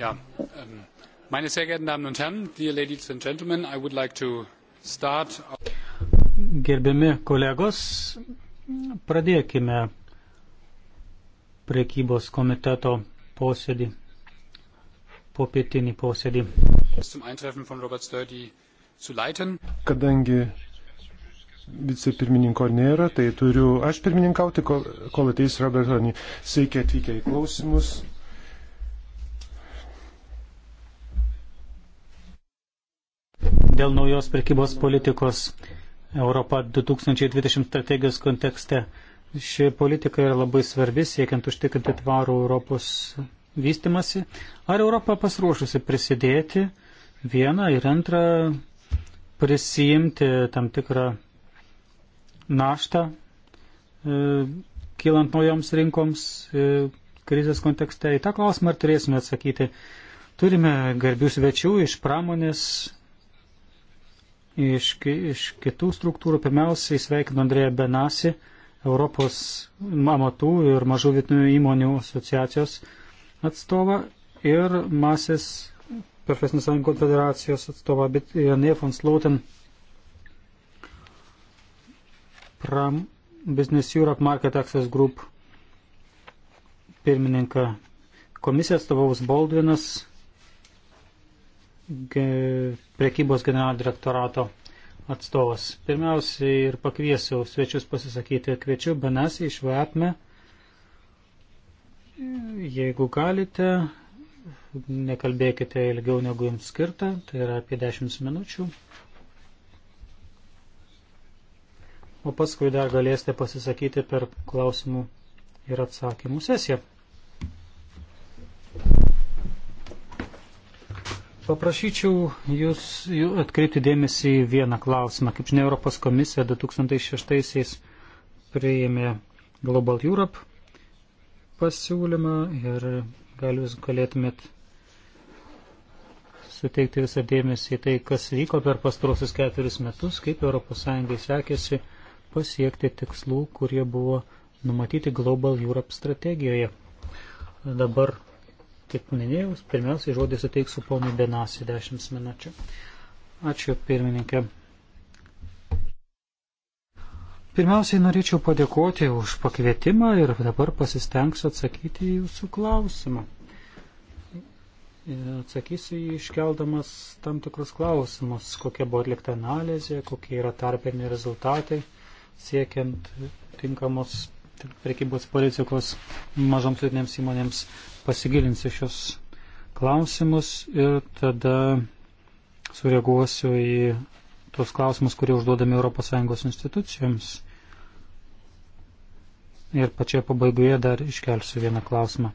Yeah. Um, meine sehr geehrten Damen und Herren, dear ladies and gentlemen, I would like to start. Gerbiami kolegos, pradėkime priekybos komiteto posėdį, popietinį posėdį. Kadangi vicepirmininko nėra, tai turiu aš pirmininkauti, kol, kol ateis Robertoni. Sveiki atvykę į klausimus. dėl naujos prekybos politikos Europa 2020 strategijos kontekste. Ši politika yra labai svarbi, siekiant užtikrinti tvarų Europos vystimasi. Ar Europa pasiruošusi prisidėti vieną ir antrą prisijimti tam tikrą naštą, e, kylant naujoms rinkoms e, krizės kontekste? Į tą klausimą ar turėsime atsakyti. Turime garbių svečių iš pramonės iš, iš kitų struktūrų. Pirmiausiai sveikinu Andrėją Benasi, Europos amatų ir mažų vietinių įmonių asociacijos atstovą ir Masės profesinės sąjungų konfederacijos atstovą, bet Janė von Slauten, Pram Business Europe Market Access Group pirmininką. Komisija atstovaus Baldvinas, prekybos generalinio direktorato atstovas. Pirmiausiai ir pakviesiu svečius pasisakyti. Kviečiu Benasį iš Vatme. Jeigu galite, nekalbėkite ilgiau negu jums skirta, tai yra apie 10 minučių. O paskui dar galėsite pasisakyti per klausimų ir atsakymų sesiją. Paprašyčiau jūs atkreipti dėmesį į vieną klausimą. Kaip žinia, Europos komisija 2006-aisiais priėmė Global Europe pasiūlymą ir gal jūs galėtumėt suteikti visą dėmesį į tai, kas vyko per pastarosius keturis metus, kaip ES sekėsi pasiekti tikslų, kurie buvo numatyti Global Europe strategijoje. Dabar Kaip minėjau, pirmiausiai žodį suteiksiu ponui Benasi 10 minučių. Ačiū pirmininkė. Pirmiausiai norėčiau padėkoti už pakvietimą ir dabar pasistengsiu atsakyti į jūsų klausimą. Atsakysiu jį iškeldamas tam tikrus klausimus, kokia buvo atlikta analizė, kokie yra tarpiniai rezultatai, siekiant tinkamos prekybos politikos mažoms liūtinėms įmonėms pasigilinsiu šios klausimus ir tada sureaguosiu į tuos klausimus, kurie užduodami ES institucijoms. Ir pačioje pabaigoje dar iškelsiu vieną klausimą.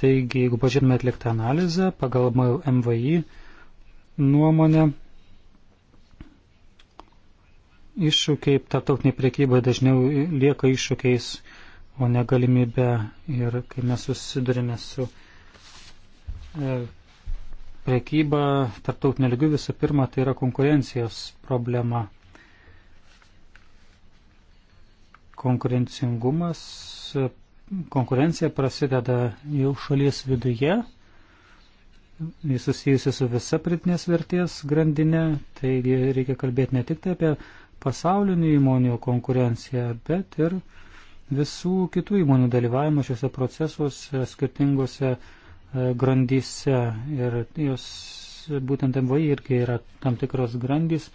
Taigi, jeigu pažiūrėtume atliktą analizę pagal MVI nuomonę, iššūkiai tarptautiniai priekybai dažniau lieka iššūkiais o ne galimybę ir kai mes susidurime su e, prekyba tarptautinė lygių visų pirma tai yra konkurencijos problema. Konkurencingumas, konkurencija prasideda jau šalies viduje, jis susijusi su visa pritinės vertės grandinė, taigi reikia kalbėti ne tik tai apie pasaulinių įmonių konkurenciją, bet ir uh, visų kitų įmonių dalyvavimo šiuose procesuose skirtingose e, grandyse. Ir jos būtent MVI irgi yra tam tikros grandys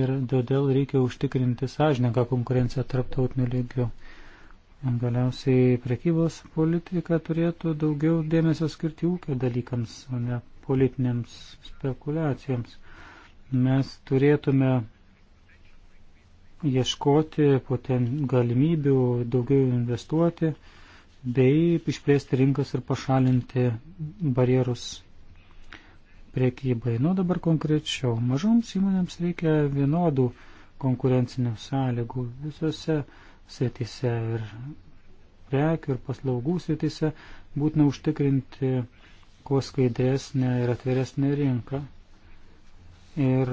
ir todėl reikia užtikrinti sąžininką konkurenciją tarptautiniu lygiu. Galiausiai prekybos politika turėtų daugiau dėmesio skirti ūkio dalykams, o ne politinėms spekulacijoms. Mes turėtume ieškoti poten galimybių daugiau investuoti bei išplėsti rinkas ir pašalinti barjerus priekybai. Nu dabar konkrečiau, mažoms įmonėms reikia vienodų konkurencinių sąlygų visose sritise ir prekių ir paslaugų sritise būtina užtikrinti kuo skaidresnę ir atviresnę rinką. Ir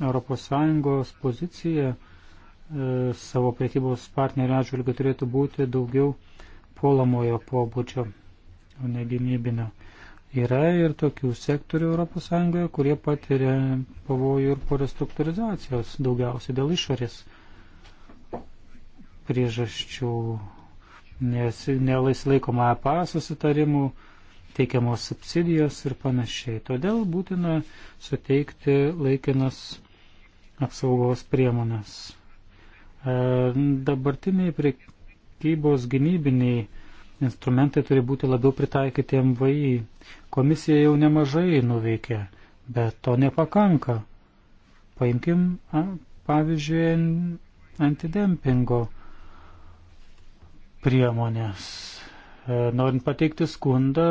ES pozicija e, savo priekybos partnerių atžvilgių turėtų būti daugiau puolamojo pobūdžio, o ne gynybinio. Yra ir tokių sektorių ES, kurie patiria pavojų ir po restruktūrizacijos, daugiausiai dėl išorės priežasčių, nes nelaislaikoma e APA susitarimų, teikiamos subsidijos ir panašiai. Todėl būtina suteikti laikinas apsaugos priemonės. E, dabartiniai priekybos gynybiniai instrumentai turi būti labiau pritaikyti MVI. Komisija jau nemažai nuveikė, bet to nepakanka. Paimkim, pavyzdžiui, antidempingo priemonės. E, norint pateikti skundą,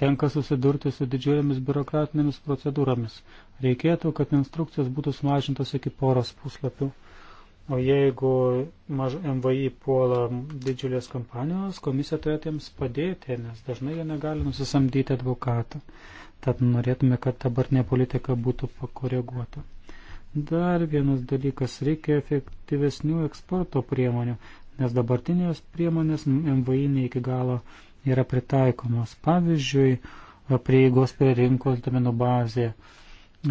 tenka susidurti su didžiulėmis biurokratinėmis procedūromis. Reikėtų, kad instrukcijos būtų sumažintos iki poros puslapių. O jeigu maž MVI puola didžiulės kompanijos, komisija turėtų jiems padėti, nes dažnai jie negali nusisamdyti advokatą. Tad norėtume, kad dabartinė politika būtų pakoreguota. Dar vienas dalykas - reikia efektyvesnių eksporto priemonių, nes dabartinės priemonės MVI ne iki galo yra pritaikomos. Pavyzdžiui, prieigos prie rinkos domenų bazė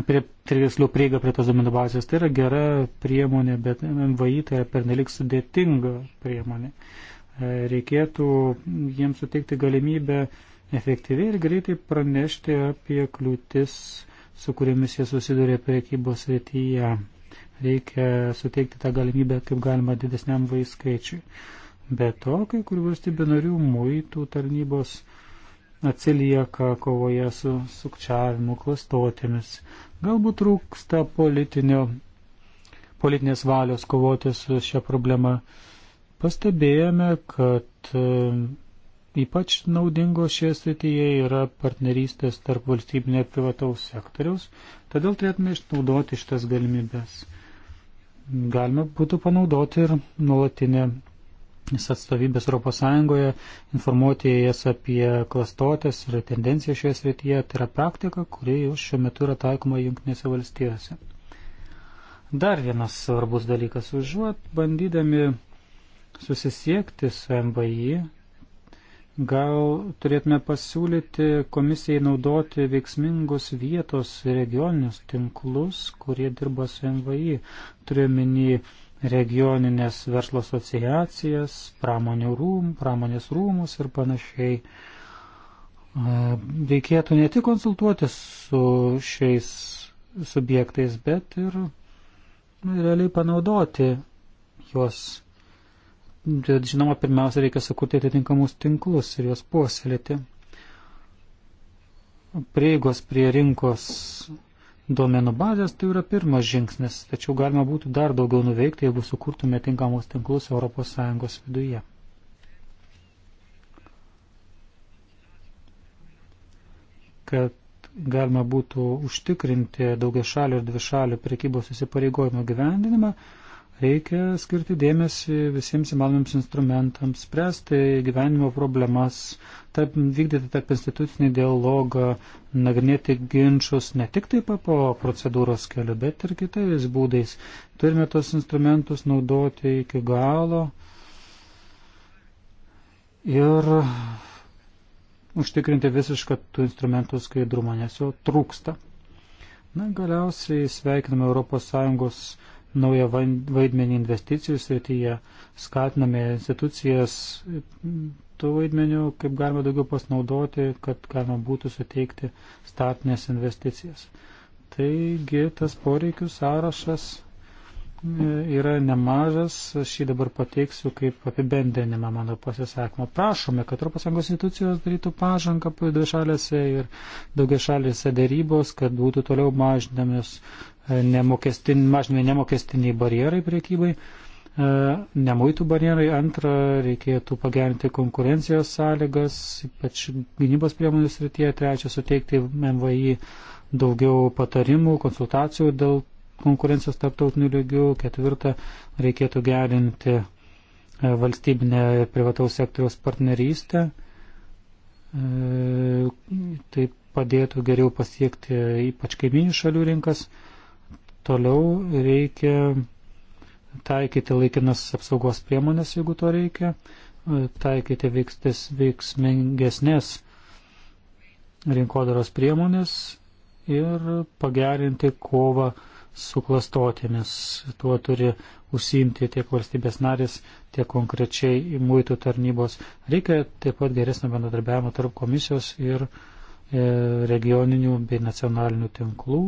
prie, tiksliau prieiga prie tos domenų bazės. Tai yra gera priemonė, bet MVI tai yra pernelik sudėtinga priemonė. E, reikėtų jiems suteikti galimybę efektyviai ir greitai pranešti apie kliūtis, su kuriamis jie susiduria priekybos srityje. Reikia suteikti tą galimybę kaip galima didesniam vaiskaičiui. Be to, kai kurių valstybių narių muitų tarnybos uh, atsilieka kovoje su sukčiavimu klastotėmis. Galbūt trūksta politinės valios kovoti su šia problema. Pastebėjome, kad e, ypač naudingo šie srityje yra partnerystės tarp valstybinio ir privataus sektoriaus, todėl turėtume išnaudoti šitas galimybės. Galima būtų panaudoti ir nuolatinę atstovybės ES informuoti jas apie klastotės ir tendenciją šioje srityje. Tai yra praktika, kuri jau šiuo metu yra taikoma Junktinėse valstijose. Dar vienas svarbus dalykas. Užuot bandydami susisiekti su MBI, gal turėtume pasiūlyti komisijai naudoti veiksmingus vietos regioninius tinklus, kurie dirba su MVI. Turiuomenį regioninės verslo asociacijas, rūm, pramonės rūmus ir panašiai. Reikėtų ne tik konsultuotis su šiais subjektais, bet ir realiai panaudoti juos. Bet žinoma, pirmiausia, reikia sukurti atitinkamus tinklus ir juos puoselėti. Prieigos prie rinkos duomenų bazės, tai yra pirmas žingsnis, tačiau galima būtų dar daugiau nuveikti, jeigu sukurtume tinkamus tinklus ES viduje. Kad galima būtų užtikrinti daugia šalių ir dvi šalių prekybos įsipareigojimo gyvendinimą, Reikia skirti dėmesį visiems įmanomiams instrumentams, spręsti gyvenimo problemas, tarp, vykdyti tarp institucinį dialogą, nagrinėti ginčius ne tik taip po procedūros keliu, bet ir kitais būdais. Turime tos instrumentus naudoti iki galo ir užtikrinti visišką tų instrumentų skaidrumą, nes jo trūksta. Na, galiausiai sveikiname ES naują vaidmenį investicijų srityje, skatiname institucijas tų vaidmenių, kaip galima daugiau pasinaudoti, kad galima būtų suteikti startinės investicijas. Taigi tas poreikių sąrašas e, yra nemažas, aš jį dabar pateiksiu kaip apibendrinimą mano pasisakymo. Prašome, kad ES institucijos darytų pažangą dvišalėse ir daugiašalėse darybos, kad būtų toliau mažinamis nemokestin, mažinami nemokestiniai barjerai priekybai, e, nemuitų barjerai. Antra, reikėtų pagerinti konkurencijos sąlygas, ypač gynybos priemonių srityje. Trečia, suteikti MVI daugiau patarimų, konsultacijų dėl konkurencijos tarptautinių lygių. Ketvirta, reikėtų gerinti e, valstybinę ir privataus sektoriaus partnerystę. E, tai padėtų geriau pasiekti ypač kaiminių šalių rinkas. Toliau reikia taikyti laikinas apsaugos priemonės, jeigu to reikia, taikyti veikstis, veiksmingesnės rinkodaros priemonės ir pagerinti kovą su klastotėmis. Tuo turi užsiimti tiek valstybės narės, tiek konkrečiai muitų tarnybos. Reikia taip pat geresnio bendradarbiavimo tarp komisijos ir e, regioninių bei nacionalinių tinklų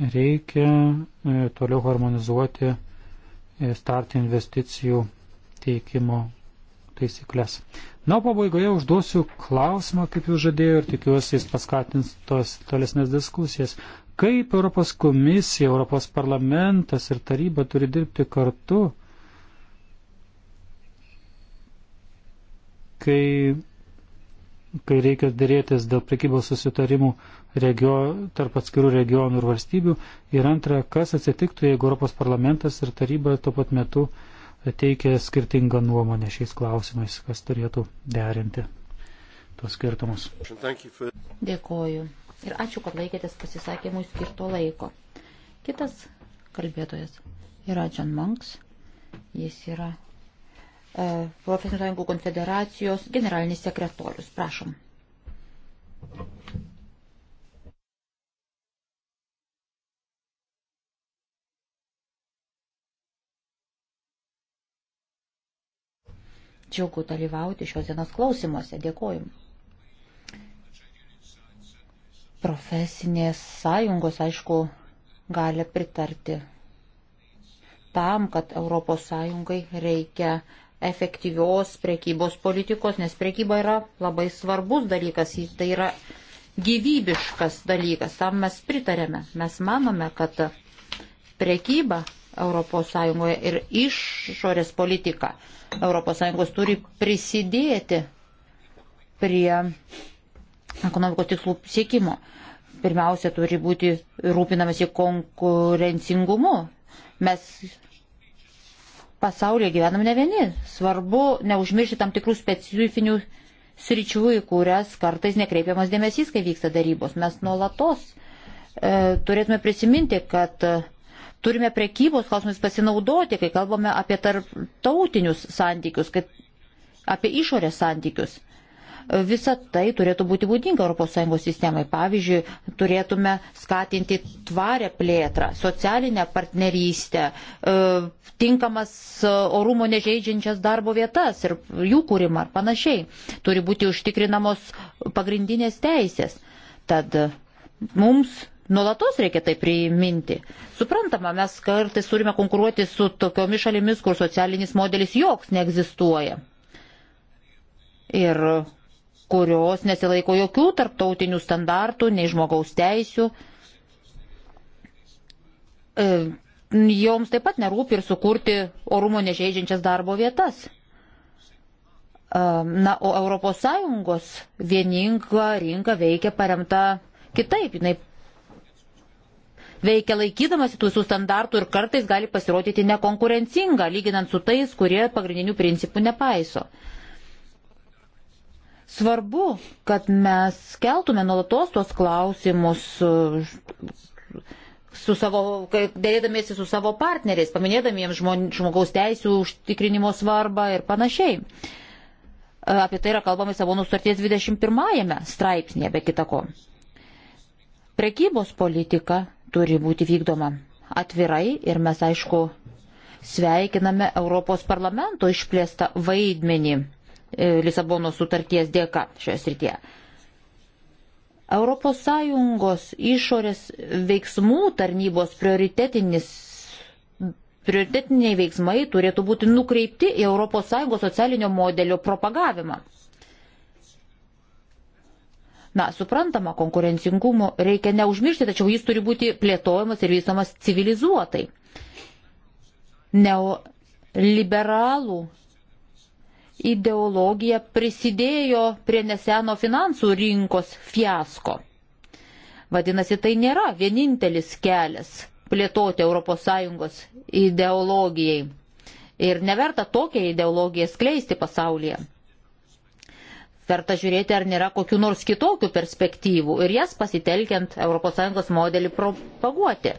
Reikia e, toliau harmonizuoti e, start investicijų teikimo taisyklės. Na, pabaigoje užduosiu klausimą, kaip jau žadėjau, ir tikiuosi jis paskatins tos tolesnės diskusijas. Kaip Europos komisija, Europos parlamentas ir taryba turi dirbti kartu, kai kai reikia dėrėtis dėl prekybos susitarimų regio, tarp atskirų regionų ir valstybių. Ir antra, kas atsitiktų, jeigu Europos parlamentas ir taryba tuo pat metu teikia skirtingą nuomonę šiais klausimais, kas turėtų derinti tuos skirtumus. Dėkoju. Ir ačiū, kad laikėtės pasisakymui skirto laiko. Kitas kalbėtojas yra John Monks. Jis yra E, profesinių sąjungų konfederacijos generalinis sekretorius. Prašom. Džiaugu dalyvauti šios dienos klausimuose. Dėkoju. Profesinės sąjungos, aišku, gali pritarti tam, kad Europos sąjungai reikia uh, efektyvios prekybos politikos, nes prekyba yra labai svarbus dalykas, tai yra gyvybiškas dalykas, tam mes pritarėme. Mes manome, kad prekyba ES ir išorės politika ES turi prisidėti prie ekonomikos tikslų siekimo. Pirmiausia, turi būti rūpinamasi konkurencingumu. Mes pasaulyje gyvenam ne vieni. Svarbu neužmiršti tam tikrų specifinių sričių, į kurias kartais nekreipiamas dėmesys, kai vyksta darybos. Mes nuolatos e, turėtume prisiminti, kad e, turime prekybos klausimus pasinaudoti, kai kalbame apie tarptautinius santykius, kai, apie išorės santykius. Visa tai turėtų būti būdinga ES sistemai. Pavyzdžiui, turėtume skatinti tvarę plėtrą, socialinę partnerystę, e, tinkamas orumo nežeidžiančias darbo vietas ir jų kūrimą ar panašiai. Turi būti užtikrinamos pagrindinės teisės. Tad mums Nulatos reikia tai priminti. Suprantama, mes kartais turime konkuruoti su tokiomis šalimis, kur socialinis modelis joks neegzistuoja. Ir kurios nesilaiko jokių tarptautinių standartų, nei žmogaus teisių. E, joms taip pat nerūpi ir sukurti orumo nežeidžiančias darbo vietas. E, na, o ES vieninga rinka veikia paremta kitaip. Jinai veikia laikydamasi tų visų standartų ir kartais gali pasirodyti nekonkurencinga, lyginant su tais, kurie pagrindinių principų nepaiso. E, Svarbu, kad mes keltume nuolatos tuos klausimus uh, su savo, dėdamiesi su savo partneriais, paminėdami jiems žmogaus teisų užtikrinimo svarbą ir panašiai. Uh, apie tai yra kalbama Savonų sutarties 21 straipsnėje, be kitako. Prekybos politika turi būti vykdoma atvirai ir mes, aišku, sveikiname Europos parlamento išplėstą vaidmenį E, Lisabono sutarties dėka šioje srityje. ES išorės veiksmų tarnybos prioritetinis prioritetiniai veiksmai turėtų būti nukreipti į ES socialinio modelio propagavimą. Na, suprantama, konkurencingumo reikia neužmiršti, tačiau jis turi būti plėtojamas ir vystomas civilizuotai. Neoliberalų ideologija prisidėjo prie neseno finansų rinkos fiasko. Vadinasi, tai nėra vienintelis kelias plėtoti ES ideologijai. Ir neverta tokią ideologiją skleisti pasaulyje. Verta žiūrėti, ar nėra kokių nors kitokių perspektyvų ir jas pasitelkiant ES modelį propaguoti.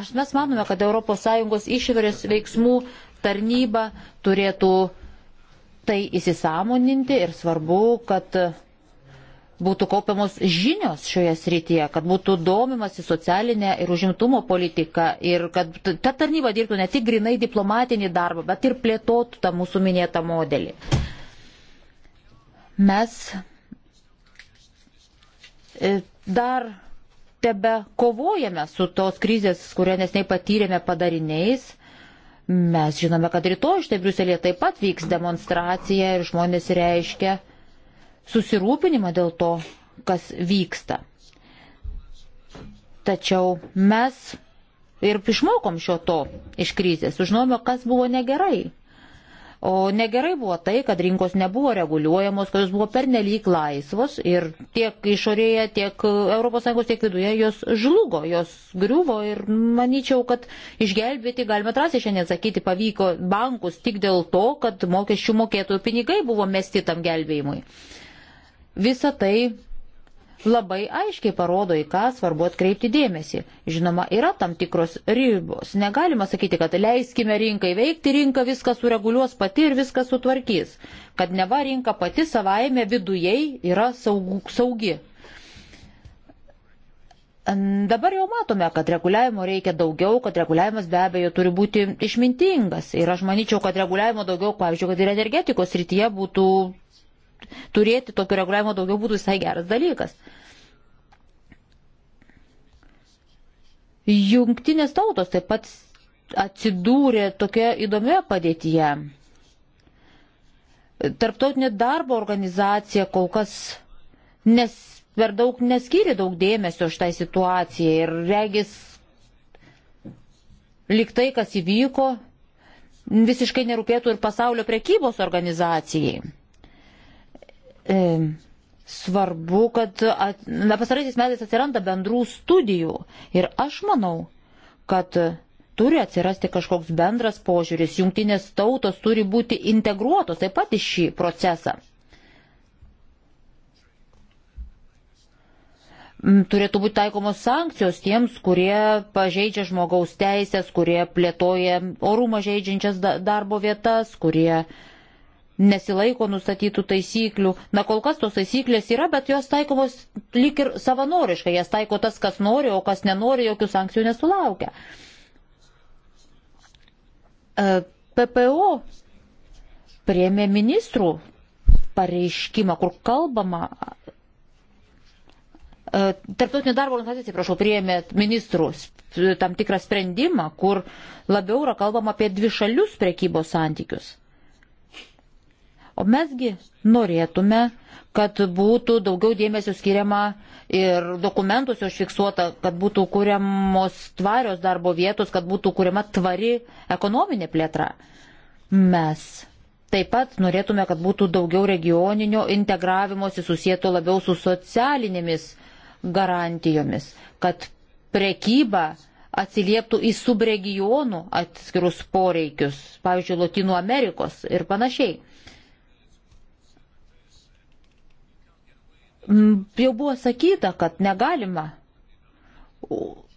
Aš mes manome, kad ES išorės veiksmų tarnyba turėtų tai įsisamoninti ir svarbu, kad būtų kaupiamos žinios šioje srityje, kad būtų domimasi socialinė ir užimtumo politika ir kad ta tarnyba dirbtų ne tik grinai diplomatinį darbą, bet ir plėtotų tą mūsų minėtą modelį. Mes e, dar tebe kovojame su tos krizės, kurią nesnei patyrėme padariniais Mes žinome, kad rytoj štai Briuselėje taip pat vyks demonstracija ir žmonės reiškia susirūpinimą dėl to, kas vyksta. Tačiau mes ir išmokom šio to iš krizės, sužinojome, kas buvo negerai. O negerai buvo tai, kad rinkos nebuvo reguliuojamos, kad jos buvo pernelyg laisvos ir tiek išorėje, tiek ES, tiek viduje jos žlugo, jos griuvo ir manyčiau, kad išgelbėti, galime drąsiai šiandien sakyti, pavyko bankus tik dėl to, kad mokesčių mokėtojų pinigai buvo mesti tam gelbėjimui. Visa tai labai aiškiai parodo, į ką svarbu atkreipti dėmesį. Žinoma, yra tam tikros ribos. Negalima sakyti, kad leiskime rinkai veikti, rinka viską sureguliuos pati ir viską sutvarkys. Kad neva rinka pati savaime viduje yra saugų, saugi. Dabar jau matome, kad reguliavimo reikia daugiau, kad reguliavimas be abejo turi būti išmintingas. Ir aš manyčiau, kad reguliavimo daugiau, pavyzdžiui, kad ir energetikos rytyje būtų turėti tokio reguliavimo daugiau būtų visai geras dalykas. Jungtinės tautos taip pat atsidūrė tokia įdomioje padėtyje. Tarptautinė darbo organizacija kol kas nes, per daug neskyrė daug dėmesio šitai situacijai ir regis liktai, kas įvyko, visiškai nerūpėtų ir pasaulio prekybos organizacijai. E, svarbu, kad at, na, pasaraisiais metais atsiranda bendrų studijų ir aš manau, kad turi atsirasti kažkoks bendras požiūris, jungtinės tautos turi būti integruotos taip pat į šį procesą. Turėtų būti taikomos sankcijos tiems, kurie pažeidžia žmogaus teisės, kurie plėtoja orumą žaidžiančias darbo vietas, kurie uh, nesilaiko nustatytų taisyklių. Na kol kas tos taisyklės yra, bet jos taikomos lyg ir savanoriškai. Jas taiko tas, kas nori, o kas nenori, jokių sankcijų nesulaukia. E, PPO priemė ministrų pareiškimą, kur kalbama. E, tarptautinė darbo organizacija, prašau, priėmė ministrų tam tikrą sprendimą, kur labiau yra kalbama apie dvišalius prekybos santykius. O mesgi norėtume, kad būtų daugiau dėmesio skiriama ir dokumentus užfiksuota, kad būtų kuriamos tvarios darbo vietos, kad būtų kuriama tvari ekonominė plėtra. Mes taip pat norėtume, kad būtų daugiau regioninio integravimosi susijęto labiau su socialinėmis garantijomis, kad prekyba atsilieptų į subregionų atskirus poreikius, pavyzdžiui, Latinų Amerikos ir panašiai. Mm, jau buvo sakyta, kad negalima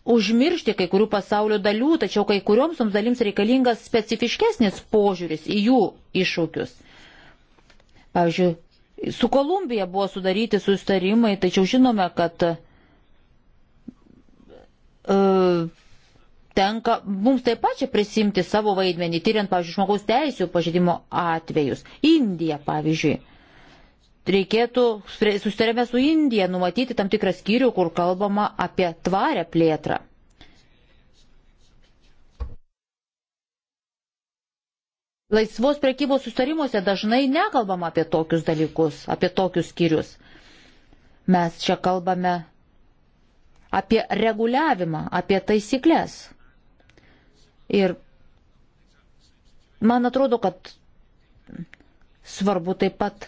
užmiršti kai kurių pasaulio dalių, tačiau kai kurioms toms dalims reikalingas specifiškesnis požiūris į jų iššūkius. Pavyzdžiui, su Kolumbija buvo sudaryti sustarimai, tačiau žinome, kad e, tenka mums taip pat čia prisimti savo vaidmenį, tyriant, pavyzdžiui, žmogaus teisų pažydimo atvejus. Indija, pavyzdžiui reikėtų susitarėme su Indija numatyti tam tikrą skyrių, kur kalbama apie tvarę plėtrą. Laisvos prekybos sustarimuose dažnai nekalbama apie tokius dalykus, apie tokius skyrius. Mes čia kalbame apie reguliavimą, apie taisyklės. Ir man atrodo, kad svarbu taip pat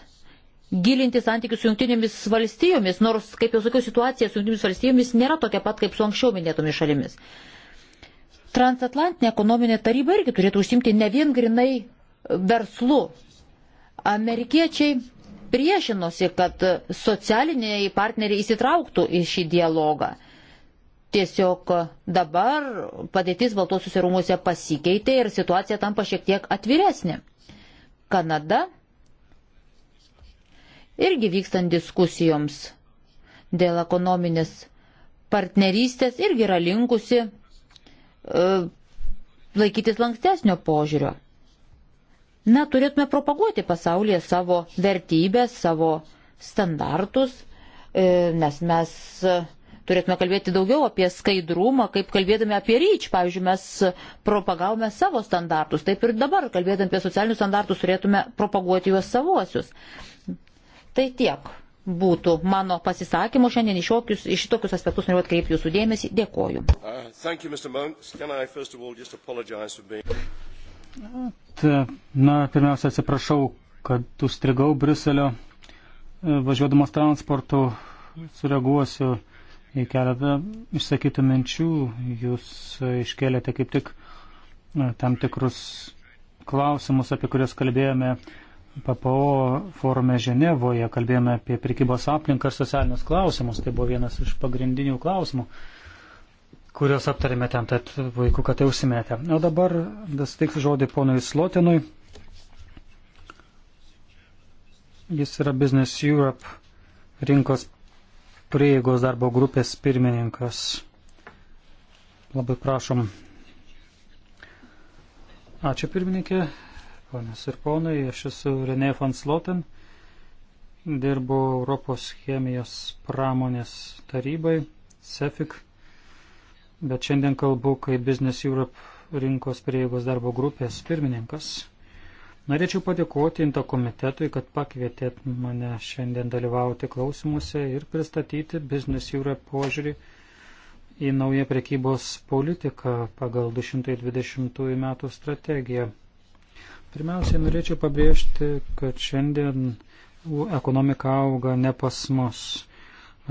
gilinti santykius su jungtinėmis valstijomis, nors, kaip jau sakiau, situacija su jungtinėmis valstijomis nėra tokia pat kaip su anksčiau minėtomis šalimis. Transatlantinė ekonominė taryba irgi turėtų užsimti ne vien grinai e, verslu. Amerikiečiai priešinosi, kad socialiniai partneriai įsitrauktų į šį dialogą. Tiesiog dabar padėtis Baltosiuose rūmuose pasikeitė ir situacija tampa šiek tiek atviresnė. Kanada irgi vykstant diskusijoms dėl ekonominės partnerystės irgi yra linkusi e, laikytis lankstesnio požiūrio. Na, turėtume propaguoti pasaulyje savo vertybės, savo standartus, e, nes mes turėtume kalbėti daugiau apie skaidrumą, kaip kalbėdami apie ryč, pavyzdžiui, mes propagavome savo standartus, taip ir dabar kalbėdami apie socialinius standartus turėtume propaguoti juos savuosius. Tai tiek būtų mano pasisakymų šiandien iš šitokius aspektus noriu atkreipti jūsų dėmesį. Dėkoju. Uh, uh, na, pirmiausia, atsiprašau, kad užstrigau Briuselio. Uh, važiuodamas transportu sureaguosiu į keletą išsakytų minčių. Jūs iškėlėte kaip tik tam tikrus klausimus, apie kuriuos kalbėjome PPO forume Ženevoje kalbėjome apie prikybos aplinką ir socialinius klausimus. Tai buvo vienas iš pagrindinių klausimų, kuriuos aptarėme ten, tad vaikų, kad tai užsimėtė. O dabar suteiksiu žodį ponui Slotinui. Jis yra Business Europe rinkos prieigos darbo grupės pirmininkas. Labai prašom. Ačiū pirmininkė, Ponios ir ponai, aš esu René van Sloten, dirbu Europos chemijos pramonės tarybai, CEFIC, bet šiandien kalbu kaip Business Europe rinkos prieigos darbo grupės pirmininkas. Norėčiau padėkoti Inta komitetui, kad pakvietėt mane šiandien dalyvauti klausimuose ir pristatyti Business Europe požiūrį į naują prekybos politiką pagal 220 metų strategiją. Pirmiausiai norėčiau pabrėžti, kad šiandien ekonomika auga ne pas mus.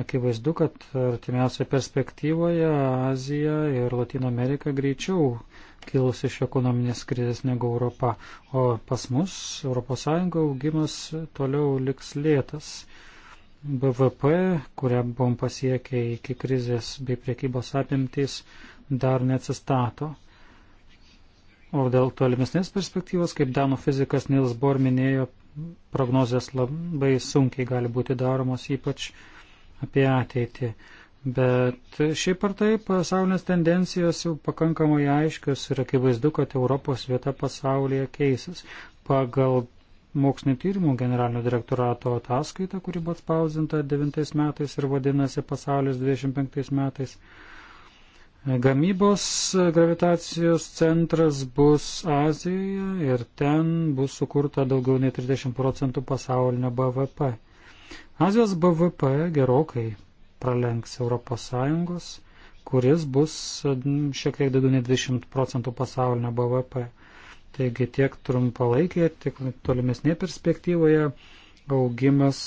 Akivaizdu, kad artimiausioje perspektyvoje Azija ir Latino Amerika greičiau kilus iš ekonominės krizės negu Europa, o pas mus ES augimas toliau liks lėtas. BVP, kurią buvom pasiekę iki krizės bei priekybos apimtys, dar neatsistato. O dėl tolimesnės perspektyvos, kaip Danų fizikas Nils Bohr minėjo, prognozijas labai sunkiai gali būti daromos, ypač apie ateitį. Bet šiaip ar taip pasaulinės tendencijos jau pakankamai aiškios ir akivaizdu, kad Europos vieta pasaulyje keisis. Pagal mokslinio tyrimų generalinio direktorato ataskaitą, kuri buvo atspausinta 9 metais ir vadinasi pasaulis 25 metais, Gamybos gravitacijos centras bus Azijoje ir ten bus sukurta daugiau nei 30 procentų pasaulinio BVP. Azijos BVP gerokai pralenks ES, kuris bus šiek tiek daugiau nei 20 procentų pasaulinio BVP. Taigi tiek trumpalaikėje, tiek tolimesnėje perspektyvoje augimas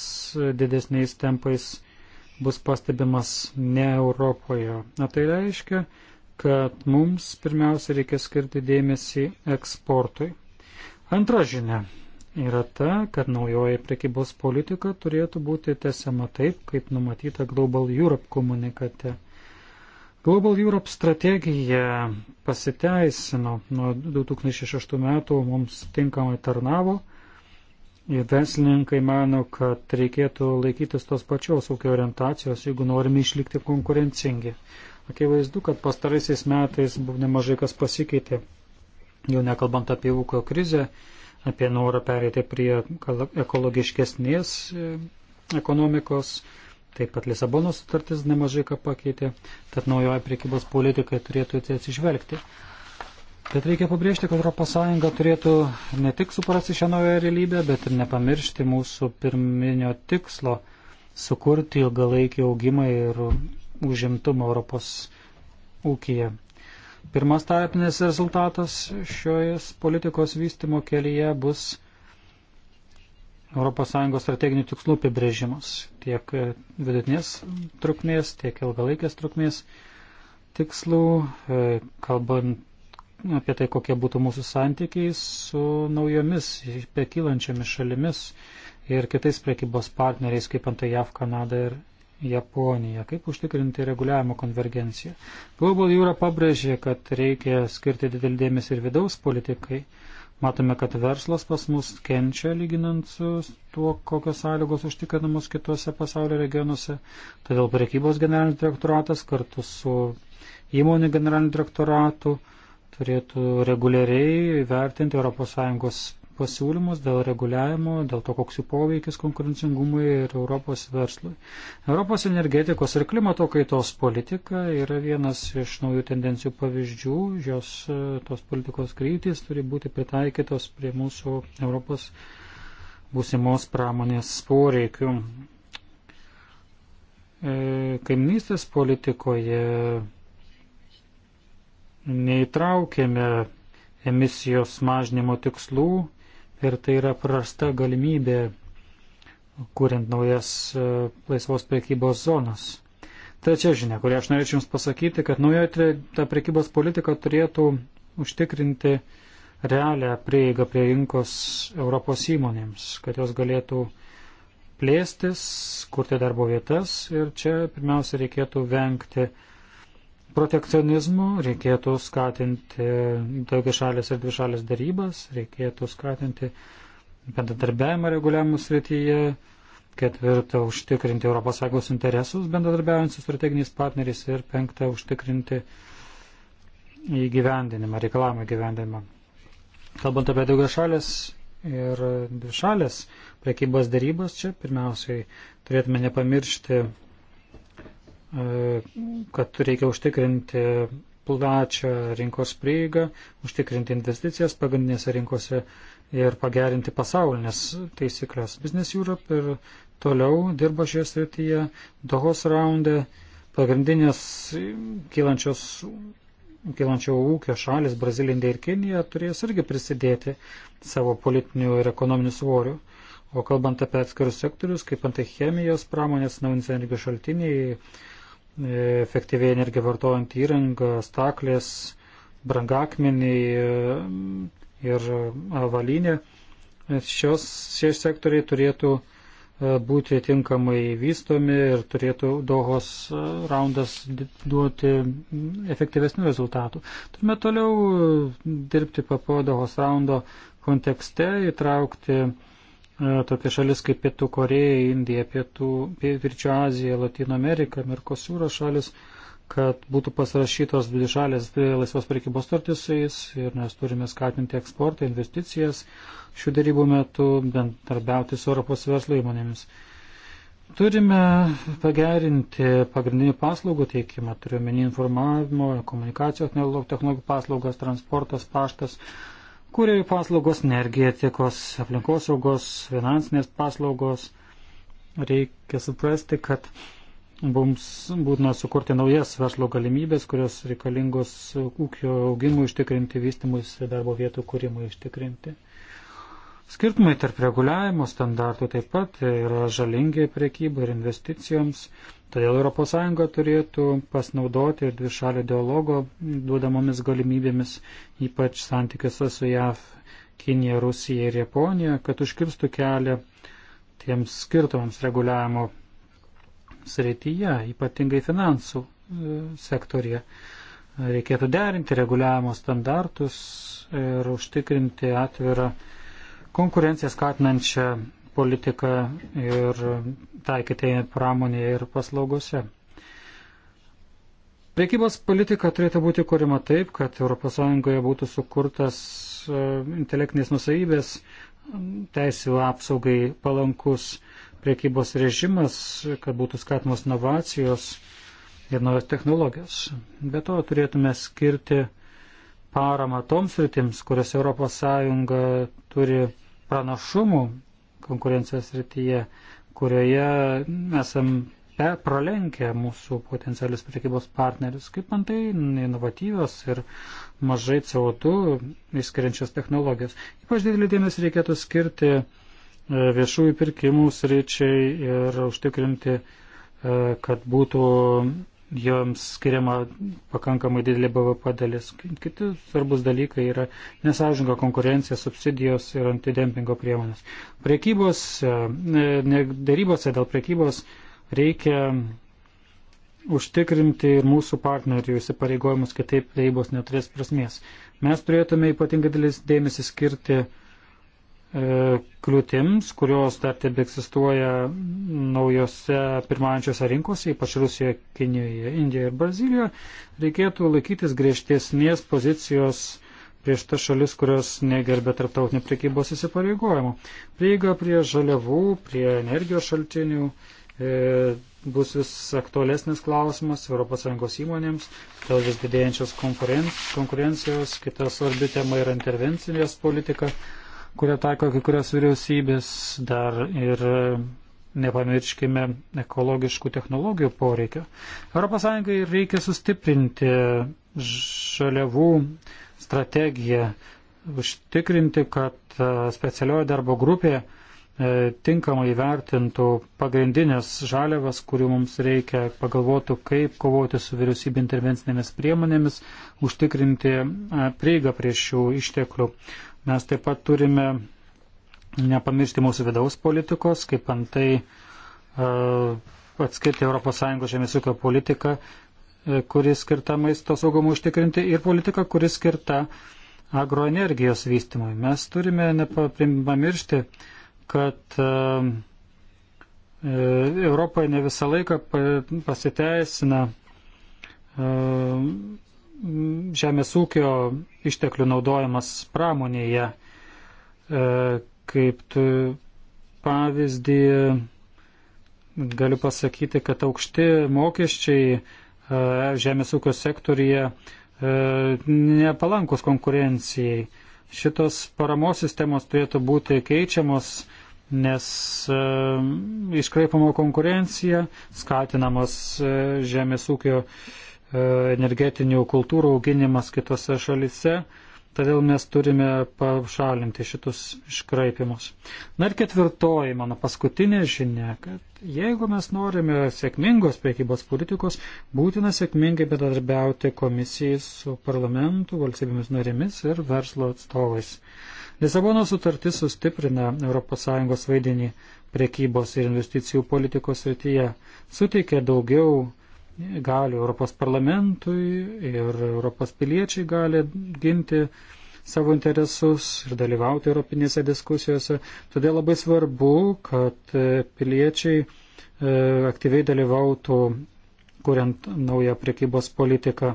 didesniais tempais bus pastebimas ne Europoje. Na tai reiškia, kad mums pirmiausia reikia skirti dėmesį eksportui. Antra žinia yra ta, kad naujoji prekybos politika turėtų būti tęsiama taip, kaip numatyta Global Europe komunikate. Global Europe strategija pasiteisino nuo 2006 metų, mums tinkamai tarnavo Verslininkai mano, kad reikėtų laikytis tos pačios ūkio orientacijos, jeigu norime išlikti konkurencingi. Akivaizdu, kad pastaraisiais metais buvo nemažai kas pasikeitė. Jau nekalbant apie ūkio krizę, apie norą perėti prie ekologiškesnės e, ekonomikos, taip pat Lisabonos sutartis nemažai ką pakeitė, tad naujoje priekybos politikai turėtų tai atsižvelgti. Tad reikia pabrėžti, kad ES turėtų ne tik suprasti šią naują realybę, bet ir nepamiršti mūsų pirminio tikslo - sukurti ilgalaikį augimą ir užimtumą Europos ūkiją. Pirmas tarpinis rezultatas šiojas politikos vystimo kelyje bus ES strateginių tikslų apibrėžimas tiek vidutinės trukmės, tiek ilgalaikės trukmės tikslų, e, kalbant apie tai, kokie būtų mūsų santykiai su naujomis bekylančiamis šalimis ir kitais prekybos partneriais, kaip antai JAV, Kanada ir Japonija, kaip užtikrinti reguliavimo konvergenciją. Global Jūra pabrėžė, kad reikia skirti didelį dėmesį ir vidaus politikai. Matome, kad verslas pas mus kenčia lyginant su tuo, kokios sąlygos užtikrinamos kitose pasaulio regionuose. Todėl prekybos generalinis direktoratas kartu su įmonių generaliniu direktoratu uh, turėtų reguliariai vertinti ES pasiūlymus dėl reguliavimo, dėl to, koks jų poveikis konkurencingumui ir Europos verslui. Europos energetikos ir klimato kaitos politika yra vienas iš naujų tendencijų pavyzdžių, jos e, tos politikos kryptys turi būti pritaikytos prie mūsų Europos būsimos pramonės poreikių. E, Kaimnystės politikoje neįtraukėme emisijos mažinimo tikslų ir tai yra prasta galimybė, kuriant naujas e, laisvos priekybos zonas. Trečia žinia, kurią aš norėčiau Jums pasakyti, kad naujoji ta priekybos politika turėtų užtikrinti realią prieigą prie rinkos Europos įmonėms, kad jos galėtų plėstis, kurti darbo vietas ir čia pirmiausia reikėtų vengti uh, protekcionizmu, reikėtų skatinti daugia šalės ir dvi šalės darybas, reikėtų skatinti bendradarbiavimą reguliavimų srityje, ketvirta užtikrinti ES interesus bendradarbiaujant su strateginiais partneriais ir penkta užtikrinti įgyvendinimą, reikalavimą įgyvendinimą. Kalbant apie daugia šalės ir dvi šalės prekybos darybos, čia pirmiausiai turėtume nepamiršti E, kad reikia užtikrinti plačią rinkos prieigą, užtikrinti investicijas pagrindinėse rinkose ir pagerinti pasaulinės taisyklės. Business Europe ir toliau dirba šioje srityje, Dohos raunde, pagrindinės kylančios, kylančio ūkio šalis Brazilija, Indija ir Kinija turės irgi prisidėti savo politiniu ir ekonominiu svoriu. O kalbant apie atskirus sektorius, kaip antai chemijos pramonės, naujins energijos šaltiniai, efektyviai energiją vartojant įrangą, staklės, brangakmenį e, ir avalinį. Šios, šie sektoriai turėtų e, būti tinkamai vystomi ir turėtų Dohos e, raundas duoti efektyvesnių rezultatų. Turime toliau dirbti PPO Dohos raundo kontekste, įtraukti E, tokia šalis kaip Pietų Koreja, Indija, Pietų, Pietričio Azija, Latino Amerika, Merkosūro šalis, kad būtų pasirašytos dvišalės laisvos prekybos sutartys su jais ir mes turime skatinti eksportą, investicijas šių darybų metu, bendarbiauti su Europos verslo įmonėmis. Turime pagerinti pagrindinių paslaugų teikimą, turiuomenį informavimo, komunikacijos technologijų paslaugas, transportas, paštas, kurjerių paslaugos, energetikos, aplinkosaugos, finansinės paslaugos. Reikia suprasti, kad mums būtina sukurti naujas verslo galimybės, kurios reikalingos ūkio augimui užtikrinti, vystimui ir darbo vietų kūrimui užtikrinti. Skirtumai tarp reguliavimo standartų taip pat yra žalingi priekybai ir investicijoms, todėl ES turėtų pasinaudoti ir dvišalio dialogo duodamomis galimybėmis, ypač santykiuose su JAV, Kinija, Rusija ir Japonija, kad užkirstų kelią tiems skirtumams reguliavimo srityje, ypatingai finansų e, sektorija. Reikėtų derinti reguliavimo standartus ir užtikrinti atvirą konkurenciją skatinančią politiką ir taikyti pramonėje ir paslaugose. Priekybos politika turėtų būti kurima taip, kad ES būtų sukurtas e, intelektinės nusavybės teisų apsaugai palankus priekybos režimas, kad būtų skatimas inovacijos ir naujos technologijos. Be to turėtume skirti paramą toms rytims, kurias ES turi pranašumų konkurencijos rytyje, kurioje esam pralenkę mūsų potencialius prekybos partnerius, kaip antai inovatyvios ir mažai CO2 išskiriančios technologijos. Ypač didelį dėmesį reikėtų skirti e, viešųjų pirkimų sričiai ir užtikrinti, e, kad būtų joms skiriama pakankamai didelė BVP dalis. Kiti svarbus dalykai yra nesažininga konkurencija, subsidijos ir antidempingo priemonės. Priekybos, e, darybose dėl priekybos reikia užtikrinti ir mūsų partnerių įsipareigojimus, kitaip darybos neturės prasmės. Mes turėtume ypatingai didelis dėmesį skirti uh, E, kliūtims, kurios dar tebe egzistuoja naujose pirmaujančiose rinkose, ypač Rusijoje, Kinijoje, Indijoje ir Brazilijoje, reikėtų laikytis griežtesnės pozicijos prieš tas šalis, kurios negerbė tarptautinio prekybos įsipareigojimų. Prieiga prie žaliavų, prie energijos šaltinių e, bus vis aktualesnis klausimas ES įmonėms dėl vis didėjančios konkurencijos. Kita svarbi tema yra intervencinės politika kurią taiko kai kurios vyriausybės, dar ir e, nepamirškime ekologiškų technologijų poreikio. ES reikia sustiprinti žaliavų strategiją, užtikrinti, kad e, specialioji darbo grupė e, tinkamai vertintų pagrindinės žaliavas, kurių mums reikia, pagalvotų, kaip kovoti su vyriausybė intervencinėmis priemonėmis, užtikrinti prieigą prie šių išteklių. Mes taip pat turime nepamiršti mūsų vidaus politikos, kaip antai e, atskirti ES žemės ūkio politiką, e, kuri skirta maisto saugumui užtikrinti, ir politiką, kuri skirta agroenergijos vystimui. Mes turime nepamiršti, kad e, Europoje ne visą laiką pasiteisina žemės ūkio išteklių naudojimas pramonėje, e, kaip tu pavyzdį galiu pasakyti, kad aukšti mokesčiai e, žemės ūkio sektorija e, nepalankus konkurencijai. Šitos paramos sistemos turėtų būti keičiamos, nes iškraipama konkurencija, skatinamas žemės ūkio sektorija E, energetinių kultūrų auginimas kitose šalise. Todėl mes turime pašalinti šitus iškraipimus. Na ir ketvirtoji mano paskutinė žinia, kad jeigu mes norime sėkmingos priekybos politikos, būtina sėkmingai bedarbiauti komisijai su parlamentu, valstybėmis narėmis ir verslo atstovais. Lisabono sutartis sustiprina ES vaidinį priekybos ir investicijų politikos srityje, suteikia daugiau gali Europos parlamentui ir Europos piliečiai gali ginti savo interesus ir dalyvauti europinėse diskusijose. Todėl labai svarbu, kad e, piliečiai e, aktyviai dalyvautų, kuriant naują priekybos politiką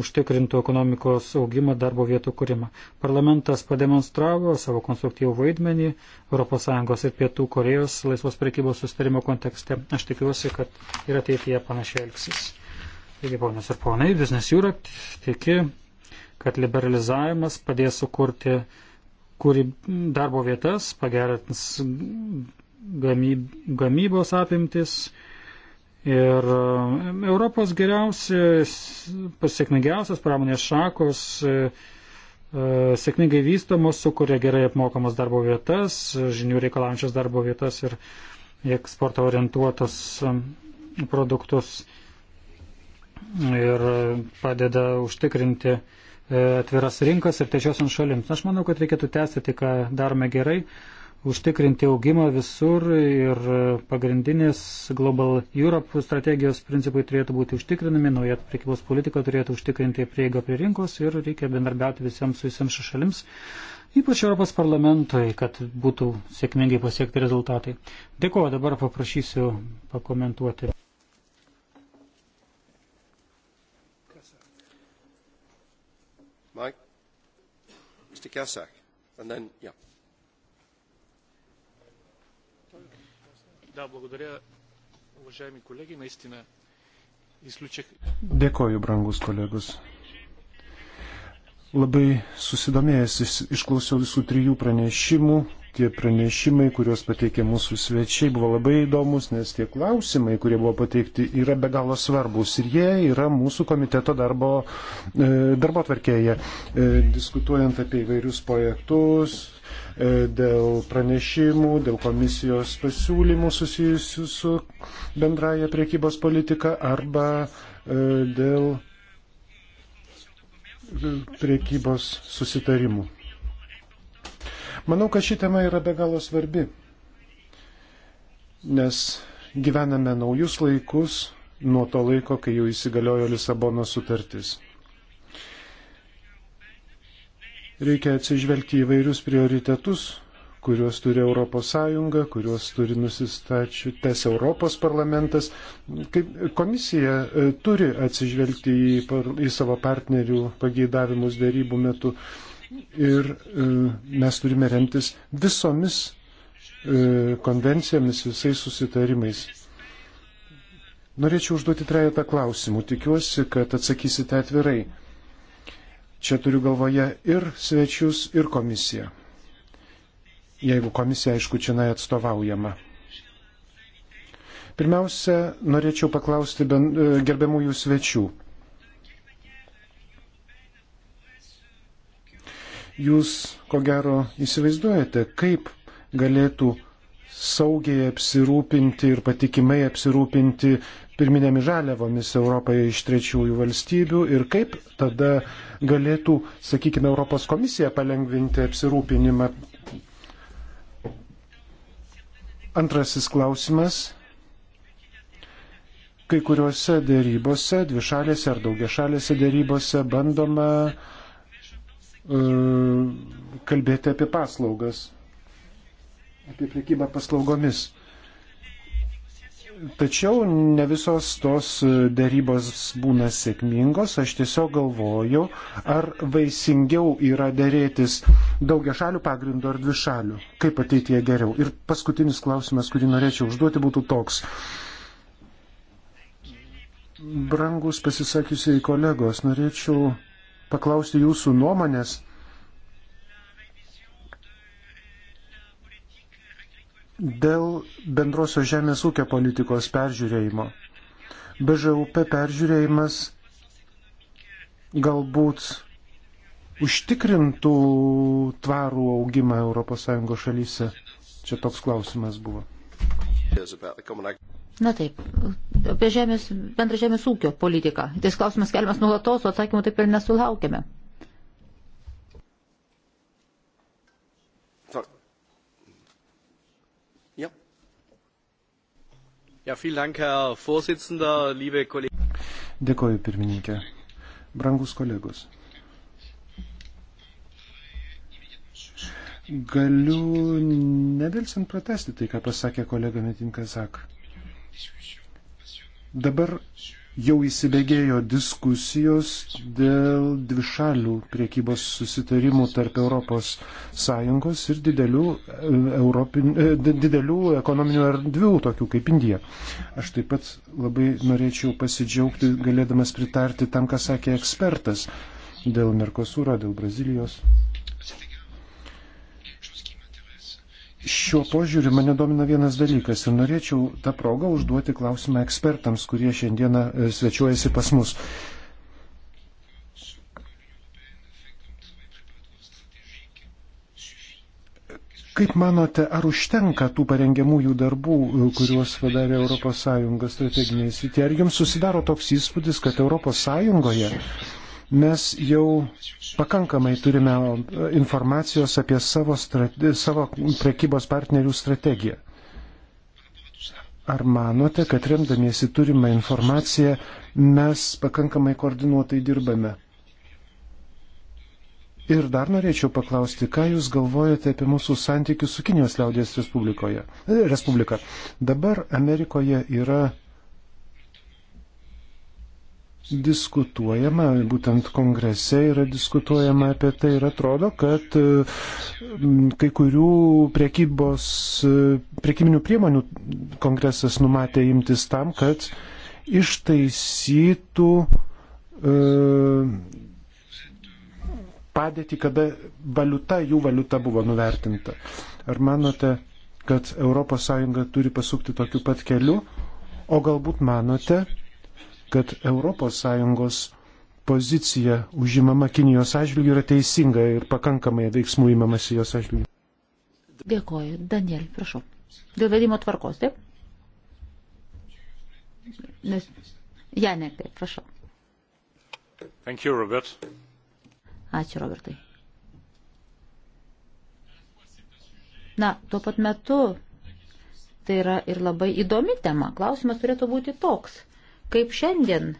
užtikrintų ekonomikos augimą, darbo vietų kūrimą. Parlamentas pademonstravo savo konstruktyvų vaidmenį ES ir Pietų Korejos laisvos prekybos sustarimo kontekste. Aš tikiuosi, kad ir ateityje panašiai elgsis. Taigi, ponios ir ponai, Business Europe tiki, kad liberalizavimas padės sukurti kuri darbo vietas, pagerins gamybos apimtis, Ir e, Europos geriausias, pasiekmingiausias pramonės šakos e, e, sėkmingai vystomos, sukuria gerai apmokamas darbo vietas, žinių reikalaujančias darbo vietas ir eksporto orientuotas produktus ir padeda užtikrinti atviras rinkas ir trečiosiams šalims. Aš manau, kad reikėtų tęsti tai, ką darome gerai užtikrinti augimą visur ir pagrindinės Global Europe strategijos principai turėtų būti užtikrinami, nauja prekybos politika turėtų užtikrinti prieigą prie rinkos ir reikia bendarbiauti visiems su visiems šalims, ypač Europos parlamentui, kad būtų sėkmingai pasiekti rezultatai. Dėkuoju, dabar paprašysiu pakomentuoti. Mike, Mr. Kasak, and then, yeah. Да, благодаря, уважаеми колеги. Наистина, изключих. Dėkoju, brangus kolegos. Labai susidomėjęs išklausiau visų trijų pranešimų. Tie pranešimai, kuriuos pateikė mūsų svečiai, buvo labai įdomus, nes tie klausimai, kurie buvo pateikti, yra be galo svarbus ir jie yra mūsų komiteto darbo, e, darbo tvarkėje. E, diskutuojant apie įvairius projektus, E, dėl pranešimų, dėl komisijos pasiūlymų susijusių su bendraja priekybos politika arba e, dėl e, priekybos susitarimų. Manau, kad ši tema yra be galo svarbi, nes gyvename naujus laikus nuo to laiko, kai jau įsigaliojo Lisabono sutartis. Reikia atsižvelgti į vairius prioritetus, kuriuos turi Europos Sąjunga, kuriuos turi nusistačiutęs Europos parlamentas. Kaip komisija e, turi atsižvelgti į, par, į savo partnerių pageidavimus dėrybų metu ir e, mes turime remtis visomis e, konvencijomis, visais susitarimais. Norėčiau užduoti trejata klausimų, tikiuosi, kad atsakysite atvirai. Čia turiu galvoje ir svečius, ir komisiją. Jeigu komisija, aišku, čia atstovaujama. Pirmiausia, norėčiau paklausti ben, e, gerbiamųjų svečių. Jūs, ko gero, įsivaizduojate, kaip galėtų saugiai apsirūpinti ir patikimai apsirūpinti pirminėmis žaliavomis Europoje iš trečiųjų valstybių ir kaip tada uh, galėtų, sakykime, Europos komisija palengvinti apsirūpinimą. Antrasis klausimas. Kai kuriuose dėrybose, dvišalėse ar daugiašalėse dėrybose bandoma e, kalbėti apie paslaugas, apie priekybą paslaugomis. Tačiau ne visos tos dėrybos būna sėkmingos. Aš tiesiog galvoju, ar vaisingiau yra dėrėtis daugia šalių pagrindų ar dvi šalių. Kaip ateityje geriau. Ir paskutinis klausimas, kurį norėčiau užduoti, būtų toks. Brangus pasisakiusiai kolegos, norėčiau paklausti jūsų nuomonės dėl bendrosios žemės ūkio politikos peržiūrėjimo. BŽUP peržiūrėjimas galbūt užtikrintų tvarų augimą ES šalyse. Čia toks klausimas buvo. Na taip, apie žemės, bendrą žemės ūkio politiką. Tais klausimas keliamas nuolatos, o atsakymų taip ir nesulaukėme. Ja. Ja, Dank, Dėkoju, pirmininkė. Brangus kolegos. Galiu nedėlsant pratesti tai, ką pasakė kolega Metinka Zak. Dabar jau įsibėgėjo diskusijos dėl dvišalių priekybos susitarimų tarp ES ir didelių, e, Europin, e, didelių ekonominių erdvių, tokių kaip Indija. Aš taip pat labai norėčiau pasidžiaugti, galėdamas pritarti tam, ką sakė ekspertas dėl Merkosūro, dėl Brazilijos. Šiuo požiūriu mane domina vienas dalykas ir norėčiau tą progą užduoti klausimą ekspertams, kurie šiandieną e, svečiuojasi pas mus. Kaip manote, ar užtenka tų parengiamųjų darbų, e, kuriuos padarė ES strateginiai srityje? Ar jums susidaro toks įspūdis, kad ES Mes jau pakankamai turime e, informacijos apie savo, strate, savo prekybos partnerių strategiją. Ar manote, kad remdamiesi turimą informaciją mes pakankamai koordinuotai dirbame? Ir dar norėčiau paklausti, ką Jūs galvojate apie mūsų santykius su Kinijos liaudės e, Respublika? Dabar Amerikoje yra diskutuojama, būtent kongrese yra diskutuojama apie tai ir atrodo, kad e, kai kurių priekybos, e, priekybinių priemonių kongresas numatė imtis tam, kad ištaisytų e, padėtį, kada valiuta, jų valiuta buvo nuvertinta. Ar manote, kad ES turi pasukti tokiu pat keliu, o galbūt manote, kad ES pozicija užimama Kinijos atžvilgių yra teisinga ir pakankamai veiksmų įmamasi jos atžvilgių. Dėkoju. Daniel, prašau. Dėl vedimo tvarkos, taip? Nes... Janė, taip, prašau. Thank you, Robert. Ačiū, Robertai. Na, tuo pat metu tai yra ir labai įdomi tema. Klausimas turėtų būti toks kaip šiandien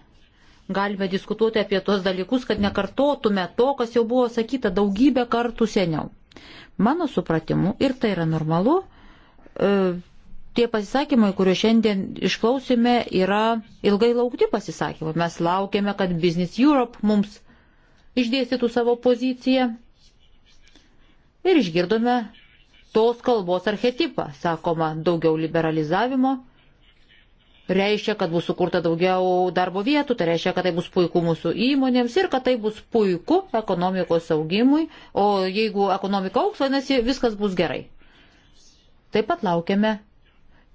galime diskutuoti apie tos dalykus, kad nekartotume to, kas jau buvo sakyta daugybę kartų seniau. Mano supratimu, ir tai yra normalu, e, tie pasisakymai, kuriuos šiandien išklausime, yra ilgai laukti pasisakymai. Mes laukiame, kad Business Europe mums išdėstytų savo poziciją ir išgirdome tos kalbos archetipą, sakoma, daugiau liberalizavimo reiškia, kad bus sukurta daugiau darbo vietų, tai reiškia, kad tai bus puiku mūsų įmonėms ir kad tai bus puiku ekonomikos augimui, o jeigu ekonomika auks, vadinasi, viskas bus gerai. Taip pat laukiame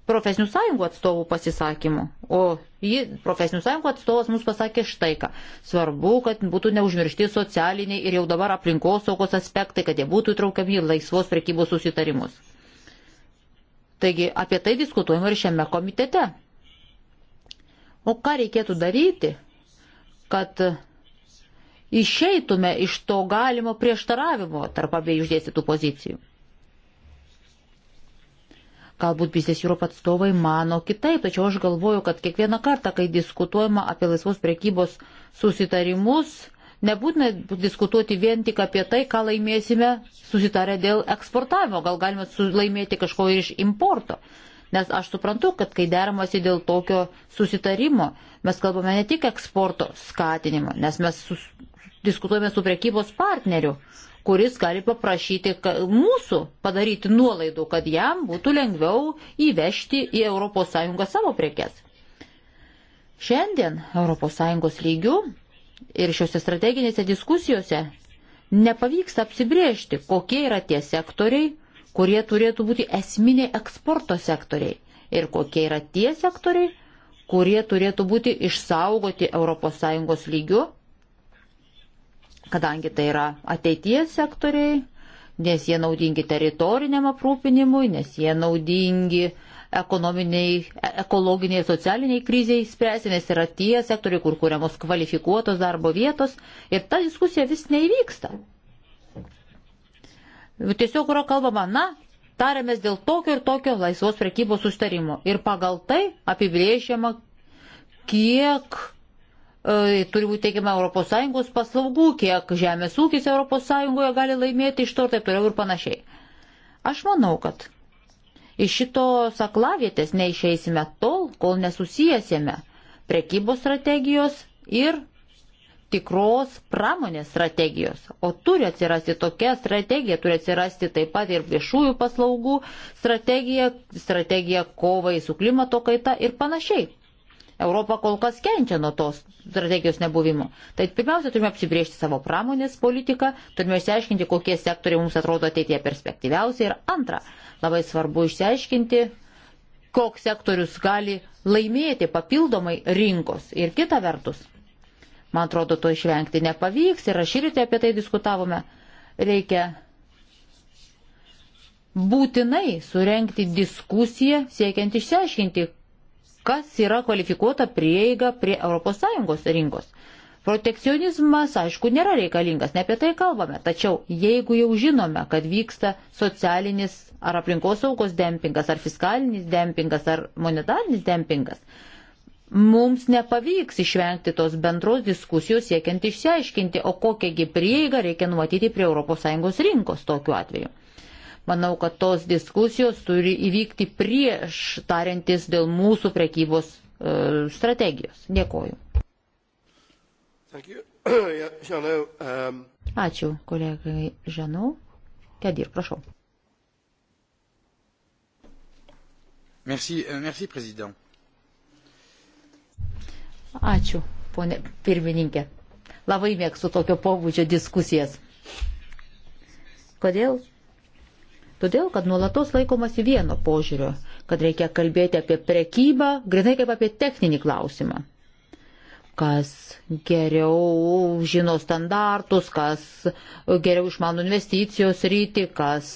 profesinių sąjungų atstovų pasisakymų, o ji, profesinių sąjungų atstovas mums pasakė štai ką. Svarbu, kad būtų neužmiršti socialiniai ir jau dabar aplinkos saugos aspektai, kad jie būtų įtraukiami į laisvos prekybos susitarimus. Taigi apie tai diskutuojama ir šiame komitete. O ką reikėtų daryti, kad išeitume iš to galimo prieštaravimo tarp abiejų išdėstytų pozicijų? Galbūt Bizės Europą atstovai mano kitaip, tačiau aš galvoju, kad kiekvieną kartą, kai diskutuojama apie laisvos priekybos susitarimus, nebūtina diskutuoti vien tik apie tai, ką laimėsime susitarę dėl eksportavimo, gal galime laimėti kažko ir iš importo. Nes aš suprantu, kad kai deramasi dėl tokio susitarimo, mes kalbame ne tik eksporto skatinimo, nes mes sus, diskutuojame su prekybos partneriu, kuris gali paprašyti mūsų padaryti nuolaidų, kad jam būtų lengviau įvežti į ES savo prekes. Šiandien ES lygių ir šiuose strateginėse diskusijose nepavyksta apsibriežti, kokie yra tie sektoriai, kurie turėtų būti esminiai eksporto sektoriai ir kokie yra tie sektoriai, kurie turėtų būti išsaugoti ES lygiu, kadangi tai yra ateities sektoriai, nes jie naudingi teritoriniam aprūpinimui, nes jie naudingi ekonominiai, e, ekologiniai ir socialiniai kriziai spręsti, nes yra tie sektoriai, kur kuriamos kvalifikuotos darbo vietos ir ta diskusija vis neįvyksta. Tiesiog yra kalbama, na, tarėmės dėl tokio ir tokio laisvos prekybos sustarimo. Ir pagal tai apibrėžiama, kiek e, turi būti teikiama ES paslaugų, kiek žemės ūkis ES gali laimėti iš to ir taip toliau ir panašiai. Aš manau, kad iš šitos aklavietės neišeisime tol, kol nesusijęsime prekybos strategijos ir tikros pramonės strategijos, o turi atsirasti tokia strategija, turi atsirasti taip pat ir viešųjų paslaugų strategija, strategija kovai su klimato kaita ir panašiai. Europa kol kas kenčia nuo tos strategijos nebuvimo. Tai pirmiausia, turime apsibriežti savo pramonės politiką, turime išsiaiškinti, kokie sektoriai mums atrodo ateitie perspektyviausi. Ir antra, labai svarbu išsiaiškinti, koks sektorius gali laimėti papildomai rinkos. Ir kita vertus, Man atrodo, to išvengti nepavyks ir aš irgi apie tai diskutavome. Reikia būtinai surenkti diskusiją, siekiant išsiaiškinti, kas yra kvalifikuota prieiga prie ES rinkos. Protekcionizmas, aišku, nėra reikalingas, ne apie tai kalbame, tačiau jeigu jau žinome, kad vyksta socialinis ar aplinkosaugos dempingas, ar fiskalinis dempingas, ar monetarinis dempingas, mums nepavyks išvengti tos bendros diskusijos siekiant išsiaiškinti, o kokiagi prieiga reikia numatyti prie ES rinkos tokiu atveju. Manau, kad tos diskusijos turi įvykti prieš tariantis dėl mūsų prekybos e, strategijos. Dėkoju. Um, Ačiū, kolegai Žanau. Kedir, prašau. Merci, euh, merci, prezident. Ačiū, ponė pirmininkė. Labai mėgstu tokio pobūdžio diskusijas. Kodėl? Todėl, kad nuolatos laikomasi vieno požiūrio, kad reikia kalbėti apie prekybą, grinai kaip apie techninį klausimą. Kas geriau žino standartus, kas geriau išmano investicijos rytį, kas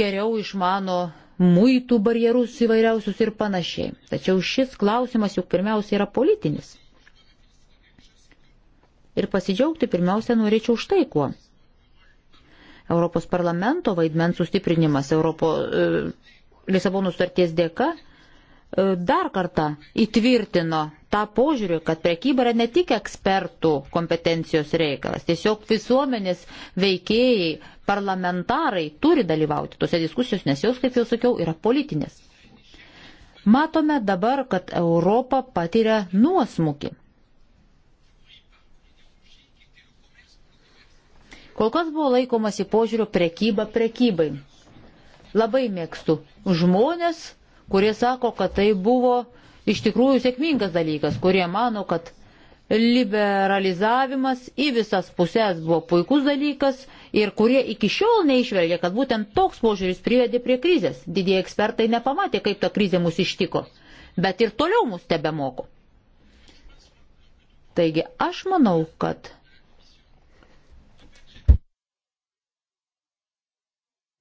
geriau išmano muitų barjerus įvairiausius ir panašiai. Tačiau šis klausimas juk pirmiausia yra politinis. Ir pasidžiaugti pirmiausia norėčiau štai kuo. Europos parlamento vaidmens sustiprinimas Europo, e, Lisabono sutarties dėka e, dar kartą įtvirtino tą požiūrį, kad prekyba yra ne tik ekspertų kompetencijos reikalas, tiesiog visuomenės veikėjai parlamentarai turi dalyvauti tose diskusijos, nes jos, kaip jau sakiau, yra politinės. Matome dabar, kad Europa patiria nuosmukį. Kol kas buvo laikomasi požiūrio prekyba prekybai. Labai mėgstu žmonės, kurie sako, kad tai buvo iš tikrųjų sėkmingas dalykas, kurie mano, kad liberalizavimas į visas pusės buvo puikus dalykas, ir kurie iki šiol neišvelgia, kad būtent toks požiūris privedė prie krizės. Didieji ekspertai nepamatė, kaip ta krizė mus ištiko, bet ir toliau mus tebe moko. Taigi aš manau, kad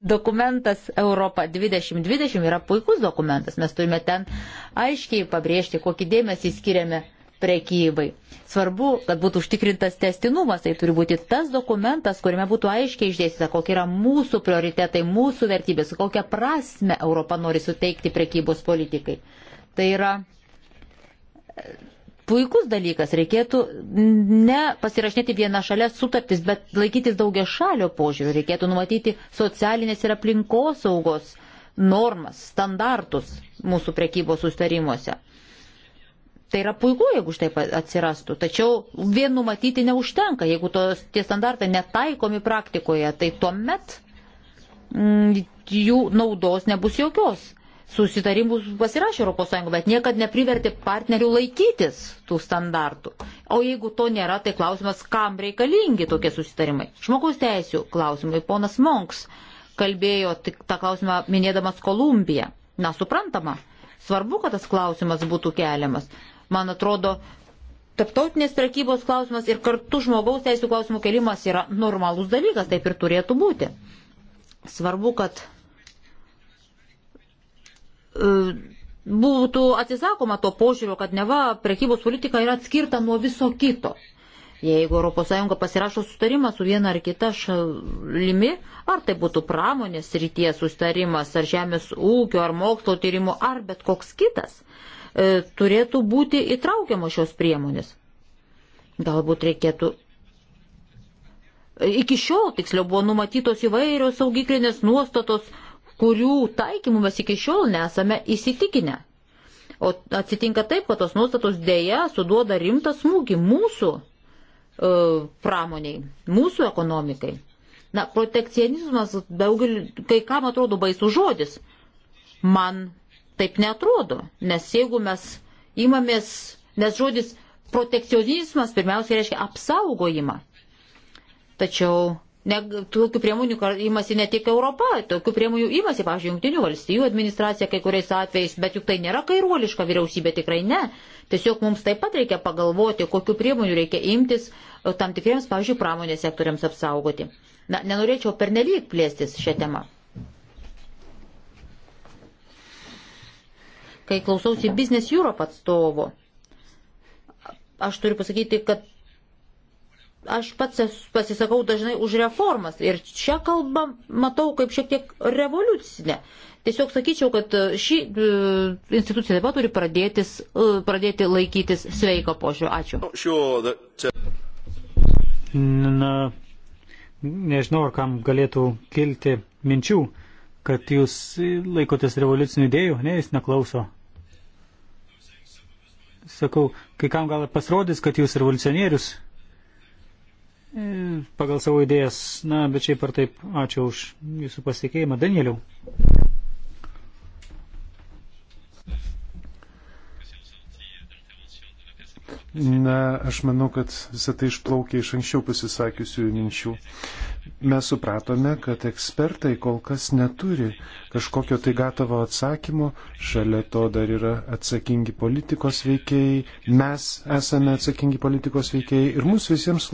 dokumentas Europa 2020 yra puikus dokumentas. Mes turime ten aiškiai pabrėžti, kokį dėmesį skiriame prekybai. Svarbu, kad būtų užtikrintas testinumas, tai turi būti tas dokumentas, kuriame būtų aiškiai išdėstyta, kokie yra mūsų prioritetai, mūsų vertybės, kokią prasme Europa nori suteikti prekybos politikai. Tai yra e, puikus dalykas, reikėtų ne pasirašinėti vieną šalia sutartis, bet laikytis daugia šalio požiūrių, reikėtų numatyti socialinės ir aplinkosaugos normas, standartus mūsų prekybos sustarimuose. Tai yra puiku, jeigu štai atsirastų, tačiau vien numatyti neužtenka, jeigu tos, tie standartai netaikomi praktikoje, tai tuomet mm, jų naudos nebus jokios. Susitarimus pasirašė ES, bet niekad neprivertė partnerių laikytis tų standartų. O jeigu to nėra, tai klausimas, kam reikalingi tokie susitarimai. Žmogaus teisų klausimai. Ponas Monks kalbėjo tik tą klausimą minėdamas Kolumbiją. Na, suprantama, svarbu, kad tas klausimas būtų keliamas. Man atrodo, tarptautinės prekybos klausimas ir kartu žmogaus teisų klausimų kelimas yra normalus dalykas, taip ir turėtų būti. Svarbu, kad e, būtų atsisakoma to požiūrio, kad neva prekybos politika yra atskirta nuo viso kito. Jeigu ES pasirašo sustarimą su viena ar kita šalimi, ar tai būtų pramonės ryties sustarimas, ar žemės ūkio, ar mokslo tyrimo, ar bet koks kitas, E, turėtų būti įtraukiamos šios priemonės. Galbūt reikėtų. Iki šiol tiksliau buvo numatytos įvairios saugiklinės nuostatos, kurių taikymų mes iki šiol nesame įsitikinę. O atsitinka taip, kad tos nuostatos dėja suduoda rimtą smūgį mūsų e, pramoniai, mūsų ekonomikai. Na, protekcionizmas daugelį, kai kam atrodo baisų žodis. Man taip netrodo, nes jeigu mes imamės, nes žodis protekcionizmas pirmiausia reiškia apsaugojimą. Tačiau ne, tokių priemonių imasi ne tik Europa, tokių priemonių imasi, pavyzdžiui, Junktinių valstybių administracija kai kuriais atvejais, bet juk tai nėra kairuoliška vyriausybė, tikrai ne. Tiesiog mums taip pat reikia pagalvoti, kokiu priemonių reikia imtis tam tikriems, pavyzdžiui, pramonės sektoriams apsaugoti. Na, nenorėčiau pernelyg plėstis šią temą. kai klausiausi Business Europe atstovo, aš turiu pasakyti, kad aš pats pasisakau dažnai už reformas ir čia kalbą matau kaip šiek tiek revoliucinę. Tiesiog sakyčiau, kad ši e, institucija taip pat turi pradėtis, e, pradėti laikytis sveiko požiūrio. Ačiū. Uh, na, nežinau, ar kam galėtų kilti minčių, kad jūs laikotės revoliucinių idėjų, ne, jis neklauso sakau, kai kam gal pasirodys, kad jūs revoliucionierius e, pagal savo idėjas. Na, bet šiaip ar taip, ačiū už jūsų pasitikėjimą. Danieliau. Na, aš manau, kad visą tai išplaukia iš anksčiau pasisakiusių minčių mes supratome, kad ekspertai kol kas neturi kažkokio tai gatavo atsakymo, šalia to dar yra atsakingi politikos veikėjai, mes esame atsakingi politikos veikėjai ir mums visiems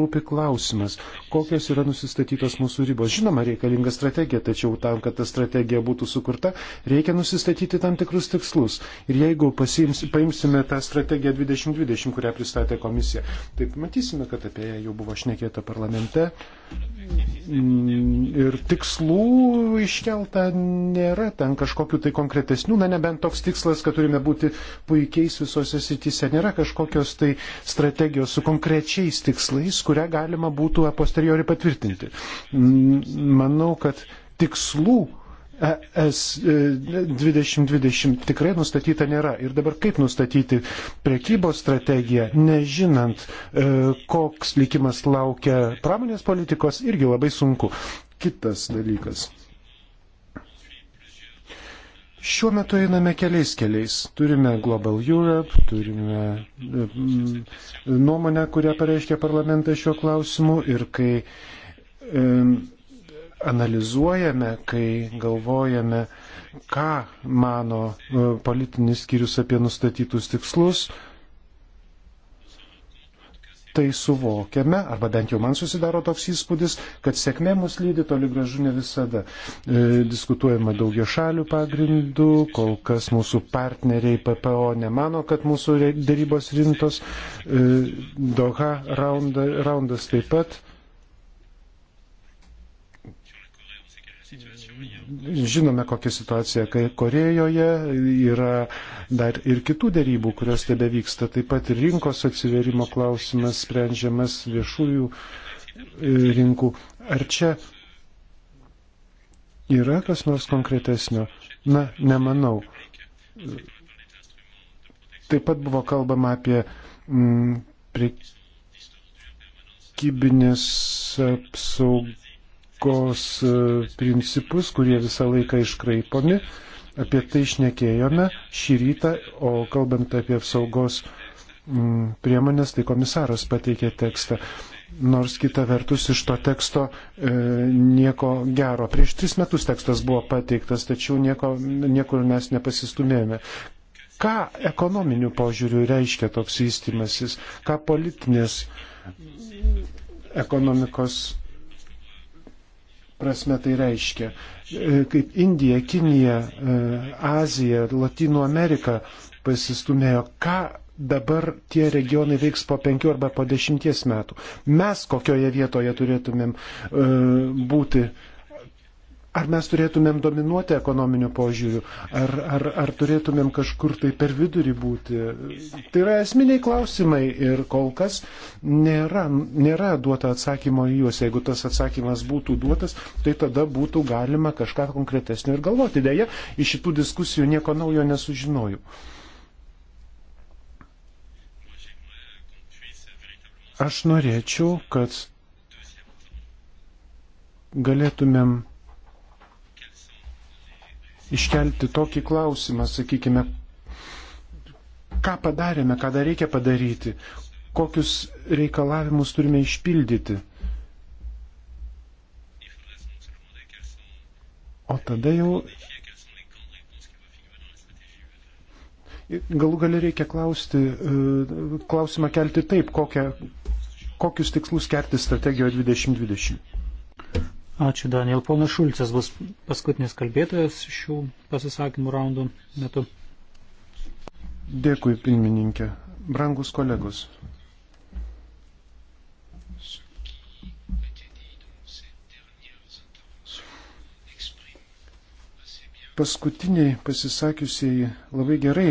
rūpi klausimas, kokios yra nusistatytos mūsų ribos. Žinoma, reikalinga strategija, tačiau tam, kad ta strategija būtų sukurta, reikia nusistatyti tam tikrus tikslus. Ir jeigu pasiims, paimsime tą strategiją 2020, kurią pristatė komisija, tai matysime, kad apie ją jau buvo šnekėta parlamente. Mm, ir tikslų iškelta nėra ten kažkokiu tai konkretesnių, na nebent toks tikslas, kad turime būti puikiais visose sityse, nėra kažkokios tai strategijos su konkrečiais tikslais, kurią galima būtų a posteriori patvirtinti. Mm, manau, kad tikslų ES 2020 e, tikrai nustatyta nėra. Ir dabar kaip nustatyti priekybos strategiją, nežinant, e, koks likimas laukia pramonės politikos, irgi labai sunku. Kitas dalykas. Šiuo metu einame keliais keliais. Turime Global Europe, turime e, nuomonę, kurią pareiškia parlamentas šiuo klausimu ir kai analizuojame, kai galvojame, ką mano e, politinis skyrius apie nustatytus tikslus, tai suvokiame, arba bent jau man susidaro toks įspūdis, kad sėkmė mus lydi toli gražu ne visada. E, diskutuojama daugia šalių pagrindų, kol kas mūsų partneriai PPO nemano, kad mūsų darybos rimtos, e, Doha raunda, raundas taip pat. žinome, kokia situacija kai Korejoje yra dar ir kitų dėrybų, kurios tebe vyksta. Taip pat rinkos atsiverimo klausimas sprendžiamas viešųjų e, rinkų. Ar čia yra kas nors konkretesnio? Na, nemanau. Taip pat buvo kalbama apie mm, prekybinės apsaugos tvarkos e, principus, kurie visą laiką iškraipomi. Apie tai išnekėjome šį rytą, o kalbant apie apsaugos mm, priemonės, tai komisaras pateikė tekstą. Nors kita vertus iš to teksto e, nieko gero. Prieš tris metus tekstas buvo pateiktas, tačiau nieko, niekur mes nepasistumėjome. Ką ekonominių požiūrių reiškia toks įstimasis, ką politinės ekonomikos prasme tai reiškia, e, kaip Indija, Kinija, e, Azija, Latino Amerika pasistumėjo, ką dabar tie regionai veiks po penkių arba po dešimties metų. Mes kokioje vietoje turėtumėm e, būti Ar mes turėtumėm dominuoti ekonominiu požiūriu, ar, ar, ar turėtumėm kažkur tai per vidurį būti? Tai yra esminiai klausimai ir kol kas nėra, nėra duota atsakymo į juos. Jeigu tas atsakymas būtų duotas, tai tada būtų galima kažką konkretesnio ir galvoti. Deja, iš šitų diskusijų nieko naujo nesužinojau. Aš norėčiau, kad galėtumėm iškelti tokį klausimą, sakykime, ką padarėme, ką dar reikia padaryti, kokius reikalavimus turime išpildyti. O tada jau galų gali reikia klausti, e, klausimą kelti taip, kokią, kokius tikslus kelti strategijoje 2020. Ačiū, Daniel. Ponas Šulcas bus paskutinis kalbėtojas šių pasisakymų raundų metu. Dėkui, pirmininkė. Brangus kolegos. Paskutiniai pasisakiusieji labai gerai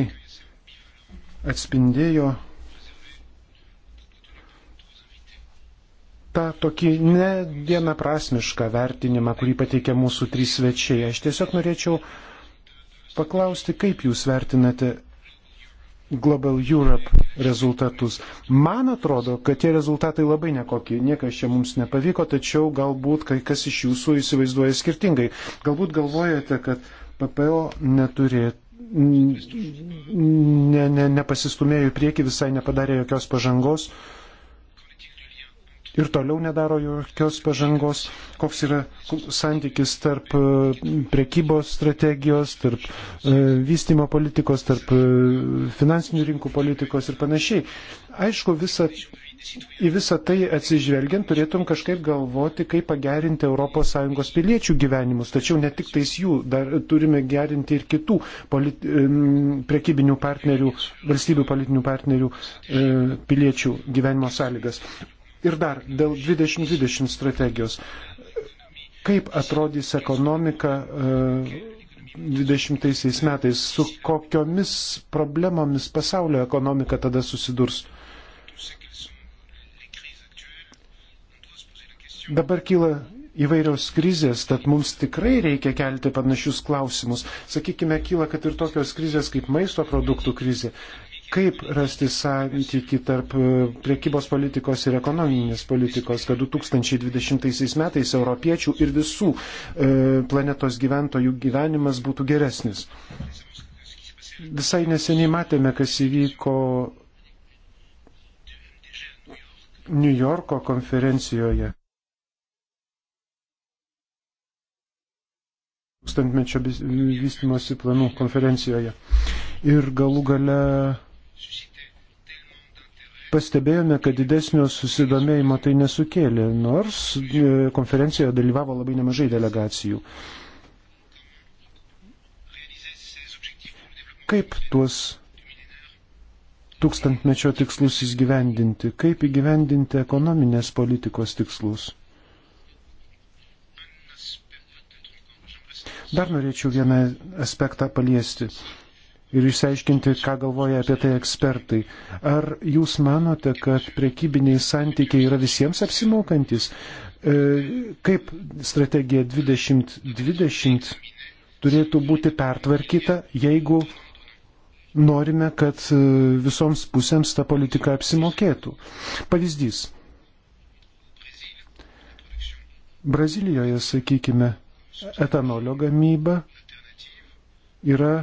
atspindėjo tą tokį ne vienaprasmišką vertinimą, kurį pateikė mūsų trys svečiai. Aš tiesiog norėčiau paklausti, kaip jūs vertinate Global Europe rezultatus. Man atrodo, kad tie rezultatai labai nekokie. Niekas čia mums nepavyko, tačiau galbūt kai kas iš jūsų įsivaizduoja skirtingai. Galbūt galvojate, kad PPO neturėtų ne, ne, nepasistumėjo į priekį, visai nepadarė jokios pažangos. Uh, ir toliau nedaro jokios pažangos, koks yra santykis tarp e, prekybos strategijos, tarp e, vystimo politikos, tarp e, finansinių rinkų politikos ir panašiai. Aišku, visa, į visą tai atsižvelgiant turėtum kažkaip galvoti, kaip pagerinti ES piliečių gyvenimus, tačiau ne tik tais jų, dar turime gerinti ir kitų polit, prekybinių partnerių, valstybių politinių partnerių piliečių gyvenimo sąlygas. Ir dar dėl 2020 strategijos. Kaip atrodys ekonomika 20 e, metais, su kokiomis problemomis pasaulio ekonomika tada susidurs? Dabar kyla įvairios krizės, tad mums tikrai reikia kelti panašius klausimus. Sakykime, kyla, kad ir tokios krizės kaip maisto produktų krizė kaip rasti santyki tarp e, priekybos politikos ir ekonominės politikos, kad 2020 metais europiečių ir visų e, planetos gyventojų gyvenimas būtų geresnis. Visai neseniai matėme, kas įvyko New Yorko konferencijoje. Tūkstantmečio vystimosi planų konferencijoje. Ir galų gale pastebėjome, kad didesnio susidomėjimo tai nesukėlė, nors e, konferencijoje dalyvavo labai nemažai delegacijų. Kaip tuos tūkstantmečio tikslus įgyvendinti, kaip įgyvendinti ekonominės politikos tikslus. Dar norėčiau vieną aspektą paliesti ir išsiaiškinti, ką galvoja apie tai ekspertai. Ar jūs manote, kad prekybiniai santykiai yra visiems apsimokantis? E, kaip strategija 2020 turėtų būti pertvarkyta, jeigu norime, kad e, visoms pusėms ta politika apsimokėtų? Pavyzdys. Brazilijoje, sakykime, etanolio gamyba yra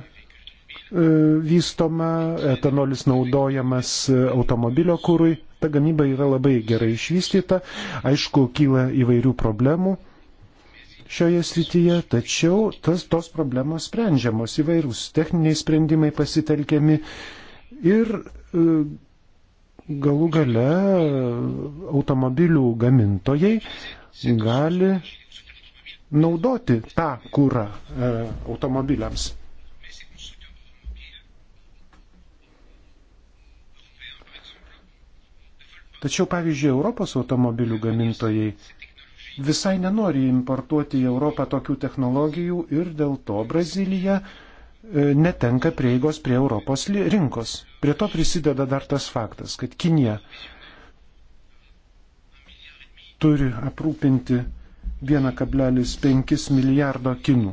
E, vystoma, etanolis naudojamas automobilio kūrui. Ta gamyba yra labai gerai išvystyta. Aišku, kyla įvairių problemų šioje srityje, tačiau tas, tos problemos sprendžiamos įvairūs techniniai sprendimai pasitelkiami ir e, galų gale automobilių gamintojai gali naudoti tą kūrą e, automobiliams. Tačiau, pavyzdžiui, Europos automobilių gamintojai visai nenori importuoti į Europą tokių technologijų ir dėl to Brazilija e, netenka prieigos prie Europos rinkos. Prie to prisideda dar tas faktas, kad Kinija turi aprūpinti 1,5 milijardo kinų.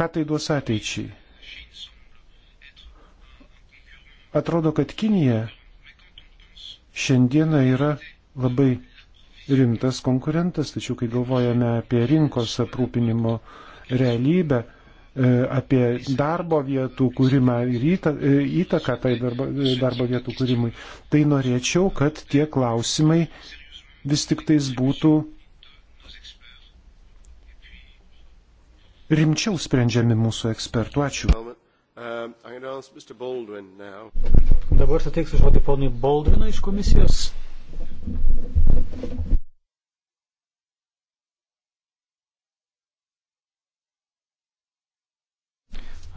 Ką tai duos ateičiai? Atrodo, kad Kinija šiandieną yra labai rimtas konkurentas, tačiau kai galvojame apie rinkos aprūpinimo realybę, e, apie darbo vietų kūrimą ir e, įtaką tai darbo, e, darbo vietų kūrimui, tai norėčiau, kad tie klausimai vis tik tais būtų rimčiau sprendžiami mūsų ekspertų. Ačiū. Um, Dabar suteiksiu žodį ponui Baldvinui iš komisijos.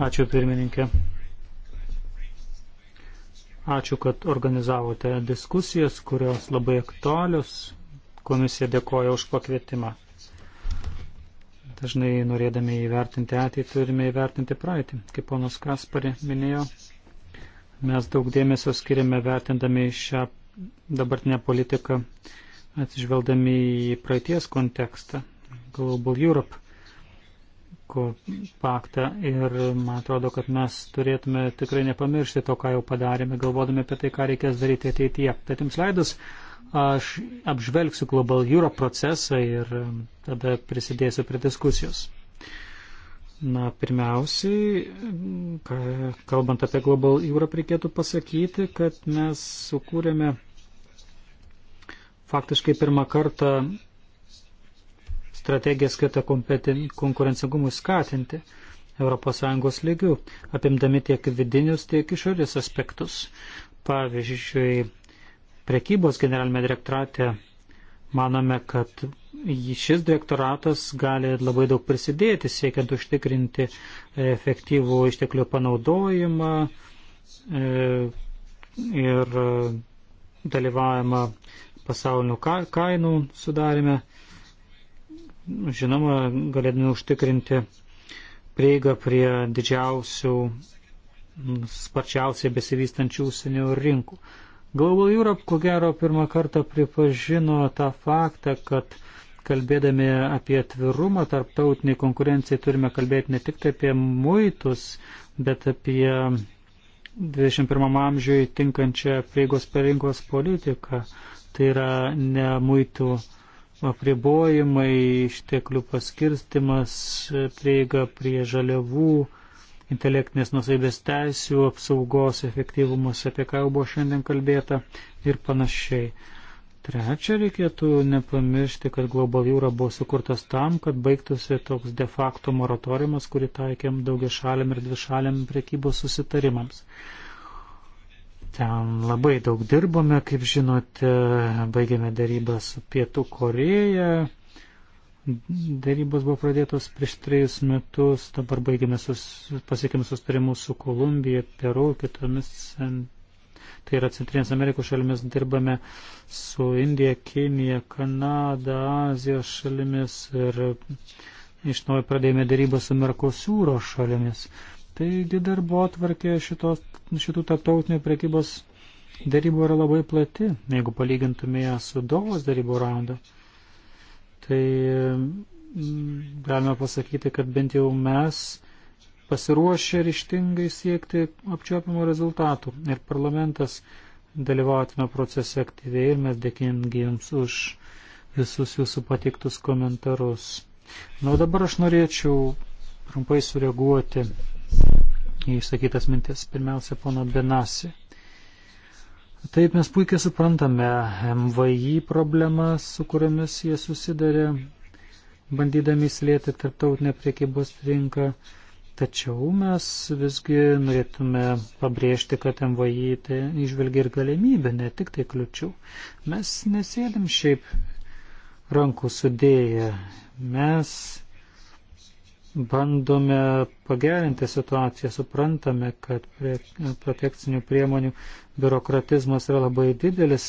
Ačiū pirmininkė. Ačiū, kad organizavote diskusijas, kurios labai aktualios. Komisija dėkoja už pakvietimą. Dažnai norėdami įvertinti ateitį turime įvertinti praeitį. Kaip ponas Kasparė minėjo, mes daug dėmesio skiriame vertindami šią dabartinę politiką, atsižvelgdami į praeities kontekstą, Global Europe paktą ir man atrodo, kad mes turėtume tikrai nepamiršti to, ką jau padarėme, galvodami apie tai, ką reikės daryti ateityje. Tad jums leidus, Aš apžvelgsiu Global Europe procesą ir tada prisidėsiu prie diskusijos. Na, pirmiausiai, kalbant apie Global Europe, reikėtų pasakyti, kad mes sukūrėme faktiškai pirmą kartą strategiją skirtą konkurencingumui skatinti ES lygių, apimdami tiek vidinius, tiek išorės aspektus. Pavyzdžiui, prekybos generalinėme direktorate manome, kad šis direktoratas gali labai daug prisidėti, siekiant užtikrinti efektyvų išteklių panaudojimą e, ir e, dalyvavimą pasaulinių kainų sudarime. Žinoma, galėdami užtikrinti prieigą prie didžiausių, sparčiausiai besivystančių užsienio rinkų. Global Europe, ko gero, pirmą kartą pripažino tą faktą, kad kalbėdami apie atvirumą tarptautinį konkurenciją turime kalbėti ne tik tai apie muitus, bet apie 21 amžiui tinkančią prieigos per rinkos politiką. Tai yra ne muitų apribojimai, išteklių paskirstimas, prieiga prie žaliavų, intelektinės nusaibės teisų apsaugos efektyvumas, apie ką jau buvo šiandien kalbėta ir panašiai. Trečia, reikėtų nepamiršti, kad Global Jūra buvo sukurtas tam, kad baigtųsi toks de facto moratoriumas, kurį taikėm daugia šaliam ir dvišaliam prekybos susitarimams. Ten labai daug dirbome, kaip žinote, baigėme darybą su Pietų Koreja, Darybos buvo pradėtos prieš trejus metus, dabar baigėme sus, pasiekėme sustarimus su Kolumbija, Peru, kitomis, tai yra Centrinės Amerikos šalimis, dirbame su Indija, Kinija, Kanada, Azijos šalimis ir iš naujo pradėjome darybą su Merkosūro šalimis. Taigi darbo atvarkė šitos, šitų tarptautinių prekybos darybų yra labai plati, jeigu palygintume ją su Dovos darybų raundu tai mm, galime pasakyti, kad bent jau mes pasiruošę ryštingai siekti apčiopimo rezultatų. Ir parlamentas dalyvautame procese aktyviai ir mes dėkingi jums už visus jūsų patiktus komentarus. Na, dabar aš norėčiau trumpai sureaguoti į išsakytas mintis. Pirmiausia, pono Benasi. Taip mes puikiai suprantame MVI problemas, su kuriomis jie susidarė, bandydami slėti tarptautinę priekybos rinką. Tačiau mes visgi norėtume pabrėžti, kad MVI tai išvelgia ir galimybę, ne tik tai kliučių. Mes nesėdim šiaip rankų sudėję. Mes bandome pagerinti situaciją, suprantame, kad prie protekcinių priemonių biurokratizmas yra labai didelis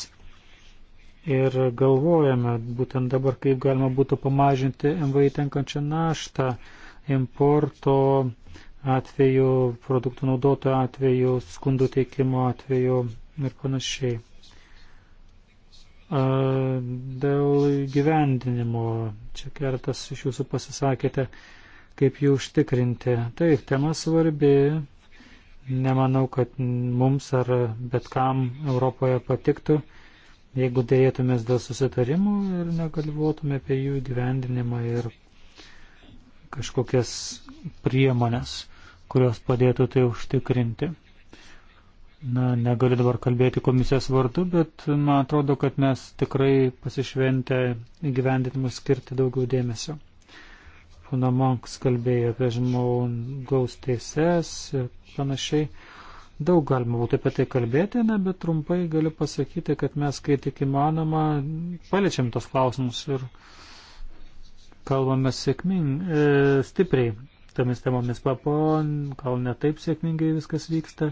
ir galvojame būtent dabar, kaip galima būtų pamažinti MVI tenkančią naštą importo atveju, produktų naudoto atveju, skundų teikimo atveju ir panašiai. Dėl gyvendinimo, čia keletas iš jūsų pasisakėte, kaip jų užtikrinti. Taip, tema svarbi, Nemanau, kad mums ar bet kam Europoje patiktų, jeigu dėrėtumės dėl susitarimų ir negalvotume apie jų gyvendinimą ir kažkokias priemonės, kurios padėtų tai užtikrinti. Na, negaliu dabar kalbėti komisijos vardu, bet man atrodo, kad mes tikrai pasišventę įgyvendinimus skirti daugiau dėmesio. Kuna Monks kalbėjo apie žmogaus teises ir panašiai. Daug galima būtų apie tai kalbėti, ne, bet trumpai galiu pasakyti, kad mes, kai tik įmanoma, paliečiam tos klausimus ir kalbame sėkmingai, e, stipriai tomis temomis papo, gal netaip sėkmingai viskas vyksta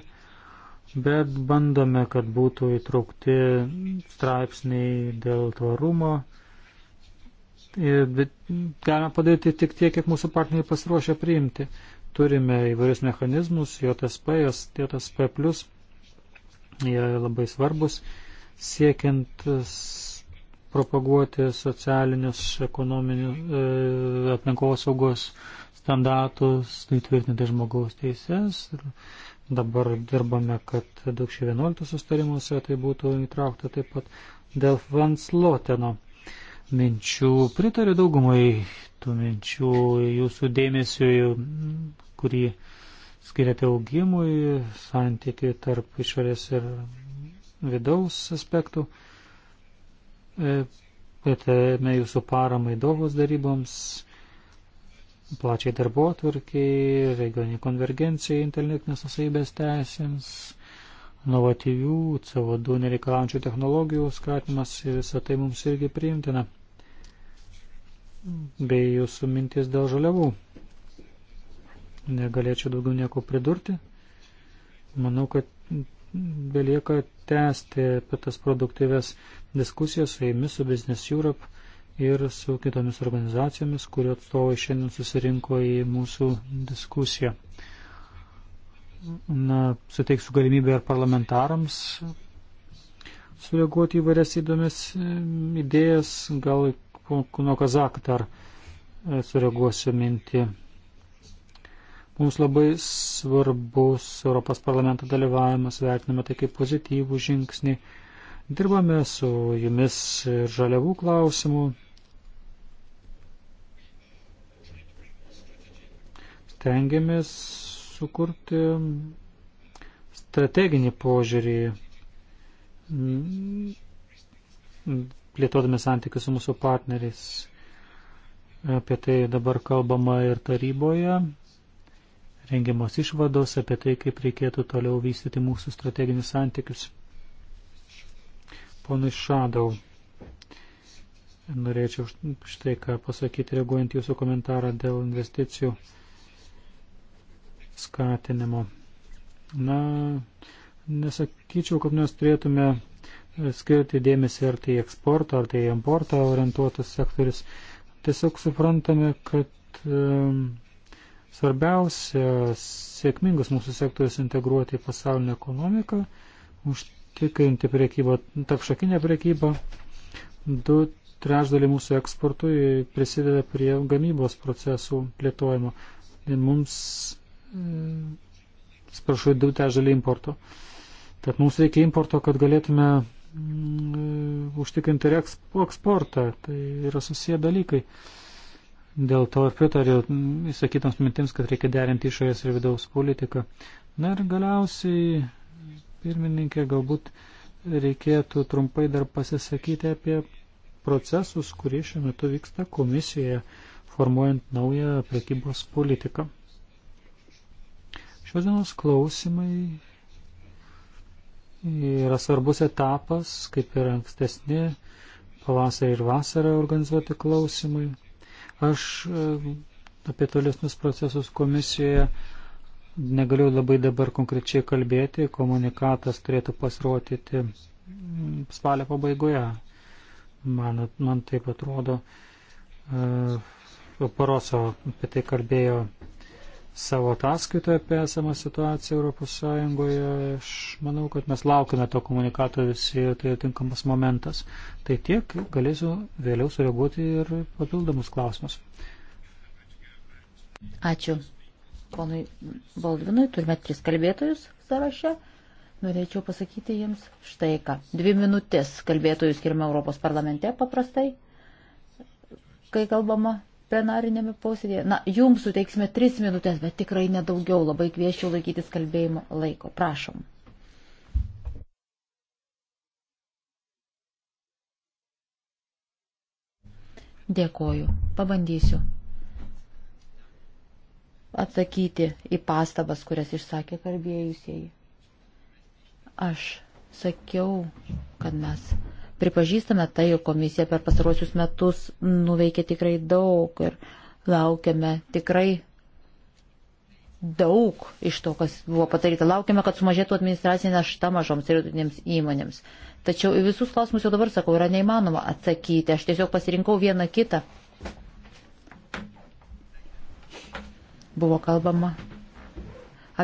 bet bandome, kad būtų įtraukti straipsniai dėl tvarumo, bet galime padaryti tik tiek, kiek mūsų partneriai pasiruošia priimti. Turime įvairius mechanizmus, JSP, JSP, jie labai svarbus, siekiant propaguoti socialinius, ekonominius, e, aplinkos saugos standartus, įtvirtinti žmogaus teises. Ir dabar dirbame, kad 2011 sustarimuose tai būtų įtraukta taip pat dėl Vansloteno minčių, pritariu daugumai tų minčių, jūsų dėmesio, kurį skiriate augimui, santykiui tarp išorės ir vidaus aspektų. E, Pritariame jūsų paramai dovos daryboms, plačiai darbo atvarkiai, regioniai konvergencijai, intelektinės nusaibės teisėms, novatyvių CO2 nereikalaujančių technologijų skatimas ir visą tai mums irgi priimtina bei jūsų mintis dėl žaliavų. Negalėčiau daugiau nieko pridurti. Manau, kad belieka tęsti apie tas produktyves diskusijas su jumis, su Business Europe ir su kitomis organizacijomis, kurio atstovai šiandien susirinko į mūsų diskusiją. Na, suteiksiu galimybę ir parlamentarams sureaguoti į varias įdomias e, idėjas, gal Kuno Kazak dar e, sureaguosiu mintį. Mums labai svarbus Europos parlamento dalyvavimas, vertiname tai kaip pozityvų žingsnį. Dirbame su jumis ir žaliavų klausimų. Stengiamės sukurti strateginį požiūrį plėtodami santykius su mūsų partneriais. Apie tai dabar kalbama ir taryboje, rengiamos išvados apie tai, kaip reikėtų toliau vystyti mūsų strateginius santykius. Ponai Šadau, norėčiau štai ką pasakyti, reaguojant jūsų komentarą dėl investicijų skatinimo. Na, nesakyčiau, kad mes turėtume skirti dėmesį ar tai eksporto, ar tai importo orientuotas sektorius. Tiesiog suprantame, kad svarbiausia sėkmingus mūsų sektorius integruoti į pasaulinę ekonomiką, užtikrinti priekybą, tarpšakinę priekybą. Du trečdalį mūsų eksportui prisideda prie gamybos procesų plėtojimo. Mums, sprašau, du trečdalį importo. Tad mums reikia importo, kad galėtume Mm, užtikrinti ir eksportą. Tai yra susiję dalykai. Dėl to ir pritariu įsakytams mintims, kad reikia derinti išorės ir vidaus politiką. Na ir galiausiai, pirmininkė, galbūt reikėtų trumpai dar pasisakyti apie procesus, kurie šiuo metu vyksta komisijoje, formuojant naują prekybos politiką. Šios dienos klausimai yra svarbus etapas, kaip ir ankstesni pavasarį ir vasarą organizuoti klausimai. Aš e, apie tolesnius procesus komisijoje negaliu labai dabar konkrečiai kalbėti, komunikatas turėtų pasirodyti mm, spalio pabaigoje. Man, man taip atrodo, e, Poroso apie tai kalbėjo savo ataskaitą apie esamą situaciją ES. Aš manau, kad mes laukime to komunikato visi, tai atinkamas momentas. Tai tiek, galėsiu vėliau sureaguoti ir papildomus klausimus. Ačiū. Ponui Baldvinui turime tris kalbėtojus sąraše. Norėčiau pasakyti jums štai ką. Dvi minutės kalbėtojų skirime Europos parlamente paprastai, kai kalbama plenarinėme posėdėje. Na, jums suteiksime tris minutės, bet tikrai nedaugiau. Labai kviečiu laikytis kalbėjimo laiko. Prašom. Dėkoju. Pabandysiu atsakyti į pastabas, kurias išsakė kalbėjusieji. Aš sakiau, kad mes Pripažįstame tai, jog komisija per pasarosius metus nuveikė tikrai daug ir laukiame tikrai daug iš to, kas buvo padaryta. Laukiame, kad sumažėtų administracinė našta mažoms ir vidutinėms įmonėms. Tačiau į visus klausimus jau dabar sakau, yra neįmanoma atsakyti. Aš tiesiog pasirinkau vieną kitą. Buvo kalbama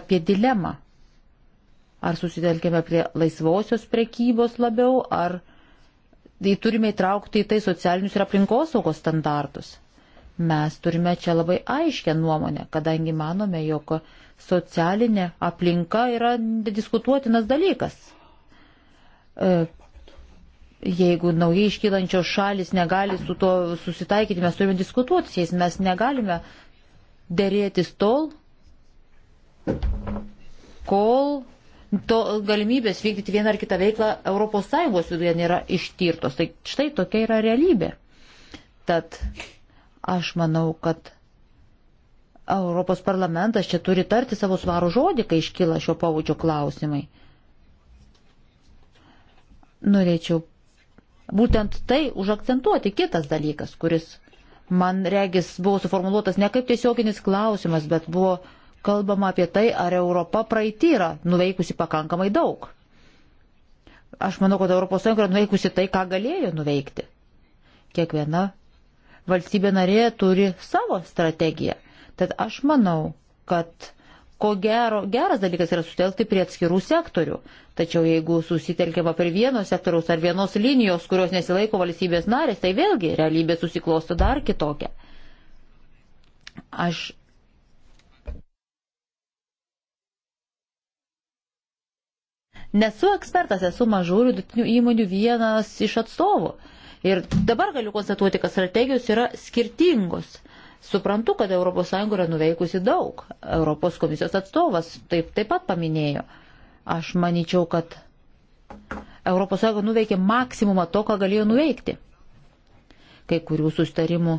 apie dilemą. Ar susitelkėme prie laisvosios prekybos labiau, ar tai turime įtraukti į tai socialinius ir aplinkosaugos standartus. Mes turime čia labai aiškę nuomonę, kadangi manome, jog socialinė aplinka yra diskutuotinas dalykas. E, jeigu naujai iškylančios šalis negali su to susitaikyti, mes turime diskutuoti su jais, mes negalime dėrėtis tol, kol to galimybės vykdyti vieną ar kitą veiklą ES viduje nėra ištirtos. Tai štai tokia yra realybė. Tad aš manau, kad Europos parlamentas čia turi tarti savo svarų žodį, kai iškyla šio pavučio klausimai. Norėčiau būtent tai užakcentuoti. Kitas dalykas, kuris man regis buvo suformuoluotas ne kaip tiesioginis klausimas, bet buvo uh, kalbama apie tai, ar Europa praeitį yra nuveikusi pakankamai daug. Aš manau, kad ES yra nuveikusi tai, ką galėjo nuveikti. Kiekviena valstybė narė turi savo strategiją. Tad aš manau, kad ko gero, geras dalykas yra sutelkti prie atskirų sektorių. Tačiau jeigu susitelkiama prie vieno sektoriaus ar vienos linijos, kurios nesilaiko valstybės narės, tai vėlgi realybė susiklosto dar kitokia. Aš Nesu ekspertas, esu mažų vidutinių įmonių vienas iš atstovų. Ir dabar galiu konstatuoti, kad strategijos yra skirtingos. Suprantu, kad ES yra nuveikusi daug. Europos komisijos atstovas taip, taip pat paminėjo. Aš manyčiau, kad ES nuveikė maksimumą to, ką galėjo nuveikti. Kai kurių sustarimų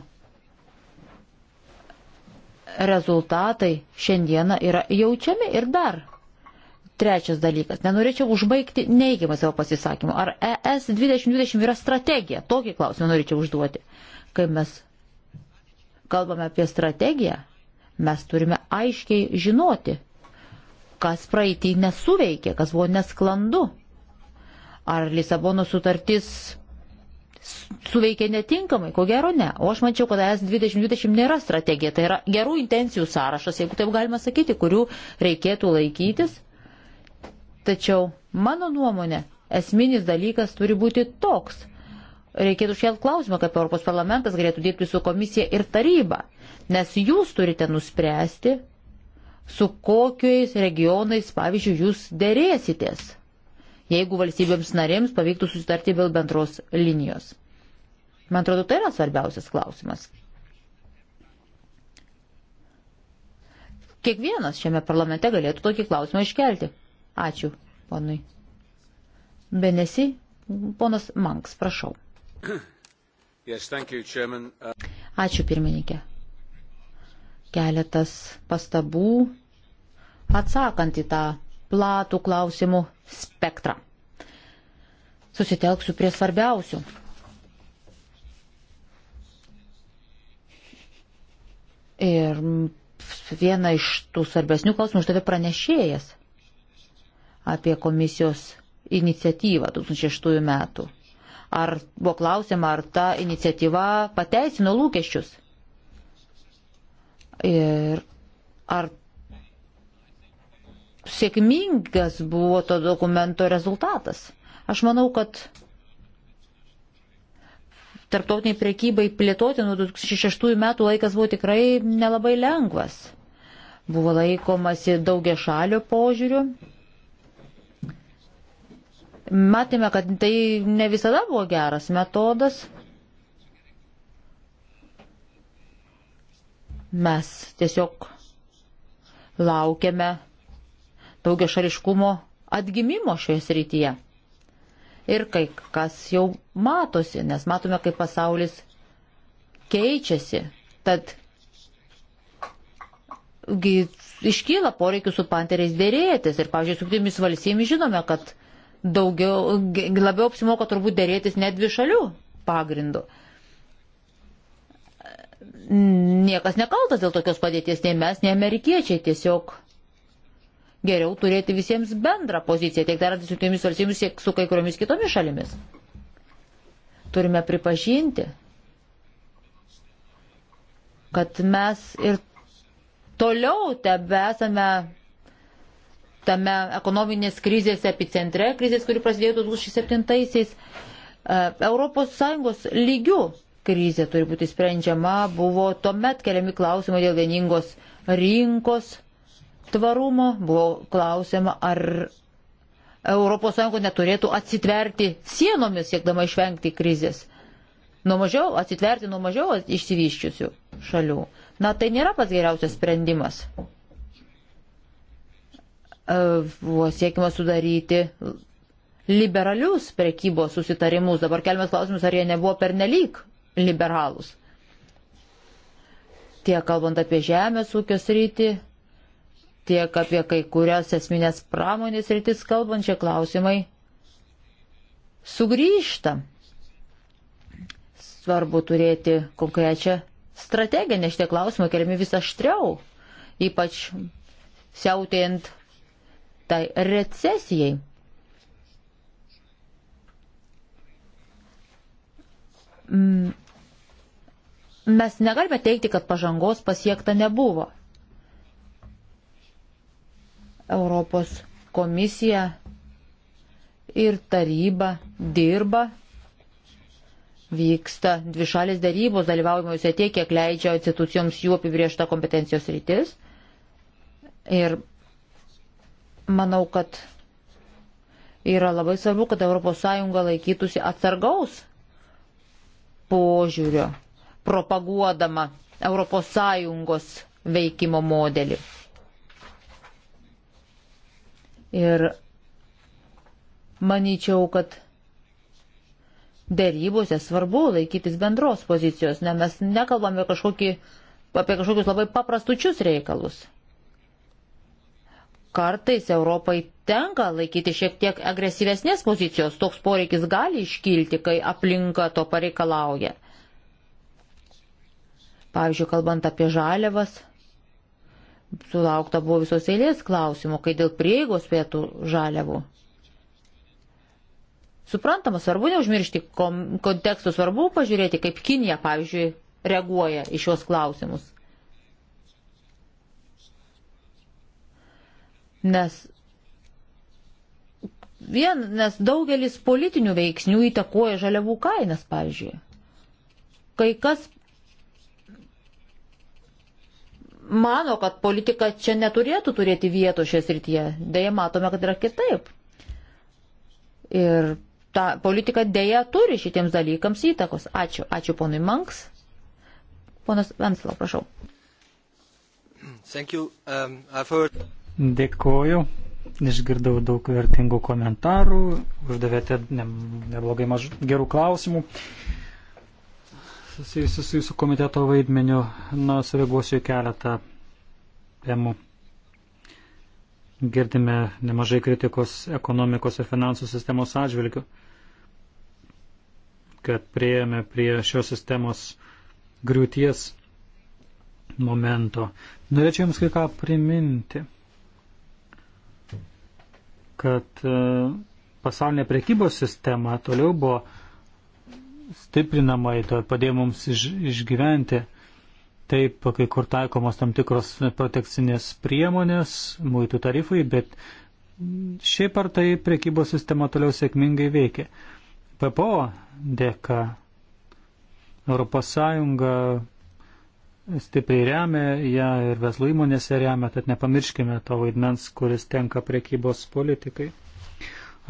rezultatai šiandieną yra jaučiami ir dar Trečias dalykas. Nenorėčiau užbaigti neigiamą savo pasisakymą. Ar ES 2020 yra strategija? Tokį klausimą norėčiau užduoti. Kai mes kalbame apie strategiją, mes turime aiškiai žinoti, kas praeitį nesuveikė, kas buvo nesklandu. Ar Lisabono sutartis suveikė netinkamai, ko gero ne. O aš mačiau, kad ES 2020 nėra strategija, tai yra gerų intencijų sąrašas, jeigu taip galima sakyti, kurių reikėtų laikytis Tačiau mano nuomonė, esminis dalykas turi būti toks. Reikėtų šiandien klausimą, kaip Europos parlamentas galėtų dirbti su komisija ir taryba, nes jūs turite nuspręsti, su kokiais regionais, pavyzdžiui, jūs dėrėsitės, jeigu valstybėms narėms pavyktų susitarti dėl bendros linijos. Man atrodo, tai yra svarbiausias klausimas. Kiekvienas šiame parlamente galėtų tokį klausimą iškelti. Ačiū, ponui. Benesi, ponas Manks, prašau. Yes, you, chairman. Ačiū, pirmininkė. Keletas pastabų atsakant į tą platų klausimų spektrą. Susitelksiu prie svarbiausių. Ir vieną iš tų svarbesnių klausimų uždavė pranešėjas – apie komisijos iniciatyvą 2006 metų. Ar buvo klausima, ar ta iniciatyva pateisino lūkesčius? Ir ar sėkmingas buvo to dokumento rezultatas? Aš manau, kad tarptautiniai priekybai plėtoti nuo 2006 metų laikas buvo tikrai nelabai lengvas. Buvo laikomasi daugia šalio požiūriu Matėme, kad tai ne visada buvo geras metodas. Mes tiesiog laukiame daugia šariškumo atgimimo šioje srityje. Ir kai kas jau matosi, nes matome, kaip pasaulis keičiasi. Tad iškyla poreikius su panteriais dėrėtis. Ir, pavyzdžiui, su kitomis valstybėmis žinome, kad daugiau, labiau apsimoka turbūt dėrėtis net dvi šalių pagrindų. Niekas nekaltas dėl tokios padėties, nei mes, nei amerikiečiai tiesiog geriau turėti visiems bendrą poziciją, tiek darant su kitomis valstybėmis, tiek su kai kuriomis kitomis šalimis. Turime pripažinti, kad mes ir toliau tebe esame tame ekonominės krizės epicentre, krizės, kuri prasidėjo 2007-aisiais, ES lygių krizė turi būti sprendžiama, buvo tuomet keliami klausimai dėl vieningos rinkos tvarumo, buvo klausima, ar ES neturėtų atsitverti sienomis, siekdama išvengti krizės. Nuo mažiau, atsitverti nuo mažiau išsivyščiusių šalių. Na, tai nėra pats geriausias sprendimas. E, buvo siekima sudaryti liberalius prekybos susitarimus. Dabar kelmės klausimus, ar jie nebuvo pernelyg liberalūs. Tiek kalbant apie žemės ūkio sritį, tiek apie kai kurias esminės pramonės rytis kalbančią klausimai sugrįžta. Svarbu turėti konkrečią strategiją, nes šitie klausimai keliami vis aštriau, ypač siautėjant tai recesijai. Mm, mes negalime teikti, kad pažangos pasiekta nebuvo. Europos komisija ir taryba dirba, vyksta dvišalės darybos, dalyvaujame juose tiek, kiek leidžia institucijoms jų apibriešta kompetencijos rytis. Ir Manau, kad yra labai svarbu, kad ES laikytųsi atsargaus požiūrio, propaguodama ES veikimo modelį. Ir manyčiau, kad dėrybose svarbu laikytis bendros pozicijos, nes mes nekalbame kažkokį, apie kažkokius labai paprastučius reikalus kartais Europai tenka laikyti šiek tiek agresyvesnės pozicijos, toks poreikis gali iškilti, kai aplinka to pareikalauja. Pavyzdžiui, kalbant apie žaliavas, sulaukta buvo visos eilės klausimų, kai dėl prieigos pietų žaliavų. Suprantama, svarbu neužmiršti kontekstų, svarbu pažiūrėti, kaip Kinija, pavyzdžiui, reaguoja į šios klausimus. nes, vien, nes daugelis politinių veiksnių įtakoja žaliavų kainas, pavyzdžiui. Kai kas mano, kad politika čia neturėtų turėti vietų šios rytyje, dėja matome, kad yra kitaip. Ir ta politika dėja turi šitiems dalykams įtakos. Ačiū. Ačiū ponui Manks. Ponas Venslau, prašau. Thank you. Um, I've heard... Dėkoju. Išgirdau daug vertingų komentarų, uždavėte neblogai maž gerų klausimų susijusiu su jūsų komiteto vaidmeniu, na, sureaguosiu į keletą temų. Girdime nemažai kritikos ekonomikos ir finansų sistemos atžvilgių, kad prieėmė prie šios sistemos griūties momento. Norėčiau Jums kai ką priminti kad e, pasaulinė prekybos sistema toliau buvo stiprinama, to padėjo mums iš, išgyventi. Taip, kai kur taikomos tam tikros protekcinės priemonės, muitų tarifai, bet šiaip ar tai prekybos sistema toliau sėkmingai veikia. PPO dėka ES stipriai remia ją ir veslų įmonėse remia, tad nepamirškime to vaidmens, kuris tenka prekybos politikai.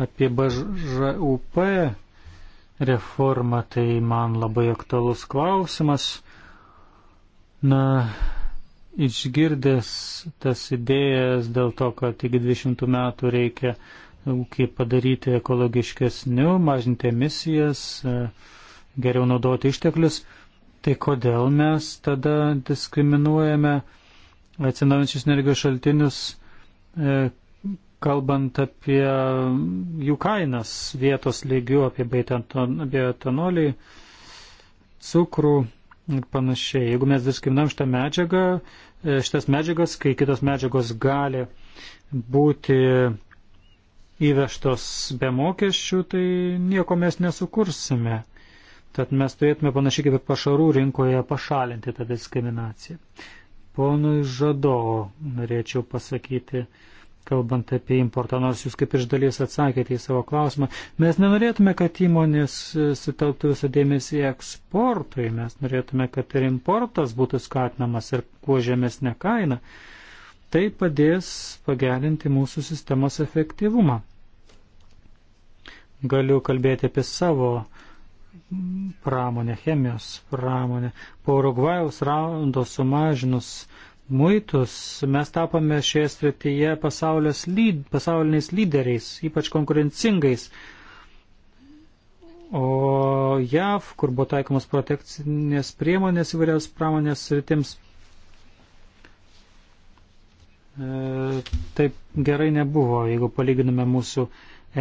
Apie BŽUP reformą tai man labai aktualus klausimas. Na, išgirdęs tas idėjas dėl to, kad iki 20 metų reikia ūkį padaryti ekologiškesniu, mažinti emisijas, geriau naudoti išteklius, Tai kodėl mes tada diskriminuojame atsinaujančius energijos šaltinius, e, kalbant apie jų kainas vietos lygių, apie bioetanolį, cukrų ir panašiai. Jeigu mes diskriminuojam šitą medžiagą, e, šitas medžiagas, kai kitos medžiagos gali būti įvežtos be mokesčių, tai nieko mes nesukursime. Tad mes turėtume panašiai kaip ir pašarų rinkoje pašalinti tą diskriminaciją. Ponui Žado norėčiau pasakyti, kalbant apie importą, nors jūs kaip iš dalies atsakėte į savo klausimą, mes nenorėtume, kad įmonės sutelktų visą dėmesį eksportui, mes norėtume, kad ir importas būtų skatinamas ir kuo žemesnė kaina. Tai padės pagerinti mūsų sistemos efektyvumą. Galiu kalbėti apie savo uh, pramonė, chemijos pramonė. Po Urugvajaus raundo sumažinus muitus mes tapome šioje srityje lyd, pasauliniais lyderiais, ypač konkurencingais. O JAV, kur buvo taikomos protekcinės priemonės įvairios pramonės sritims, e, taip gerai nebuvo, jeigu palyginame mūsų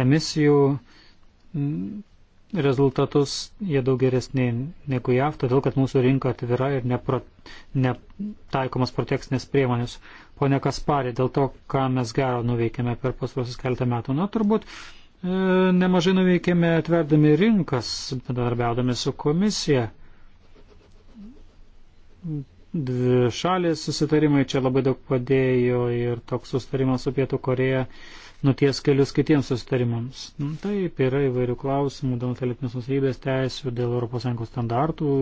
emisijų rezultatus, jie daug geresni negu JAV, todėl kad mūsų rinka atvira ir nepra, netaikomas protekcinės priemonės. Pone Kasparė, dėl to, ką mes gero nuveikėme per pasvarsis keletą metų, na turbūt e, nemažai nuveikėme atverdami rinkas, bendradarbiaudami su komisija dvi šalės susitarimai čia labai daug padėjo ir toks susitarimas su Pietų Koreja nuties kelius kitiems susitarimams. Nu, taip, yra įvairių klausimų dėl intelektinės nusavybės teisų, dėl ES standartų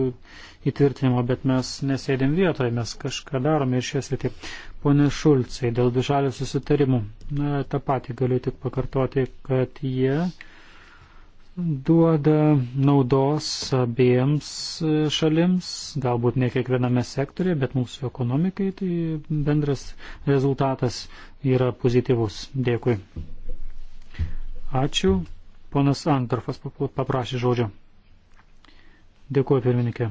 įtvirtinimo, bet mes nesėdėm vietoje, mes kažką darome ir šias rytį. Pone Šulcai, dėl dvišalių susitarimų, na, tą patį galiu tik pakartoti, kad jie. Yeah duoda naudos abiems šalims, galbūt ne kiekviename sektorėje, bet mūsų ekonomikai, tai bendras rezultatas yra pozityvus. Dėkui. Ačiū. Ponas Antorfas paprašė žodžio. Dėkuoju, pirmininkė.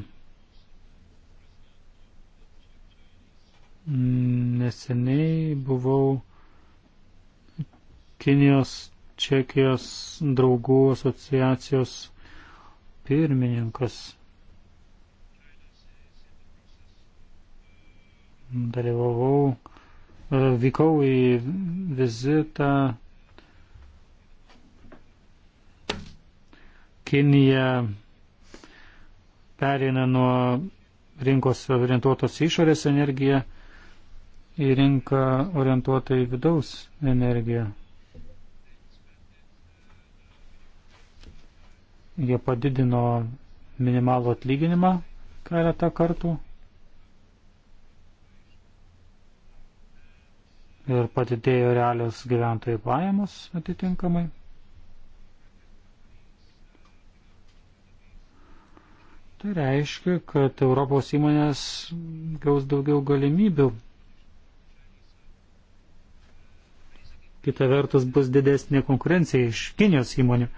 Neseniai buvau Kinijos Čekijos draugų asociacijos pirmininkas. Dalyvavau, e, vykau į vizitą Kinija perina nuo rinkos orientuotos išorės energiją į rinką orientuotą į vidaus energiją. Jie padidino minimalų atlyginimą keletą kartų. Ir padidėjo realios gyventojų pajamos atitinkamai. Tai reiškia, kad Europos įmonės gaus daugiau galimybių. Kita vertus bus didesnė konkurencija iš Kinijos įmonių.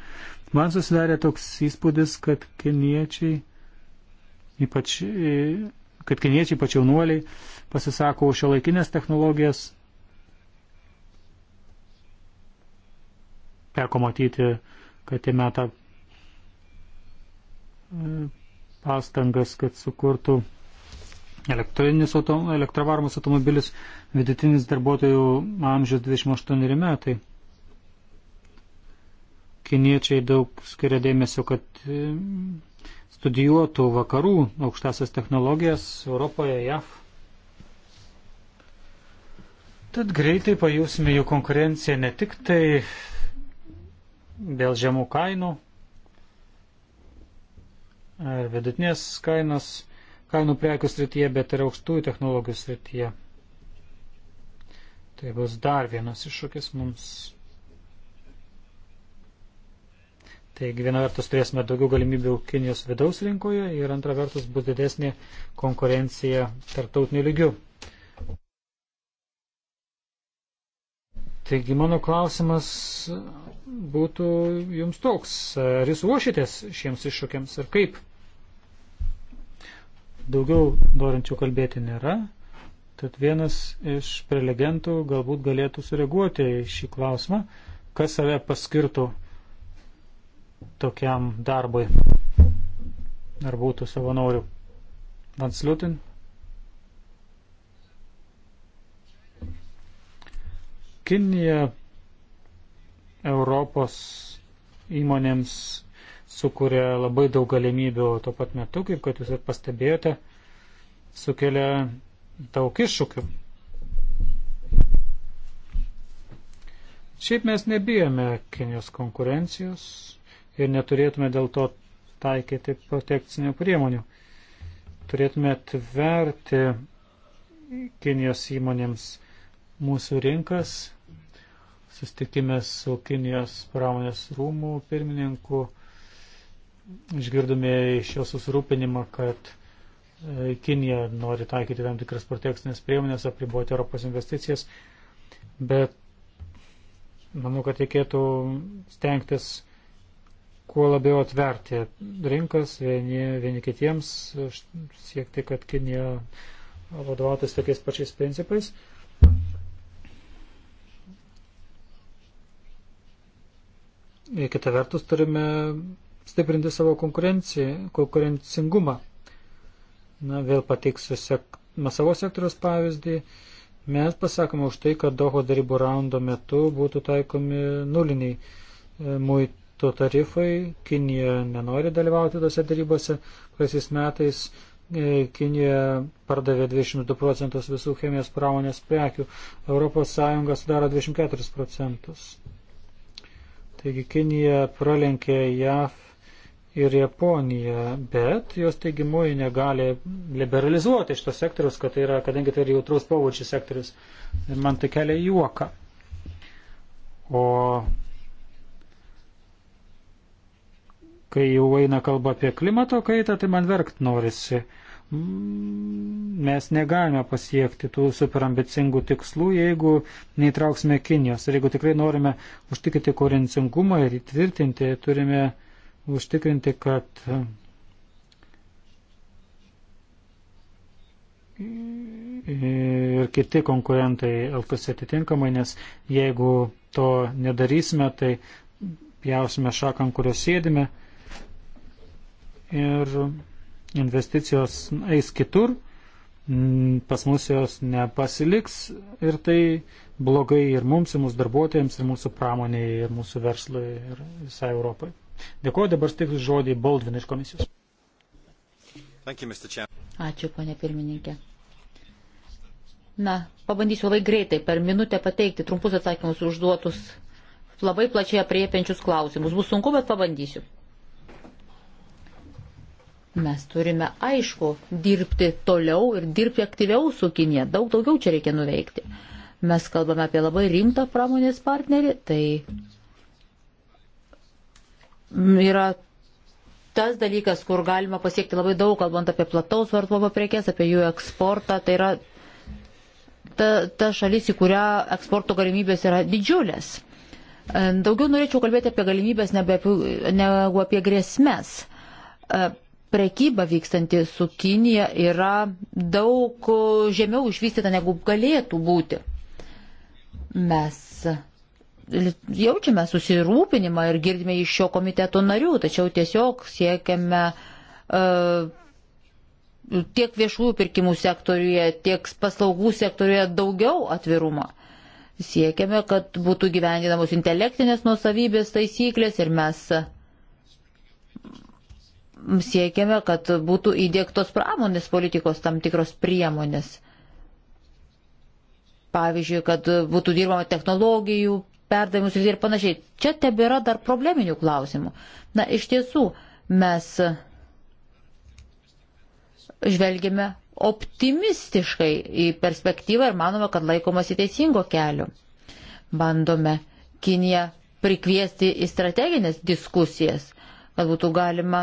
Man susidarė toks įspūdis, kad kiniečiai, ypač, e, kad kiniečiai pačiau nuoliai pasisako už šio laikinės technologijas. Teko matyti, kad jie meta e, pastangas, kad sukurtų elektrinius autom, elektravarmus automobilius, vidutinis darbuotojų amžius 28 metai kiniečiai daug skiria dėmesio, kad e, studijuotų vakarų aukštasias technologijas Europoje, JAV. Tad greitai pajusime jų konkurenciją ne tik tai dėl žemų kainų ar vidutinės kainos, kainų prekių srityje, bet ir aukštųjų technologijų srityje. Tai bus dar vienas iššūkis mums Taigi viena vertus turėsime daugiau galimybių Kinijos vidaus rinkoje ir antra vertus bus didesnė konkurencija tarptautiniu lygiu. Taigi mano klausimas būtų jums toks. Ar jūs ruošitės šiems iššūkiams ir kaip? Daugiau norinčių kalbėti nėra, tad vienas iš prelegentų galbūt galėtų sureaguoti į šį klausimą, kas save paskirtų tokiam darbui. Ar būtų savanorių Vansliutin? Kinija Europos įmonėms sukuria labai daug galimybių tuo pat metu, kaip kad jūs ir pastebėjote, sukelia daug iššūkių. Šiaip mes nebijome Kinijos konkurencijos, ir neturėtume dėl to taikyti protekcinių priemonių. Turėtume tverti Kinijos įmonėms mūsų rinkas. Sustikime su Kinijos pramonės rūmų pirmininku. Išgirdome iš jo susirūpinimą, kad e, Kinija nori taikyti tam tikras protekcinės priemonės, apriboti Europos investicijas, bet manau, kad reikėtų stengtis kuo labiau atverti rinkas vieni, vieni kitiems, siekti, kad Kinija vadovautis tokiais pačiais principais. Ir kita vertus turime stiprinti savo konkurencingumą. Na, vėl pateiksiu sek, na, savo sektoriaus pavyzdį. Mes pasakome už tai, kad Doho darybų raundo metu būtų taikomi nuliniai e, muitai to tarifai. Kinija nenori dalyvauti tose darybose. Praeisiais metais e, Kinija pardavė 22 procentus visų chemijos pramonės prekių, ES sudaro 24 procentus. Taigi Kinija pralenkė JAV ir Japoniją, bet jos teigimu jie negali liberalizuoti šito sektoriaus, kad tai yra, kadangi tai yra jautrus pavučių sektorius. Ir man tai kelia juoką. O kai jau eina kalba apie klimato kaitą, tai man verkt norisi. Mes negalime pasiekti tų superambicingų tikslų, jeigu neįtrauksime Kinijos. Ir jeigu tikrai norime užtikrinti korencingumą ir įtvirtinti, turime užtikrinti, kad ir kiti konkurentai elgtųsi atitinkamai, nes jeigu to nedarysime, tai pjausime šaką, ant kurios sėdime ir investicijos eis kitur, mm, pas mus jos nepasiliks ir tai blogai ir mums, ir mūsų darbuotojams, ir mūsų pramoniai, ir mūsų verslui, ir visai Europai. Dėkuoju, dabar stiksiu žodį Baldvin iš komisijos. You, Ačiū, ponė pirmininkė. Na, pabandysiu labai greitai per minutę pateikti trumpus atsakymus užduotus labai plačiai apriepiančius klausimus. Bus sunku, bet pabandysiu. Mes turime, aišku, dirbti toliau ir dirbti aktyviau su Kinė. Daug daugiau čia reikia nuveikti. Mes kalbame apie labai rimtą pramonės partnerį. Tai yra tas dalykas, kur galima pasiekti labai daug, kalbant apie plataus vartojimo prekes, apie jų eksportą, tai yra ta, ta šalis, į kurią eksporto galimybės yra didžiulės. E, daugiau norėčiau kalbėti apie galimybės negu apie grėsmės. E, prekyba vykstanti su Kinija yra daug žemiau išvystyta negu galėtų būti. Mes jaučiame susirūpinimą ir girdime iš šio komiteto narių, tačiau tiesiog siekiame uh, tiek viešųjų pirkimų sektoriuje, tiek paslaugų sektoriuje daugiau atvirumą. Uh, siekiame, kad būtų gyvendinamos intelektinės nusavybės taisyklės ir mes siekiame, kad būtų įdėktos pramonės politikos tam tikros priemonės. Pavyzdžiui, kad būtų dirbama technologijų, perdavimus ir panašiai. Čia tebėra dar probleminių klausimų. Na, iš tiesų, mes žvelgime optimistiškai į perspektyvą ir manome, kad laikomasi teisingo kelio. Bandome Kiniją prikviesti į strateginės diskusijas, kad būtų galima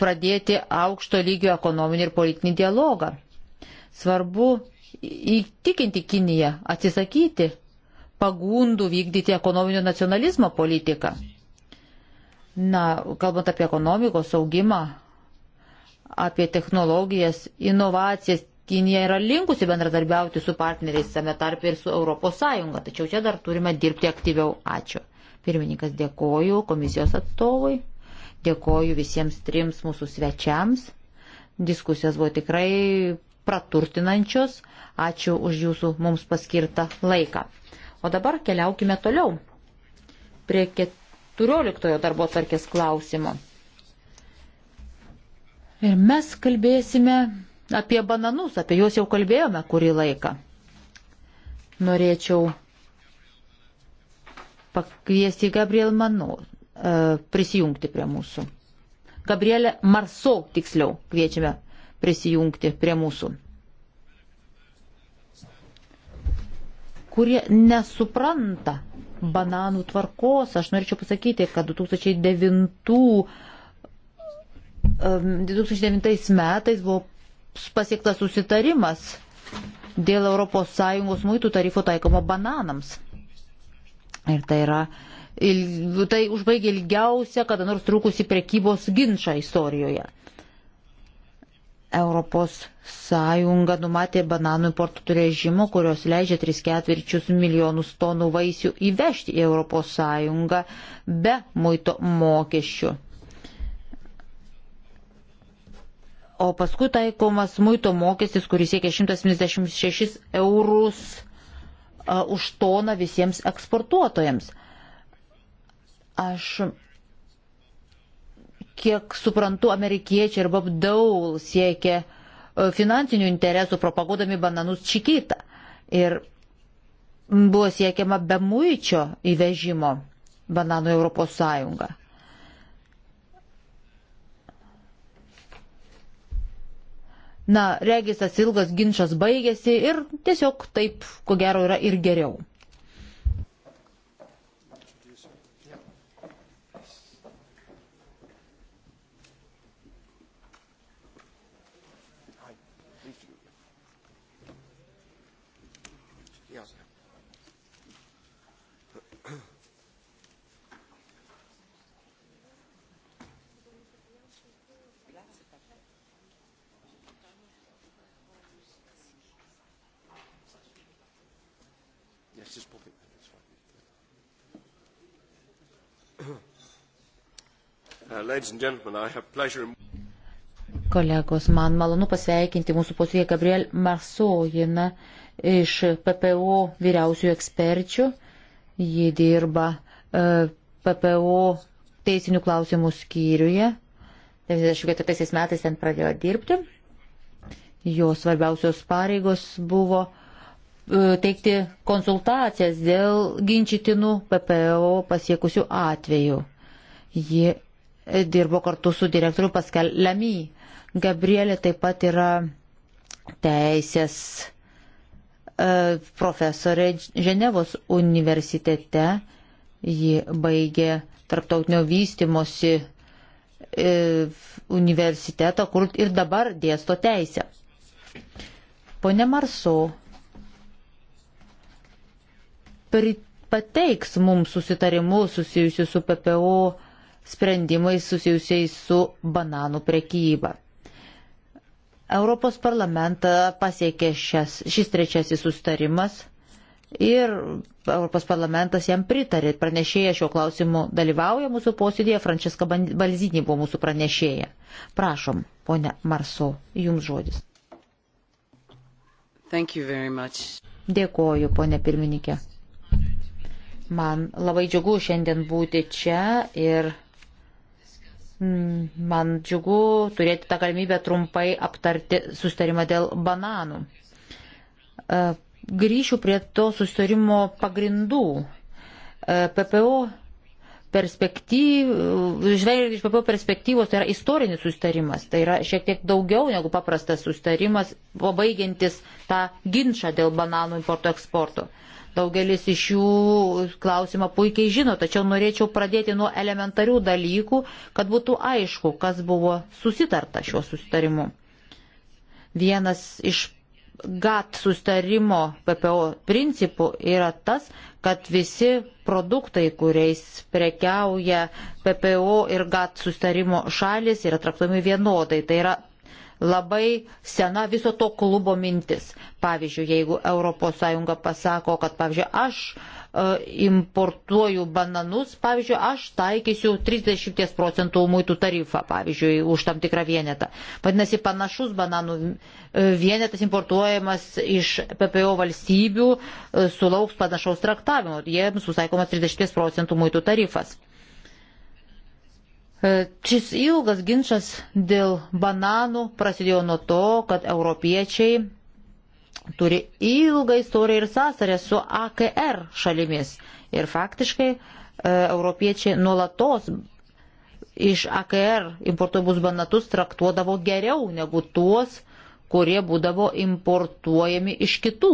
pradėti aukšto lygio ekonominį ir politinį dialogą. Svarbu įtikinti Kiniją atsisakyti pagundų vykdyti ekonominio nacionalizmo politiką. Na, kalbant apie ekonomikos augimą, apie technologijas, inovacijas. Kinija yra linkusi bendradarbiauti su partneriais, tame tarpe ir su ES, tačiau čia dar turime dirbti aktyviau. Ačiū. Pirmininkas dėkoju komisijos atstovui, dėkoju visiems trims mūsų svečiams. Diskusijos buvo tikrai praturtinančios. Ačiū už jūsų mums paskirtą laiką. O dabar keliaukime toliau prie 14 darbo tarkės klausimo. Ir mes kalbėsime apie bananus, apie juos jau kalbėjome kurį laiką. Norėčiau pakviesti Gabriel Mano e, prisijungti prie mūsų. Gabrielė Marso, tiksliau, kviečiame prisijungti prie mūsų. Kurie nesupranta bananų tvarkos, aš norėčiau pasakyti, kad 2009 2009 metais buvo pasiektas susitarimas dėl ES muitų tarifo taikomo bananams. Ir tai yra, tai užbaigė ilgiausią, kada nors trukusi prekybos ginčą istorijoje. Europos Sąjunga numatė bananų importų režimų, kurios leidžia 3 ketvirčius milijonus tonų vaisių įvežti į Europos Sąjungą be muito mokesčių. o paskui taikomas muito mokestis, kuris siekia 176 eurus a, už toną visiems eksportuotojams. Aš kiek suprantu, amerikiečiai ir Bob Daul siekia finansinių interesų propaguodami bananus čikitą. Ir buvo siekiama be muičio įvežimo bananų Europos Sąjungą. Na, regis tas ilgas ginčas baigėsi ir tiesiog taip, ko gero, yra ir geriau. Uh, Kolegos, man malonu pasveikinti mūsų posėdį Gabriel Marsojina iš PPO vyriausiųjų eksperčių. Ji dirba uh, PPO teisinių klausimų skyriuje. 94 metais ten pradėjo dirbti. Jo svarbiausios pareigos buvo uh, teikti konsultacijas dėl ginčytinų PPO pasiekusių atvejų. Ji dirbo kartu su direktoriu Paskel Lemy. Gabrielė taip pat yra teisės e, profesorė Ženevos universitete. Ji baigė tarptautinio vystimosi e, universitetą, kur ir dabar dėsto teisę. Pone Marso pateiks mums susitarimus susijusius su PPO sprendimais susijusiais su bananų prekyba. Europos parlamentą pasiekė šias, šis trečiasis sustarimas ir Europos parlamentas jam pritarė. Pranešėja šio klausimu dalyvauja mūsų posėdėje, Frančiska Balzinė buvo mūsų pranešėja. Prašom, ponia Marso, jums žodis. Dėkoju, ponia pirmininkė. Man labai džiugu šiandien būti čia ir Mm, man džiugu turėti tą galimybę trumpai aptarti sustarimą dėl bananų. E, grįšiu prie to sustarimo pagrindų. E, PPO perspektyvų, žvelgiant iš PPO perspektyvos, tai yra istorinis sustarimas, tai yra šiek tiek daugiau negu paprastas sustarimas, pabaigiantis tą ginčą dėl bananų importo eksporto. Uh, Daugelis iš jų klausimą puikiai žino, tačiau norėčiau pradėti nuo elementarių dalykų, kad būtų aišku, kas buvo susitarta šiuo susitarimu. Vienas iš GAT sustarimo PPO principų yra tas, kad visi produktai, kuriais prekiauja PPO ir GAT sustarimo šalis, yra traktami vienodai. Tai yra labai sena viso to klubo mintis. Pavyzdžiui, jeigu ES pasako, kad, pavyzdžiui, aš e, importuoju bananus, pavyzdžiui, aš taikysiu 30 procentų muitų tarifą, pavyzdžiui, už tam tikrą vienetą. Vadinasi, panašus bananų e, vienetas importuojamas iš PPO valstybių e, sulauks panašaus traktavimo, jiems susaikomas 30 procentų muitų tarifas. E, šis ilgas ginčas dėl bananų prasidėjo nuo to, kad europiečiai turi ilgą istoriją ir sąsarę su AKR šalimis. Ir faktiškai e, europiečiai nuolatos iš AKR importuojamus banatus traktuodavo geriau negu tuos, kurie būdavo importuojami iš kitų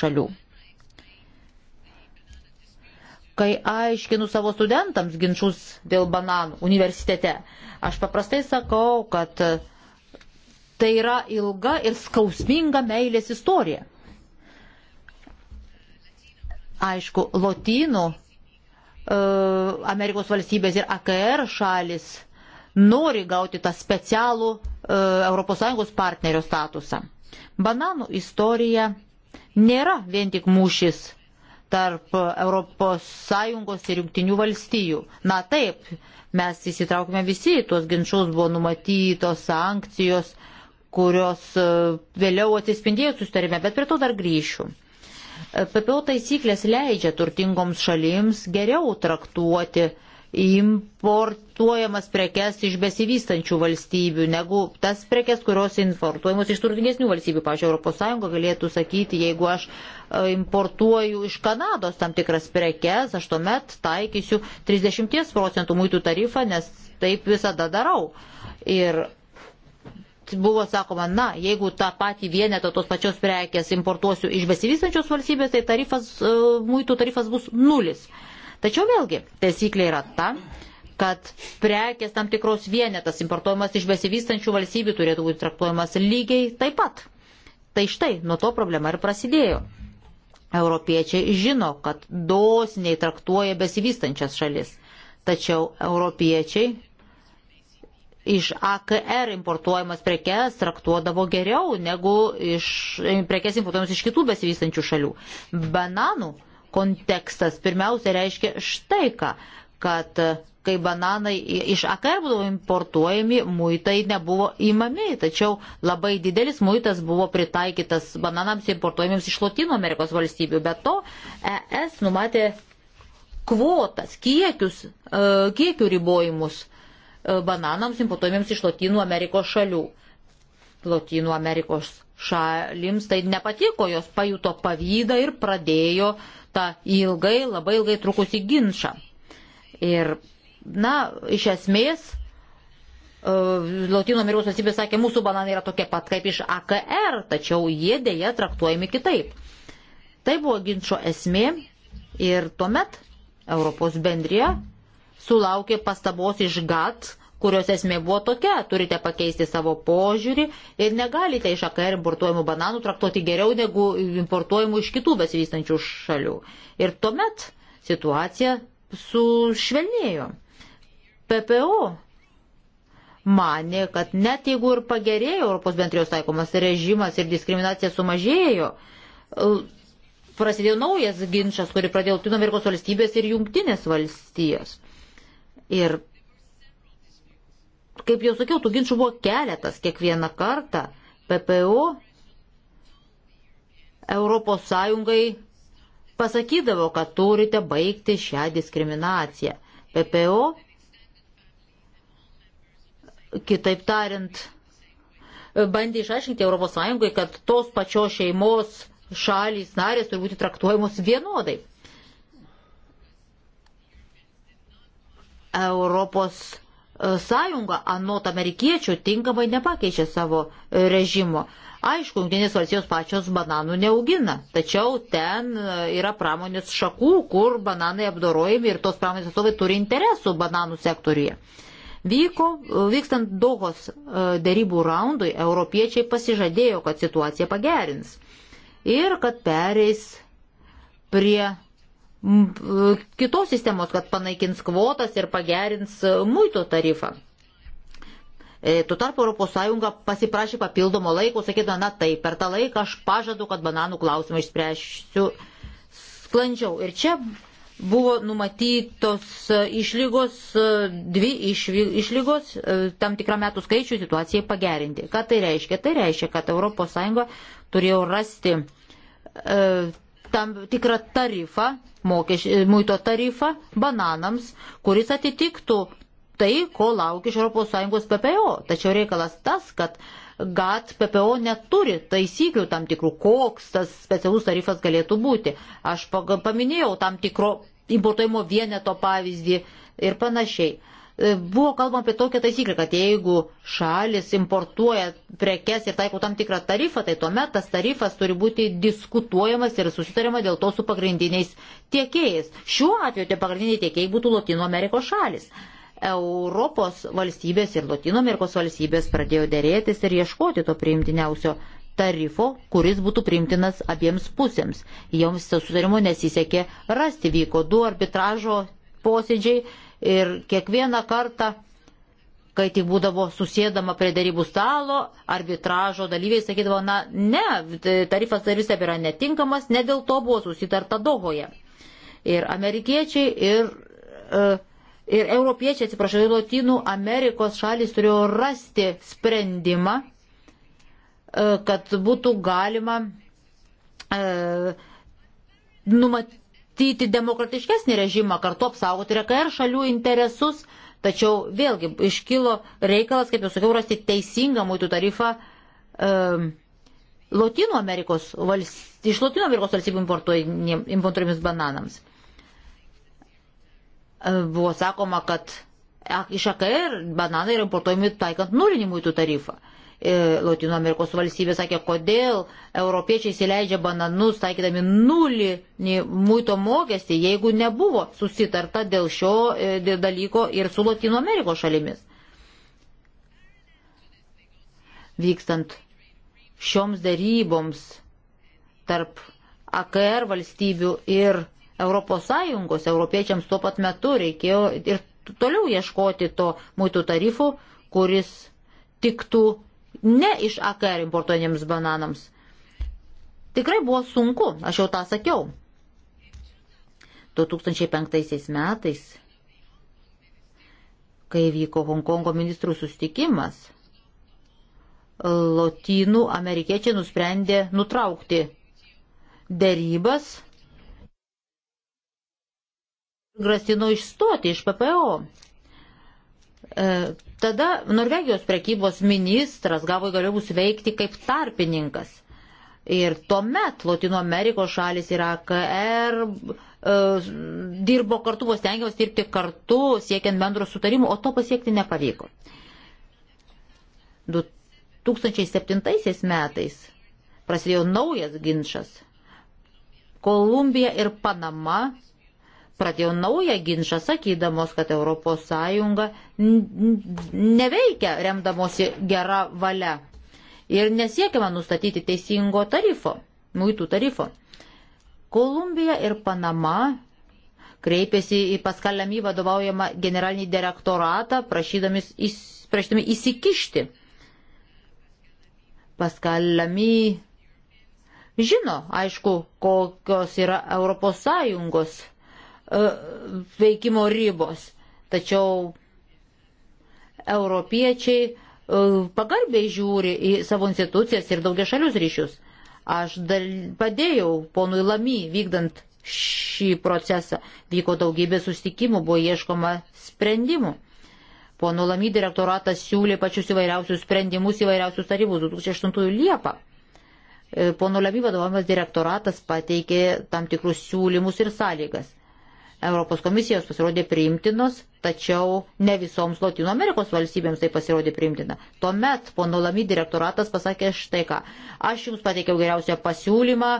šalių. Kai aiškinu savo studentams ginčius dėl bananų universitete, aš paprastai sakau, kad tai yra ilga ir skausminga meilės istorija. Aišku, lotynų e, Amerikos valstybės ir AKR šalis nori gauti tą specialų ES partnerio statusą. Bananų istorija nėra vien tik mūšis tarp ES ir Junktinių valstijų. Na taip, mes įsitraukime visi į tuos ginčius, buvo numatytos sankcijos, kurios e, vėliau atsispindėjo sustarime, bet prie to dar grįšiu. E, PPO taisyklės leidžia turtingoms šalims geriau traktuoti uh, importuojamas prekes iš besivystančių valstybių, negu tas prekes, kurios importuojamos iš turtingesnių valstybių. Pavyzdžiui, ES galėtų sakyti, jeigu aš e, importuoju iš Kanados tam tikras prekes, aš tuomet taikysiu 30 procentų muitų tarifą, nes taip visada darau. Ir buvo sakoma, na, jeigu tą patį vienetą tos pačios prekės importuosiu iš besivystančios valstybės, tai tarifas, e, muitų tarifas bus nulis. Uh, Tačiau vėlgi, taisyklė yra ta, kad prekės tam tikros vienetas importuojamas iš besivystančių valstybių turėtų būti traktuojamas lygiai taip pat. Tai štai, nuo to problema ir prasidėjo. Europiečiai žino, kad dosniai traktuoja besivystančias šalis. Tačiau europiečiai iš AKR importuojamas prekes traktuodavo geriau negu iš, prekes importuojamas iš kitų besivystančių šalių. Bananų kontekstas pirmiausia reiškia štai ką, kad e, kai bananai iš AKR būdavo importuojami, muitai nebuvo įmami, tačiau labai didelis muitas buvo pritaikytas bananams importuojamiems iš Latino Amerikos valstybių. Be to, ES numatė kvotas, kiekius, e, kiekių ribojimus e, bananams importuojamiems iš Latino Amerikos šalių. Latino Amerikos šalims tai nepatiko, jos pajuto pavydą ir pradėjo uh, tą ilgai, labai ilgai trukusi ginčą. Ir, na, iš esmės, e, Latino Amerikos valstybė sakė, mūsų bananai yra tokie pat kaip iš AKR, tačiau jie dėja traktuojami kitaip. Tai buvo ginčio esmė ir tuomet Europos bendrija sulaukė pastabos iš GATT kurios esmė buvo tokia, turite pakeisti savo požiūrį ir negalite iš AKR importuojamų bananų traktuoti geriau negu importuojamų iš kitų besivystančių šalių. Ir tuomet situacija sušvelnėjo. PPO manė, kad net jeigu ir pagerėjo Europos bendrijos taikomas režimas ir diskriminacija sumažėjo, prasidėjo naujas ginčas, kurį pradėjo Tino Amerikos valstybės ir jungtinės valstijos. Ir kaip jau sakiau, tų ginčių buvo keletas kiekvieną kartą. PPO Europos Sąjungai pasakydavo, kad turite baigti šią diskriminaciją. PPO, kitaip tariant, bandė išaiškinti Europos Sąjungai, kad tos pačios šeimos šalys narės turi būti traktuojamos vienodai. Europos sąjunga anot amerikiečių tinkamai nepakeičia savo režimo. Aišku, Junktinės valstijos pačios bananų neaugina, tačiau ten e, yra pramonės šakų, kur bananai apdorojami ir tos pramonės atstovai turi interesų bananų sektoriuje. Vyko, vykstant Dohos e, dėrybų raundui, europiečiai pasižadėjo, kad situacija pagerins ir kad pereis prie kitos sistemos, kad panaikins kvotas ir pagerins e, muito tarifą. E, tuo tarpu ES pasiprašė papildomo laiko, sakydama, na taip, per tą laiką aš pažadu, kad bananų klausimą išspręsiu sklandžiau. Ir čia buvo numatytos e, išlygos, dvi išlygos, tam tikrą metų skaičių situacijai pagerinti. Ką tai reiškia? Tai reiškia, kad ES turėjo rasti tam tikrą tarifą, mokeš, muito tarifą bananams, kuris atitiktų tai, ko laukia iš ES PPO. Tačiau reikalas tas, kad GAT PPO neturi taisyklių tam tikrų, koks tas specialus tarifas galėtų būti. Aš paminėjau tam tikro importuojimo vieneto pavyzdį ir panašiai. E, buvo kalbama apie tokią taisyklę, kad jeigu šalis importuoja prekes ir taiko tam tikrą tarifą, tai tuomet tas tarifas turi būti diskutuojamas ir susitariama dėl to su pagrindiniais tiekėjais. Šiuo atveju tie pagrindiniai tiekėjai būtų Latino Amerikos šalis. Europos valstybės ir Latino Amerikos valstybės pradėjo dėrėtis ir ieškoti to priimtiniausio tarifo, kuris būtų priimtinas abiems pusėms. Joms sutarimo nesisekė rasti, vyko du arbitražo posėdžiai ir kiekvieną kartą, kai tik būdavo susėdama prie darybų stalo, arbitražo dalyviai sakydavo, na ne, tarifas dar vis tebėra netinkamas, ne dėl to buvo susitarta Dohoje. Ir amerikiečiai, ir, e, ir europiečiai, atsiprašau, ir Latinų Amerikos šalis turėjo rasti sprendimą, e, kad būtų galima e, numatyti numatyti demokratiškesnį režimą, kartu apsaugoti RKR šalių interesus, tačiau vėlgi iškilo reikalas, kaip jau sakiau, rasti teisingą muitų tarifą. Um, Latino Amerikos valstybių, iš Latino Amerikos valstybių importuojamis bananams. E, buvo sakoma, kad iš AKR bananai yra importuojami taikant nulinį muitų tarifą. E, Latino Amerikos valstybė sakė, kodėl europiečiai įsileidžia bananus, taikydami nulį muito mokestį, jeigu nebuvo susitarta dėl šio e, dalyko ir su Latino Amerikos šalimis. Vykstant šioms daryboms tarp AKR valstybių ir ES, europiečiams tuo pat metu reikėjo ir toliau ieškoti to muitų tarifų, kuris tiktų ne iš AKR importuojamiems bananams. Tikrai buvo sunku, aš jau tą sakiau. 2005 metais, kai vyko Hongkongo ministrų sustikimas, lotynų amerikiečiai nusprendė nutraukti dėrybas grasino išstoti iš PPO. E, tada Norvegijos prekybos ministras gavo įgaliojimus veikti kaip tarpininkas. Ir tuomet Latino Amerikos šalis ir AKR e, dirbo kartu, buvo stengiamas dirbti kartu, siekiant bendro sutarimo, o to pasiekti nepavyko. 2007 metais prasidėjo naujas ginčas. Kolumbija ir Panama pradėjo naują ginčą, sakydamos, kad ES neveikia remdamosi gerą valią ir nesiekime nustatyti teisingo tarifo, muitų tarifo. Kolumbija ir Panama kreipėsi į paskalėmį vadovaujamą generalinį direktoratą, prašydami įsikišti. Paskalėmį žino, aišku, kokios yra ES E, veikimo ribos. Tačiau europiečiai e, pagarbiai žiūri į savo institucijas ir daugia šalius ryšius. Aš dal, padėjau ponui Lamy vykdant šį procesą. Vyko daugybė sustikimų, buvo ieškoma sprendimų. Pono Lamy direktoratas siūlė pačius įvairiausius sprendimus įvairiausius tarybus 2008 Liepą. E, pono Lamy vadovavimas direktoratas pateikė tam tikrus siūlymus ir sąlygas. Europos komisijos pasirodė priimtinos, tačiau ne visoms Latino Amerikos valstybėms tai pasirodė priimtina. Tuomet pono Lamy direktoratas pasakė štai ką, aš jums pateikiau geriausią pasiūlymą,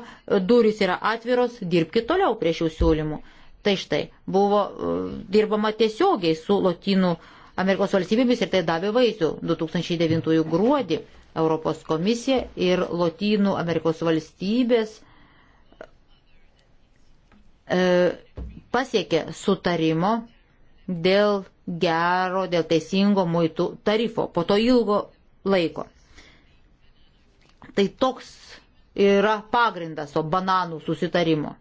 durys yra atviros, dirbkite toliau prie šių siūlymų. Tai štai, buvo e, dirbama tiesiogiai su Latino Amerikos valstybėmis ir tai davė vaisių 2009 gruodį. Europos komisija ir Lotynų Amerikos valstybės e, pasiekė sutarimo dėl gero, dėl teisingo muitų tarifo po to ilgo laiko. Tai toks yra pagrindas to bananų susitarimo.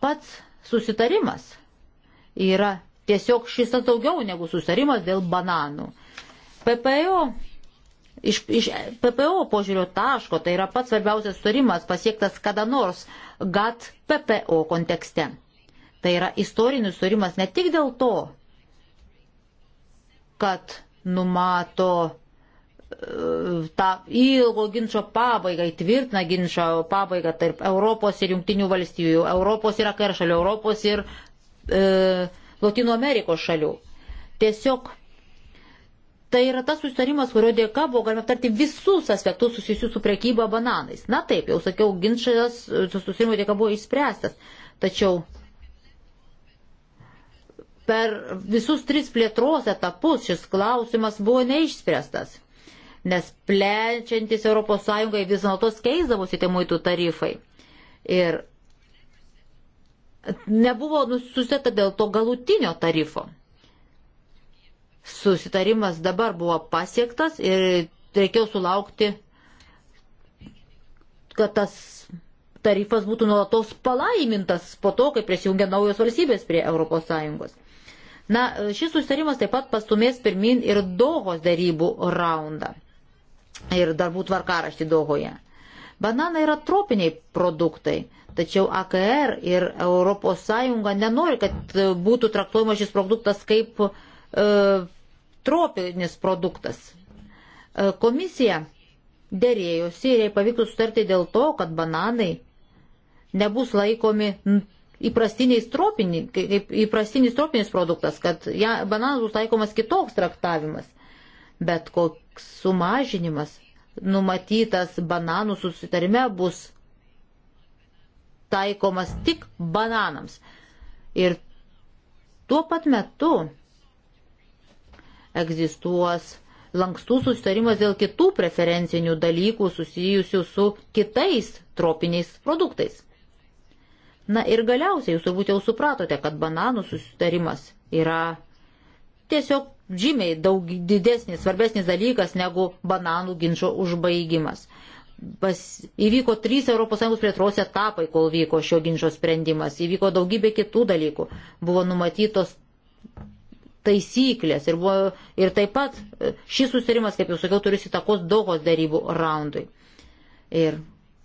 Pats susitarimas yra tiesiog šis daugiau negu susitarimas dėl bananų. PPO Iš, iš PPO požiūrio taško tai yra pats svarbiausias sutarimas pasiektas kada nors GAT PPO kontekste. Tai yra istorinis sutarimas ne tik dėl to, kad numato e, tą ilgo ginčio pabaigą, įtvirtina ginčio pabaigą tarp Europos ir Junktinių valstybių, Europos ir Akaršalių, Europos ir e, Latino Amerikos šalių. Tiesiog Tai yra tas susitarimas, kurio dėka buvo galima aptarti visus aspektus susijusius su priekyba bananais. Na taip, jau sakiau, ginčas e, susitarimo dėka buvo išspręstas. Tačiau per visus tris plėtros etapus šis klausimas buvo neišspręstas. Nes plečiantis ES vis dėlto keisdavosi tie muitų tarifai. Ir nebuvo nu, susitata dėl to galutinio tarifo susitarimas dabar buvo pasiektas ir reikėjo sulaukti, kad tas tarifas būtų nuolatos palaimintas po to, kai prisijungia naujos valstybės prie ES. Na, šis susitarimas taip pat pastumės pirmin ir Dohos darybų raundą ir darbų tvarkaraštį Dohoje. Bananai yra tropiniai produktai, tačiau AKR ir ES nenori, kad būtų traktuojamas šis produktas kaip uh, E, tropinis produktas. E, komisija dėrėjosi ir jai pavyktų sutarti dėl to, kad bananai nebus laikomi įprastiniais tropiniais, kaip įprastinis tropinis produktas, kad ja, bananas bus taikomas kitoks traktavimas. Bet koks sumažinimas numatytas bananų susitarime bus taikomas tik bananams. Ir tuo pat metu egzistuos lankstų susitarimas dėl kitų preferencinių dalykų susijusių su kitais tropiniais produktais. Na ir galiausiai jūs turbūt jau supratote, kad bananų susitarimas yra tiesiog žymiai daug didesnis, svarbesnis dalykas negu bananų ginčio užbaigimas. Pas, įvyko trys ES plėtros etapai, kol vyko šio ginčio sprendimas, įvyko daugybė kitų dalykų, buvo numatytos taisyklės ir, buvo, ir taip pat e, šis susitarimas, kaip jau sakiau, turi įtakos daugos darybų raundui. Ir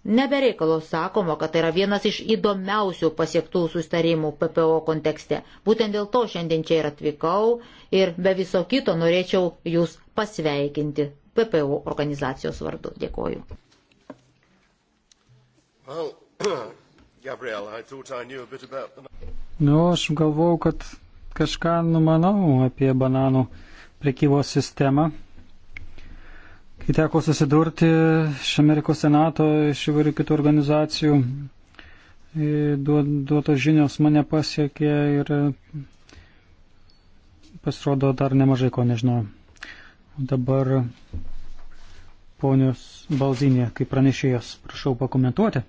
nebereikalo sakoma, kad tai yra vienas iš įdomiausių pasiektų susitarimų PPO kontekste. Būtent dėl to šiandien čia ir atvykau ir be viso kito norėčiau jūs pasveikinti PPO organizacijos vardu. Dėkoju. Well, Gabriel, I I the... Nu, aš galvau, kad kažką numanau apie bananų prekybos sistemą. Kai teko susidurti iš Amerikos Senato, iš įvairių kitų organizacijų, duotos žinios mane pasiekė ir pasirodo dar nemažai ko nežinau. Dabar ponios Balzinė, kaip pranešėjas, prašau pakomentuoti.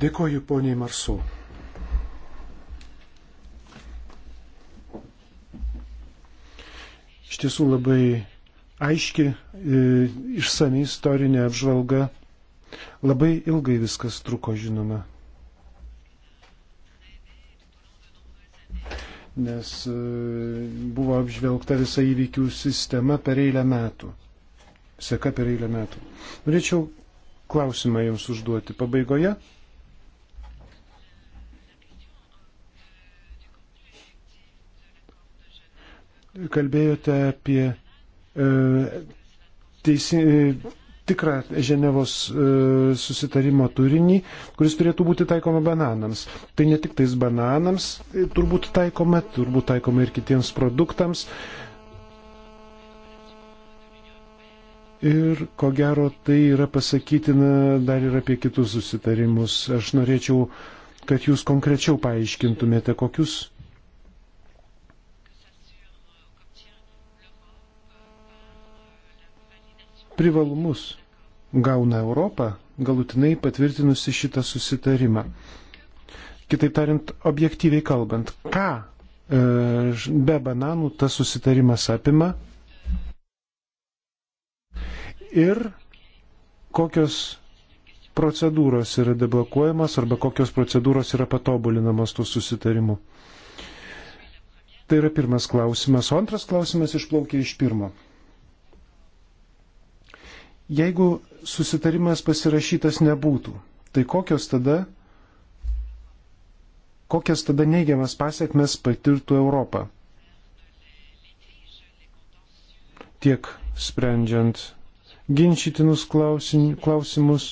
Dėkoju poniai Marsu. Iš tiesų labai aiški, e, išsami istorinė apžvalga. Labai ilgai viskas truko, žinoma. Nes e, buvo apžvelgta visa įvykių sistema per eilę metų. Seka per eilę metų. Norėčiau klausimą jums užduoti pabaigoje. kalbėjote apie e, teisi, e, tikrą Ženevos e, susitarimo turinį, kuris turėtų būti taikoma bananams. Tai ne tik tais bananams e, turbūt taikoma, turbūt taikoma ir kitiems produktams. Ir ko gero tai yra pasakytina dar ir apie kitus susitarimus. Aš norėčiau, kad jūs konkrečiau paaiškintumėte, kokius privalumus gauna Europą, galutinai patvirtinusi šitą susitarimą. Kitaip tariant, objektyviai kalbant, ką e, be bananų tas susitarimas apima ir kokios procedūros yra deblokuojamas arba kokios procedūros yra patobulinamos tų susitarimų. Tai yra pirmas klausimas. O antras klausimas išplaukia iš pirmo. Jeigu susitarimas pasirašytas nebūtų, tai kokios tada, kokias tada neigiamas pasiekmes patirtų Europą? Tiek sprendžiant ginčytinus klausimus,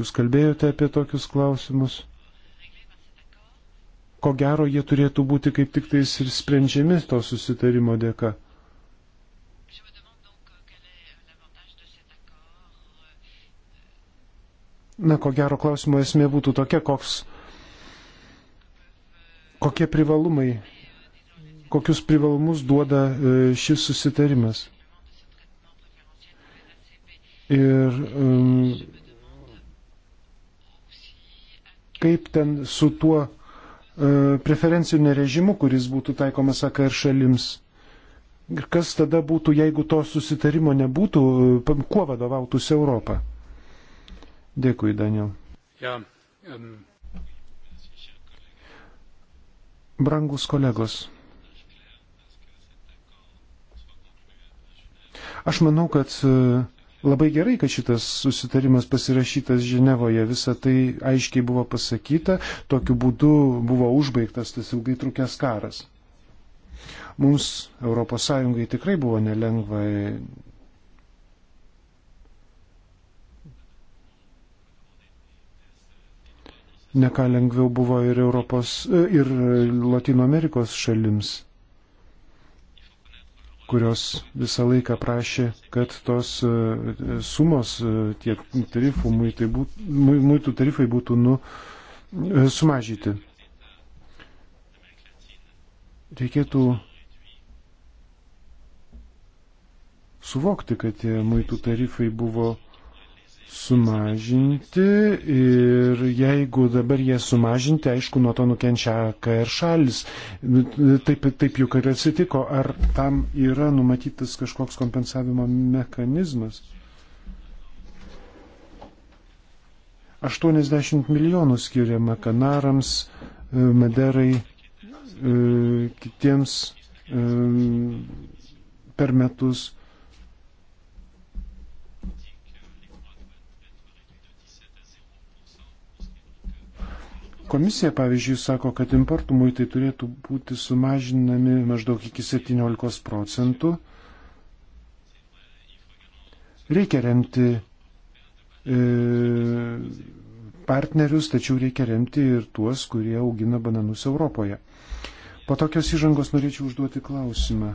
jūs kalbėjote apie tokius klausimus ko gero jie turėtų būti kaip tik tais ir sprendžiami to susitarimo dėka. Na, ko gero klausimo esmė būtų tokia, koks, kokie privalumai, kokius privalumus duoda e, šis susitarimas. Ir um, kaip ten su tuo e, preferencinio režimu, kuris būtų taikomas AKR šalims. Ir kas tada būtų, jeigu to susitarimo nebūtų, e, kuo vadovautųsi Europą? Dėkui, Daniel. Ja, um... Brangus kolegos. Aš manau, kad e, labai gerai, kad šitas susitarimas pasirašytas Ženevoje, visa tai aiškiai buvo pasakyta, tokiu būdu buvo užbaigtas tas ilgai trukęs karas. Mums ES tikrai buvo nelengva neką lengviau buvo ir Europos, e, ir Latino Amerikos šalims, kurios visą laiką prašė, kad tos e, sumos, e, tie tarifų, muitai būtų, muitų tarifai būtų nu, sumažyti. Reikėtų suvokti, kad tie muitų tarifai buvo sumažinti ir jeigu dabar jie sumažinti, aišku, nuo to nukenčia AKR šalis. Taip, taip juk ir atsitiko. Ar tam yra numatytas kažkoks kompensavimo mechanizmas? 80 milijonų skiriama Kanarams, Maderai, e, kitiems e, per metus Komisija, pavyzdžiui, sako, kad importų muitai turėtų būti sumažinami maždaug iki 17 procentų. Reikia remti e, partnerius, tačiau reikia remti ir tuos, kurie augina bananus Europoje. Po tokios įžangos norėčiau užduoti klausimą.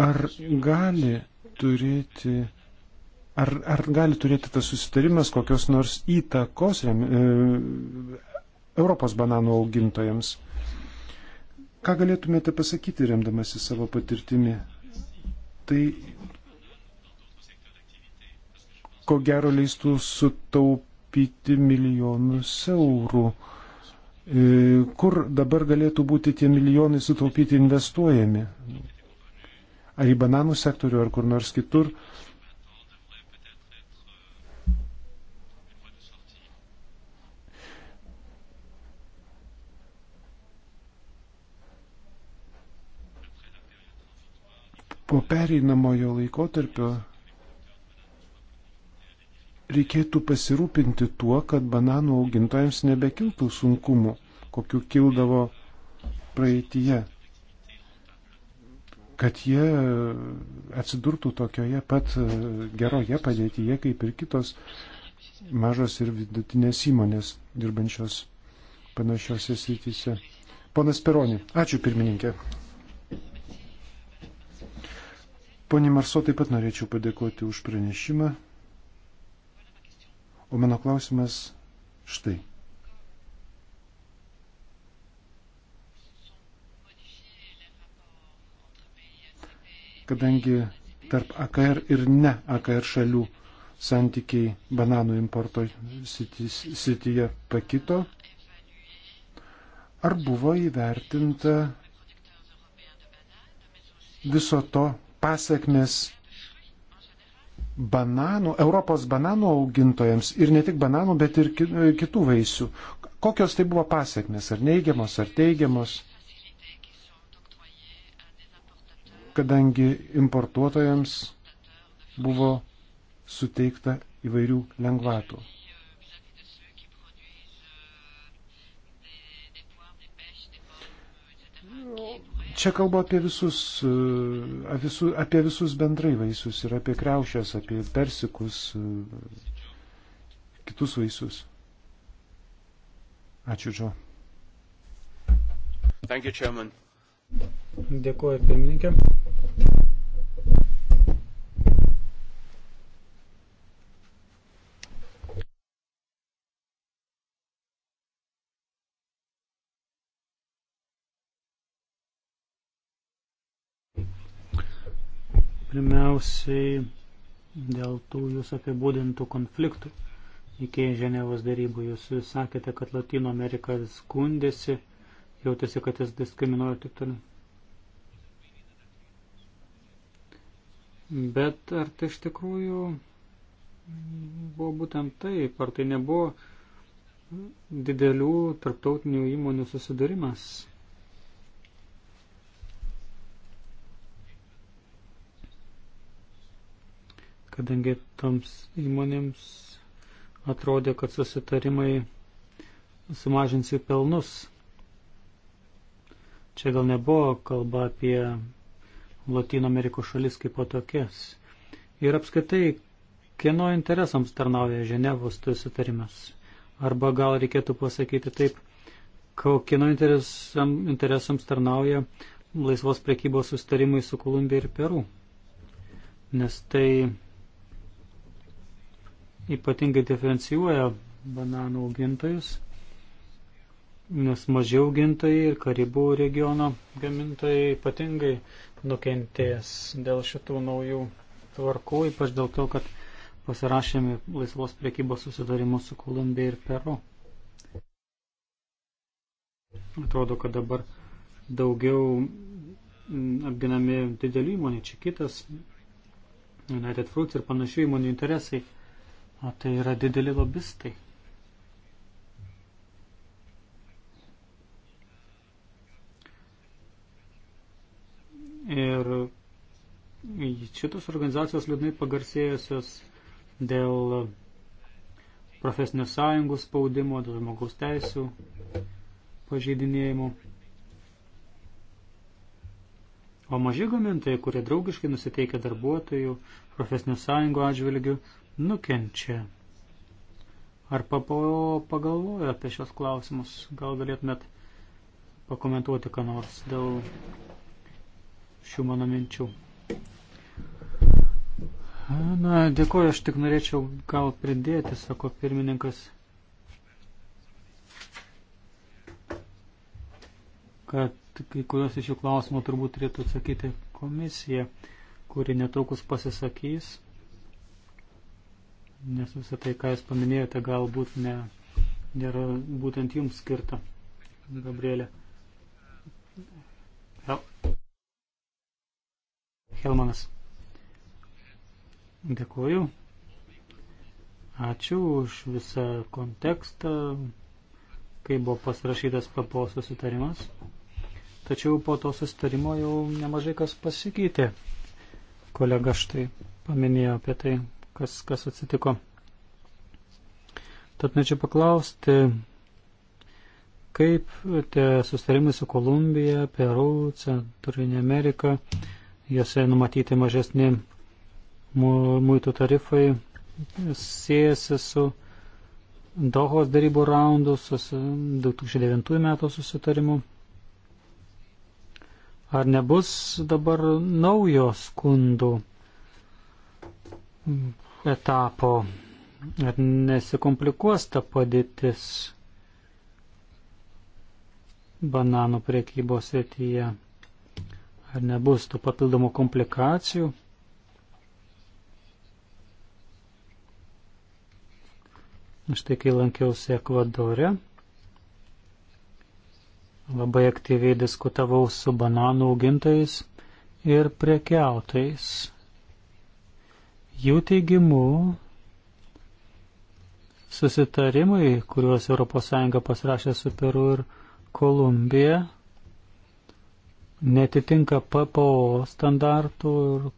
Ar gali turėti Ar, ar gali turėti tas susitarimas kokios nors įtakos rem, e, Europos bananų augintojams? Ką galėtumėte pasakyti remdamasi savo patirtimi? Tai ko gero leistų sutaupyti milijonus eurų. E, kur dabar galėtų būti tie milijonai sutaupyti investuojami? Ar į bananų sektorių, ar kur nors kitur? E, po pereinamojo laikotarpio reikėtų pasirūpinti tuo, kad bananų augintojams nebekiltų sunkumų, kokiu kildavo praeitie, kad jie atsidurtų tokioje pat geroje padėtyje, kaip ir kitos mažos ir vidutinės įmonės dirbančios panašiose srityse. Ponas Peroni, ačiū pirmininkė. Pone Marso, taip pat norėčiau padėkoti už pranešimą. O mano klausimas štai. Kadangi tarp AKR ir ne AKR šalių santykiai bananų importo srityje pakito, ar buvo įvertinta viso to pasiekmes bananų, Europos bananų augintojams ir ne tik bananų, bet ir kitų vaisių. Kokios tai buvo pasiekmes, ar neigiamos, ar teigiamos, kadangi importuotojams buvo suteikta įvairių lengvatų. Čia kalbu apie visus, e, visu, apie visus bendrai vaisius ir apie kreušės, apie persikus, e, kitus vaisius. Ačiū, Džo. Dėkuoju, pirmininkė. Pirmiausiai dėl tų jūs apibūdintų konfliktų. Iki Ženevos darybų jūs sakėte, kad Latino Amerika skundėsi, jautėsi, kad jis diskriminuoja ir taip toliau. Bet ar tai iš tikrųjų buvo būtent taip, ar tai nebuvo didelių tarptautinių įmonių susidūrimas? kadangi toms įmonėms atrodė, kad susitarimai sumažins jų pelnus. Čia gal nebuvo kalba apie Latino Amerikos šalis kaip po tokias. Ir apskaitai, kieno interesams tarnauja Ženevos susitarimas. Arba gal reikėtų pasakyti taip, kieno interesam, interesams tarnauja laisvos prekybos sustarimai su Kolumbija ir Peru. Nes tai ypatingai diferencijuoja bananų augintojus, nes mažiau augintojai ir Karibų regiono gamintojai ypatingai nukentės dėl šitų naujų tvarkų, ypač dėl to, kad pasirašėme laisvos priekybos susitarimus su Kolumbija ir Peru. Atrodo, kad dabar daugiau mm, apginami didelių įmonių, čia kitas, United Fruits ir panašių įmonių interesai. O tai yra dideli lobistai. Ir šitos organizacijos liūdnai pagarsėjusios dėl profesinių sąjungų spaudimo, dėl žmogaus teisų pažeidinėjimų. O maži gamintojai, kurie draugiškai nusiteikia darbuotojų, profesinių sąjungų atžvilgių, nukenčia. Ar PPO pagalvoja apie šios klausimus? Gal galėtumėt pakomentuoti, ką nors dėl šių mano minčių? Na, dėkoju, aš tik norėčiau gal pridėti, sako pirmininkas, kad kai kurios iš jų klausimų turbūt turėtų atsakyti komisija, kuri netrukus pasisakys nes visą tai, ką jūs paminėjote, galbūt ne, nėra būtent jums skirta, Gabrielė. Hel Helmanas. Dėkuoju. Ačiū už visą kontekstą, kai buvo pasirašytas PPO susitarimas. Tačiau po to susitarimo jau nemažai kas pasikeitė. Kolega štai paminėjo apie tai kas, kas atsitiko. Tad norėčiau paklausti, kaip tie sustarimai su Kolumbija, Peru, Centrinė Amerika, jose numatyti mažesni muitų tarifai, siejasi su Dohos darybų raundų, su 2009 metų susitarimu. Ar nebus dabar naujo skundų? etapo, kad nesikomplikuos ta padėtis bananų priekybos srityje, ar nebus tų papildomų komplikacijų. Aš tai, kai lankiausi Ekvadore, labai aktyviai diskutavau su bananų augintojais ir prekiautais. Jų teigimu, susitarimai, kuriuos ES pasirašė su Peru ir Kolumbija, netitinka PPO standartų ir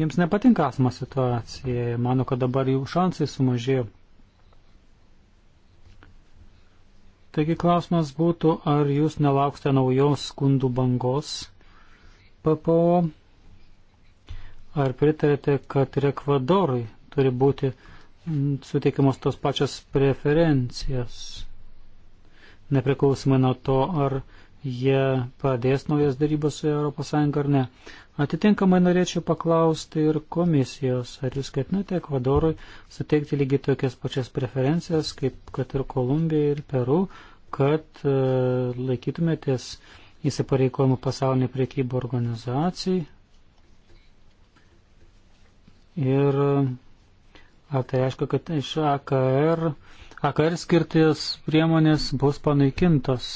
jiems nepatinka asmo situacija. Mano, kad dabar jų šansai sumažėjo. Taigi klausimas būtų, ar jūs nelauksite naujos skundų bangos PPO Ar pritarėte, kad ir Ekvadorui turi būti suteikiamos tos pačios preferencijos, nepriklausomai nuo to, ar jie pradės naujas darybas su ES ar ne. Atitinkamai norėčiau paklausti ir komisijos, ar jūs ketinate Ekvadorui suteikti lygiai tokias pačias preferencijas, kaip kad ir Kolumbija ir Peru, kad e, laikytumėtės įsipareikojimų pasaulinė priekybo organizacijai, Ir ar tai reiškia, kad iš AKR, AKR skirtis priemonės bus panaikintos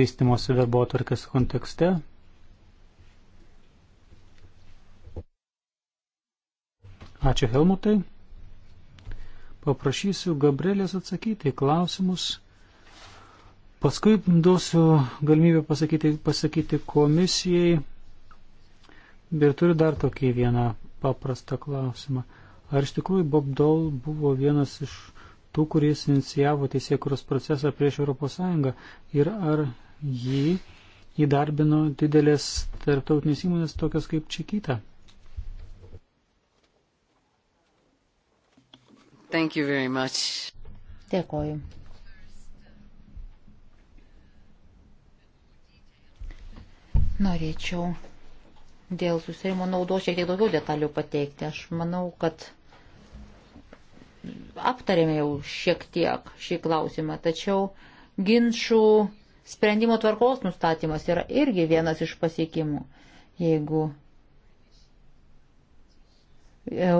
vystimosi darbo atvarkės kontekste? Ačiū Helmutai. Paprašysiu Gabrielės atsakyti į klausimus. Paskui duosiu galimybę pasakyti, pasakyti komisijai Ir turiu dar tokį vieną paprastą klausimą. Ar iš tikrųjų Bob Dole buvo vienas iš tų, kuris inicijavo teisėkuros procesą prieš ES ir ar jį įdarbino didelės tarptautinės įmonės tokios kaip Čikita? Thank you very much. Dėkoju. Norėčiau dėl susirimo naudos šiek tiek daugiau detalių pateikti. Aš manau, kad aptarėme jau šiek tiek šį klausimą, tačiau ginčių sprendimo tvarkos nustatymas yra irgi vienas iš pasiekimų. Jeigu ES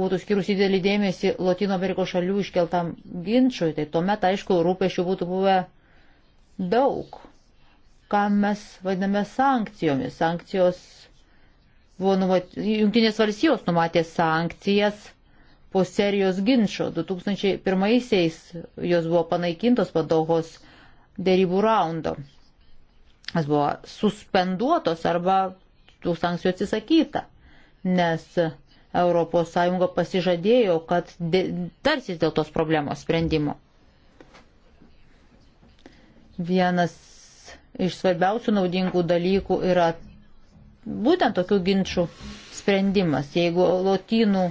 būtų skirusi didelį dėmesį Latino Amerikos šalių iškeltam ginčiui, tai tuomet, aišku, rūpešių būtų buvę daug. Ką mes vadiname sankcijomis? Sankcijos Buvo numat... Junktinės valstijos numatė sankcijas po serijos ginčio. 2001-aisiais jos buvo panaikintos padohos dėrybų raundo. Jos buvo suspenduotos arba tų sankcijų atsisakyta, nes ES pasižadėjo, kad tarsis dėl tos problemos sprendimo. Vienas iš svarbiausių naudingų dalykų yra būtent tokių ginčių sprendimas. Jeigu Lotynų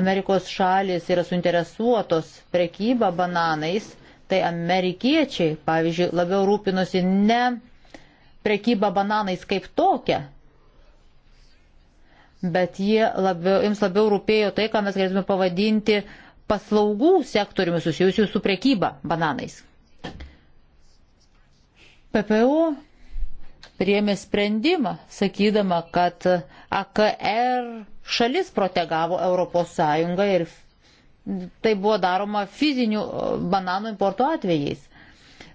Amerikos šalis yra suinteresuotos prekyba bananais, tai amerikiečiai, pavyzdžiui, labiau rūpinosi ne prekyba bananais kaip tokia, bet jie labiau, jums labiau rūpėjo tai, ką mes galėtume pavadinti paslaugų sektoriumi susijusiu su prekyba bananais. PPO priemė sprendimą, sakydama, kad AKR šalis protegavo ES ir tai buvo daroma fizinių e, bananų importo atvejais.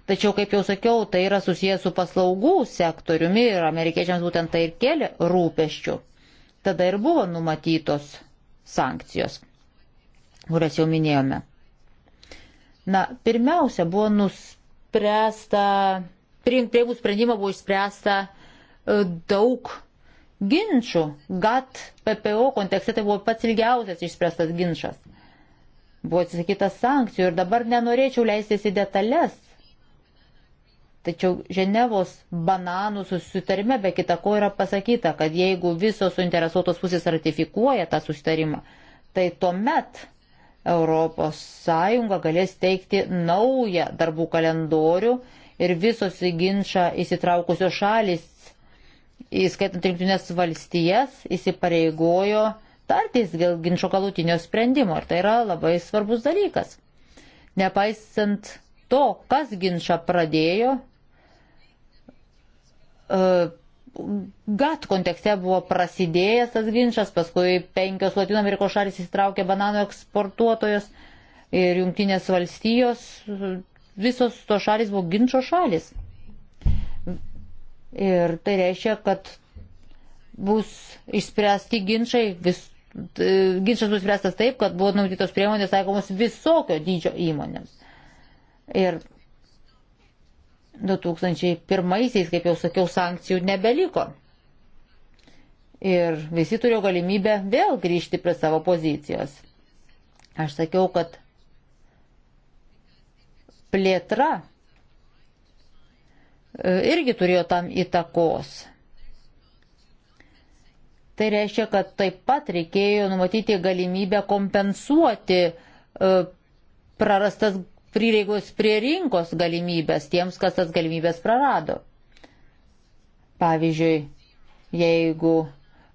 Tačiau, kaip jau sakiau, tai yra susijęs su paslaugų sektoriumi ir amerikiečiams būtent tai ir kėlė rūpeščių. Tada ir buvo numatytos sankcijos, kurias jau minėjome. Na, pirmiausia, buvo nuspręsta priimtėvų sprendimą buvo išspręsta e, daug ginčių. GAT PPO kontekste tai buvo pats ilgiausias išspręstas ginčas. Buvo atsisakytas sankcijų ir dabar nenorėčiau leistis į detalės. Tačiau Ženevos bananų susitarime be kita ko yra pasakyta, kad jeigu visos suinteresuotos pusės ratifikuoja tą susitarimą, tai tuomet ES galės teikti naują darbų kalendorių ir visos į ginčą įsitraukusios šalis, įskaitant rinktinės valstijas, įsipareigojo tartis dėl ginčio galutinio sprendimo. Ir tai yra labai svarbus dalykas. Nepaisant to, kas ginčą pradėjo, e, GAT kontekste buvo prasidėjęs tas ginčas, paskui penkios Latino Amerikos šalis įsitraukė bananų eksportuotojos ir jungtinės valstijos visos to šalis buvo ginčio šalis. Ir tai reiškia, kad bus išspręsti ginčiai, vis, ginčas bus spręstas taip, kad buvo numatytos priemonės taikomos visokio dydžio įmonėms. Ir 2001-aisiais, kaip jau sakiau, sankcijų nebeliko. Ir visi turėjo galimybę vėl grįžti prie savo pozicijos. Aš sakiau, kad plėtra e, irgi turėjo tam įtakos. Tai reiškia, kad taip pat reikėjo numatyti galimybę kompensuoti e, prarastas prireikus prie rinkos galimybės tiems, kas tas galimybės prarado. Pavyzdžiui, jeigu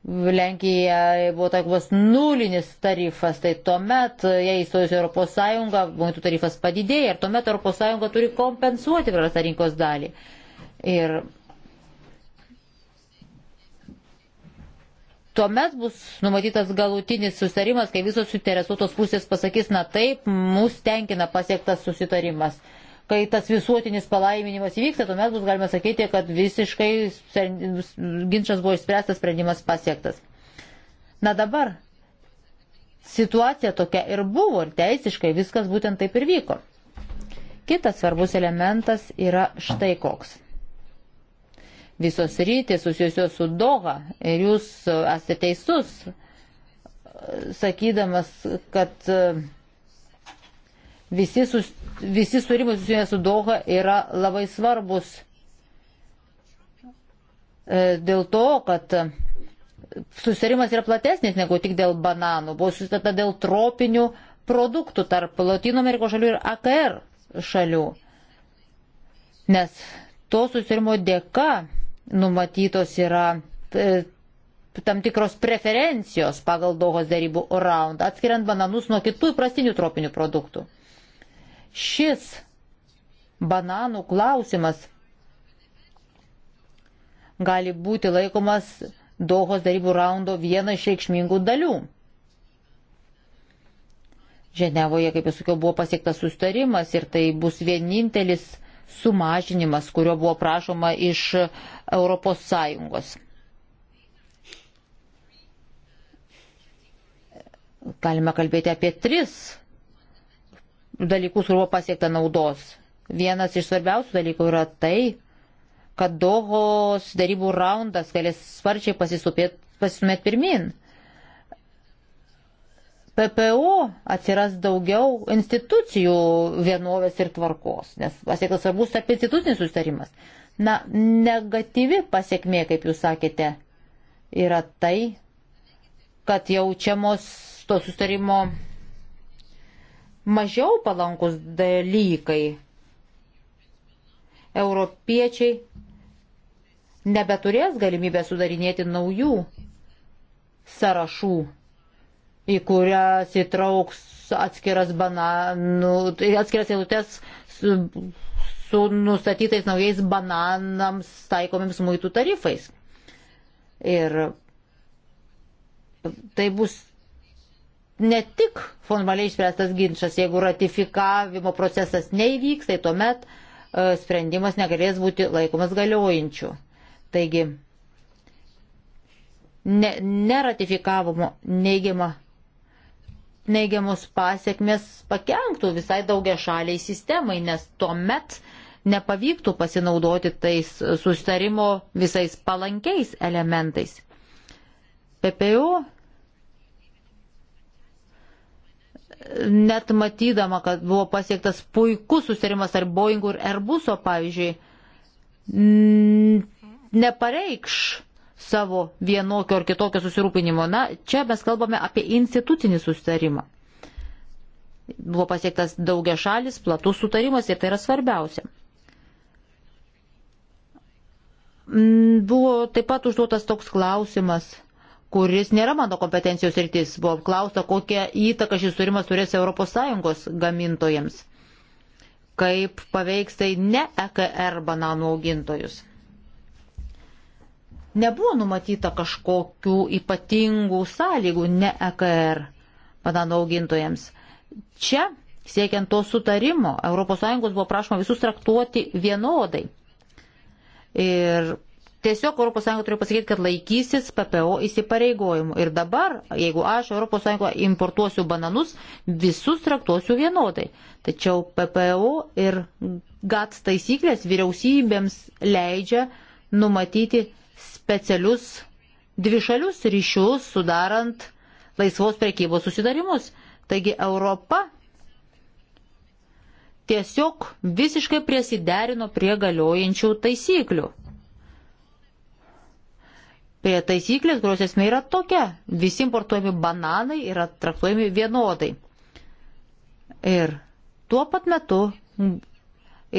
Lenkija buvo taikomas nulinis tarifas, tai tuomet, jei įstojus Europos Sąjungą, muitų tarifas padidėja ir tuomet Europos Sąjunga turi kompensuoti prarastą rinkos dalį. Ir tuomet bus numatytas galutinis susitarimas, kai visos suinteresuotos pusės pasakys, na taip, mūsų tenkina pasiektas susitarimas. Uh, kai tas visuotinis palaiminimas įvyksta, tuomet bus galima sakyti, kad visiškai ginčas buvo išspręstas, sprendimas pasiektas. Na dabar situacija tokia ir buvo, ir teisiškai viskas būtent taip ir vyko. Kitas svarbus elementas yra štai koks. Visos rytis susijusios su Doha ir jūs esate teisus, sakydamas, kad Visi, sus, visi surimai susiję su Doha yra labai svarbus e, dėl to, kad susirimas yra platesnis negu tik dėl bananų. Buvo susitata dėl tropinių produktų tarp Latino Amerikos šalių ir AKR šalių. Nes to susirimo dėka numatytos yra e, tam tikros preferencijos pagal Dohos darybų raundą, atskiriant bananus nuo kitų įprastinių tropinių produktų. Šis bananų klausimas gali būti laikomas Dohos darybų raundo viena iš reikšmingų dalių. Ženevoje, kaip jau sakiau, buvo pasiektas sustarimas ir tai bus vienintelis sumažinimas, kurio buvo prašoma iš ES. Galime kalbėti apie tris dalykus, kur buvo pasiekta naudos. Vienas iš svarbiausių dalykų yra tai, kad Dohos darybų raundas galės sparčiai pasisumėti pirmin. PPO atsiras daugiau institucijų vienovės ir tvarkos, nes pasiektas svarbus tarp institucinis sustarimas. Na, negatyvi pasiekmė, kaip jūs sakėte, yra tai, kad jaučiamos to sustarimo mažiau palankus dalykai. Europiečiai nebeturės galimybę sudarinėti naujų sąrašų, į kurias įtrauks atskiras, bananų, nu, tai atskiras eilutes su, su nustatytais naujais bananams taikomiems muitų tarifais. Ir tai bus ne tik formaliai išspręstas ginčas, jeigu ratifikavimo procesas neįvyks, tai tuomet e, sprendimas negalės būti laikomas galiojančiu. Taigi, ne, neratifikavimo neigiama, neigiamos pasiekmes pakenktų visai daugia šaliai sistemai, nes tuomet nepavyktų pasinaudoti tais sustarimo visais palankiais elementais. PPO net matydama, kad buvo pasiektas puikus susitarimas tarp Boeingų ir Airbuso, pavyzdžiui, nepareikš savo vienokio ar kitokio susirūpinimo. Na, čia mes kalbame apie institucinį susitarimą. Buvo pasiektas daugia šalis, platus sutarimas ir tai yra svarbiausia. Buvo taip pat užduotas toks klausimas – kuris nėra mano kompetencijos rytis. Buvo klausta, kokią įtaką šis turimas turės ES gamintojams, kaip paveiks tai ne EKR bananų augintojus. Nebuvo numatyta kažkokių ypatingų sąlygų ne EKR bananų augintojams. Čia, siekiant to sutarimo, ES buvo prašoma visus traktuoti vienodai. Ir Tiesiog ES turiu pasakyti, kad laikysis PPO įsipareigojimų. Ir dabar, jeigu aš ES importuosiu bananus, visus traktuosiu vienodai. Tačiau PPO ir GATS taisyklės vyriausybėms leidžia numatyti specialius dvišalius ryšius, sudarant laisvos prekybos susidarimus. Taigi Europa tiesiog visiškai prisiderino prie galiojančių taisyklių prie taisyklės, kurios esmė yra tokia. Visi importuojami bananai yra traktuojami vienodai. Ir tuo pat metu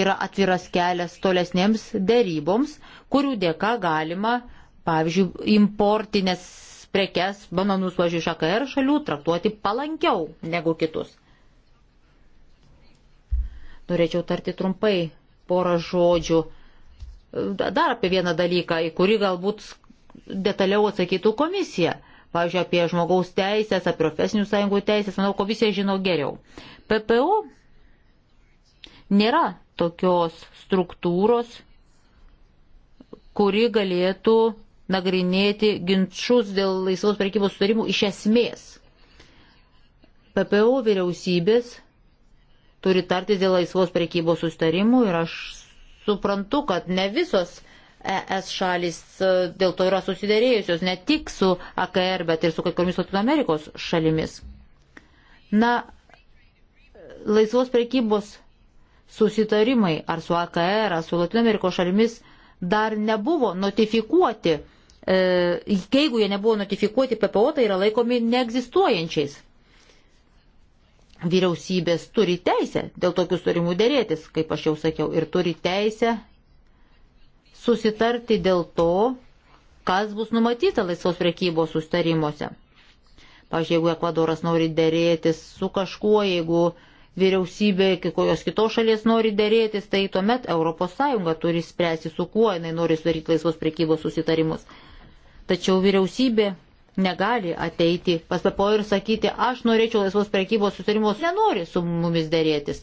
yra atviras kelias tolesnėms dėryboms, kurių dėka galima, pavyzdžiui, importinės prekes, bananus, važiuoju, iš AKR šalių traktuoti palankiau negu kitus. Norėčiau tarti trumpai porą žodžių dar apie vieną dalyką, į kurį galbūt detaliau atsakytų komisija. Pavyzdžiui, apie žmogaus teisės, apie profesinių sąjungų teisės, manau, komisija žino geriau. PPO nėra tokios struktūros, kuri galėtų nagrinėti ginčius dėl laisvos prekybos sutarimų iš esmės. PPO vyriausybės turi tartis dėl laisvos prekybos sustarimų ir aš suprantu, kad ne visos ES šalis e, dėl to yra susidėrėjusios ne tik su AKR, bet ir su kai kuriomis Latino Amerikos šalimis. Na, laisvos prekybos susitarimai ar su AKR, ar su Latino Amerikos šalimis dar nebuvo notifikuoti. E, jeigu jie nebuvo notifikuoti PPO, tai yra laikomi neegzistuojančiais. Vyriausybės turi teisę dėl tokių surimų dėrėtis, kaip aš jau sakiau, ir turi teisę susitarti dėl to, kas bus numatyta laisvos prekybos sustarimuose. Pavyzdžiui, jeigu Ekvadoras nori dėrėtis su kažkuo, jeigu vyriausybė kokios kitos šalies nori dėrėtis, tai tuomet ES turi spręsti, su kuo jinai nori sudaryti laisvos prekybos susitarimus. Tačiau vyriausybė negali ateiti pas PPO ir sakyti, aš norėčiau laisvos prekybos susitarimus, nenori su mumis dėrėtis.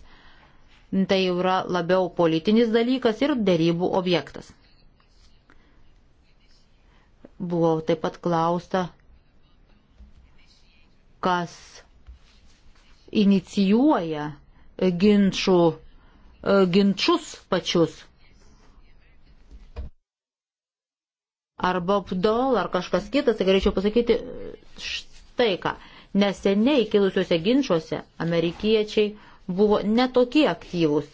Tai yra labiau politinis dalykas ir dėrybų objektas. Buvo taip pat klausta, kas inicijuoja ginčių, e, ginčius pačius. Ar Bob Dole, ar kažkas kitas, tai galėčiau pasakyti e, štai ką. Neseniai kilusiuose ginčiuose amerikiečiai buvo netokie aktyvūs.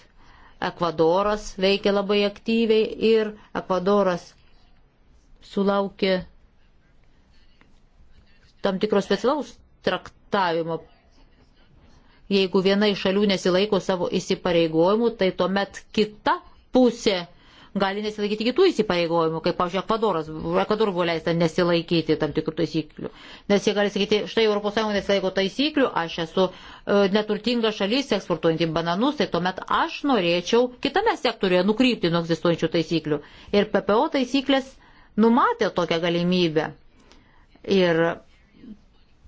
Ekvadoras veikia labai aktyviai ir Ekvadoras sulaukė tam tikro specialaus traktavimo. Jeigu viena iš šalių nesilaiko savo įsipareigojimų, tai tuomet kita pusė gali nesilaikyti kitų įsipareigojimų, kaip, pavyzdžiui, Ekvadoras, Ekvadorui buvo leista nesilaikyti tam tikrų taisyklių. Nes jie gali sakyti, štai ES nesilaiko taisyklių, aš esu e, neturtinga šalis eksportuojantį bananus, tai tuomet aš norėčiau kitame sektoriuje nukrypti nuo egzistuojančių taisyklių. Ir PPO taisyklės numatė tokią galimybę. Ir,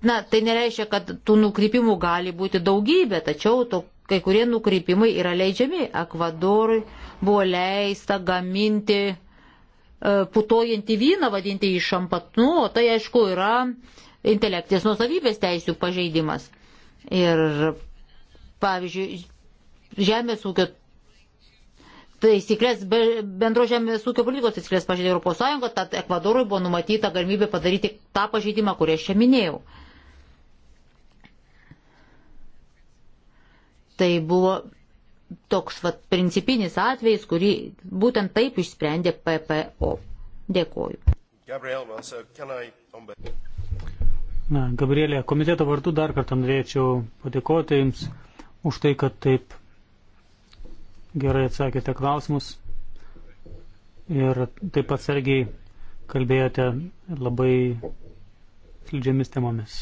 na, tai nereiškia, kad tų nukrypimų gali būti daugybė, tačiau to, kai kurie nukrypimai yra leidžiami. Ekvadorui buvo leista gaminti e, putojantį vyną, vadinti jį šampatnu, o tai aišku yra intelektinės nusavybės teisų pažeidimas. Ir, pavyzdžiui, žemės ūkio taisyklės, bendro žemės ūkio politikos taisyklės pažeidė ES, tad Ekvadorui buvo numatyta galimybė padaryti tą pažeidimą, kurį aš čia minėjau. Tai buvo toks vat, principinis atvejis, kurį būtent taip išsprendė PPO. Dėkoju. Gabriel, also, I... Na, Gabrielė, komiteto vardu dar kartą norėčiau padėkoti Jums už tai, kad taip gerai atsakėte klausimus ir taip atsargiai kalbėjote labai slidžiamis temomis.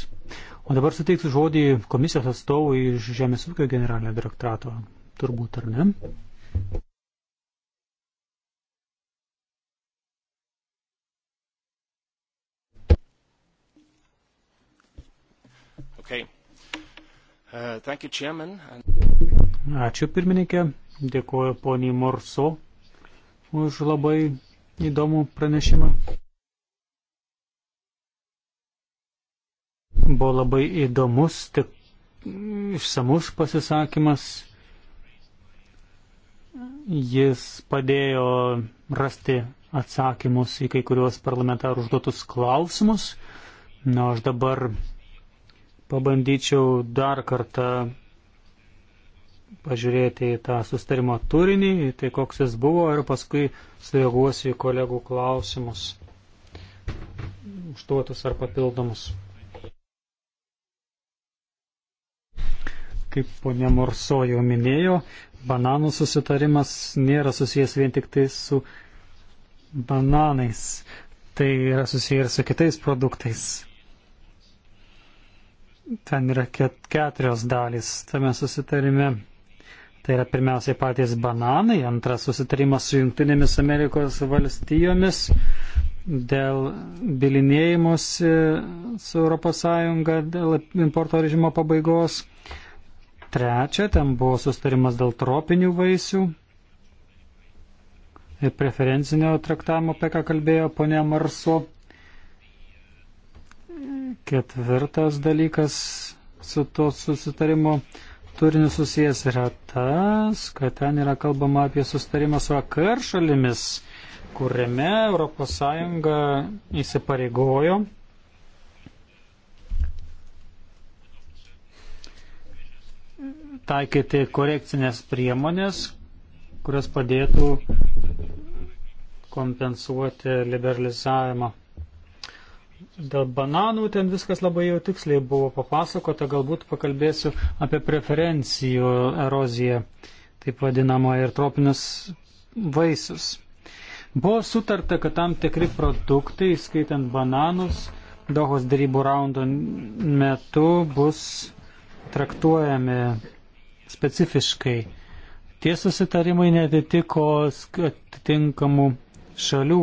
O dabar suteiksiu žodį komisijos atstovui iš Žemės ūkio generalinio direktorato. Turbūt ar ne? Okay. Uh, you, Chairman. Ačiū pirmininkė. Dėkuoju poniai Morso už labai įdomų pranešimą. Buvo labai įdomus, tik išsamus pasisakymas. Jis padėjo rasti atsakymus į kai kuriuos parlamentarų užduotus klausimus. Na, aš dabar pabandyčiau dar kartą pažiūrėti į tą sustarimo turinį, tai koks jis buvo ir paskui sureaguosiu į kolegų klausimus, užduotus ar papildomus. Kaip ponia Morso jau minėjo, bananų susitarimas nėra susijęs vien tik tai su bananais, tai yra susiję ir su kitais produktais. Ten yra keturios dalys tame susitarime Tai yra pirmiausiai patys bananai, antras susitarimas su Junktinėmis Amerikos valstijomis dėl bilinėjimus su ES dėl importo režimo pabaigos. Trečia, ten buvo susitarimas dėl tropinių vaisių ir preferencinio traktavimo, apie ką kalbėjo ponė Marso. Ketvirtas dalykas su to susitarimu turiniu susijęs yra tas, kad ten yra kalbama apie sustarimą su AKR šalimis, kuriame ES įsipareigojo taikyti korekcinės priemonės, kurios padėtų kompensuoti liberalizavimą. Dėl bananų ten viskas labai jau tiksliai buvo papasakota, galbūt pakalbėsiu apie preferencijų eroziją, taip vadinamą, ir tropinius vaisius. Buvo sutarta, kad tam tikri produktai, skaitant bananus, Dohos darybų raundo metu bus traktuojami specifiškai. Tie susitarimai netitiko atitinkamų šalių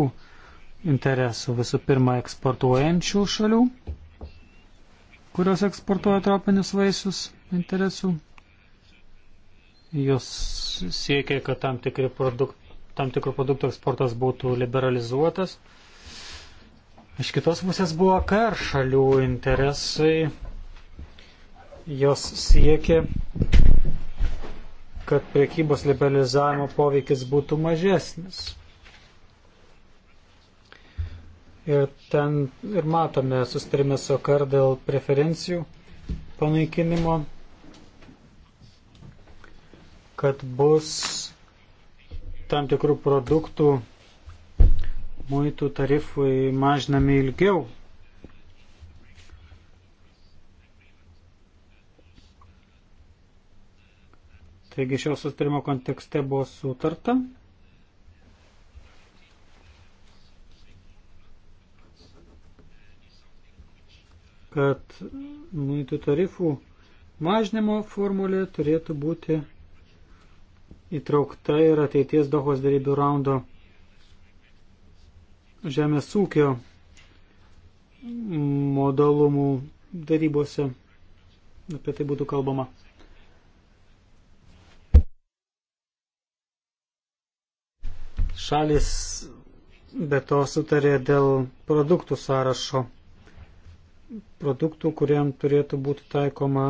interesų. Visų pirma, eksportuojančių šalių, kurios eksportuoja tropinius vaisius interesų. Jos siekia, kad tam, produkt, tam tikrų produktų eksportas būtų liberalizuotas. Iš kitos pusės buvo kar šalių interesai. Jos siekia, kad priekybos liberalizavimo poveikis būtų mažesnis. Ir ten ir matome, sustarime su kar dėl preferencijų panaikinimo, kad bus tam tikrų produktų muitų tarifui mažinami ilgiau. Taigi šio sustarimo kontekste buvo sutarta kad muitų tarifų mažnimo formulė turėtų būti įtraukta ir ateities Dohos darybių raundo žemės ūkio modalumų darybose. Apie tai būtų kalbama. Šalis be to sutarė dėl produktų sąrašo produktų, kuriam turėtų būti taikoma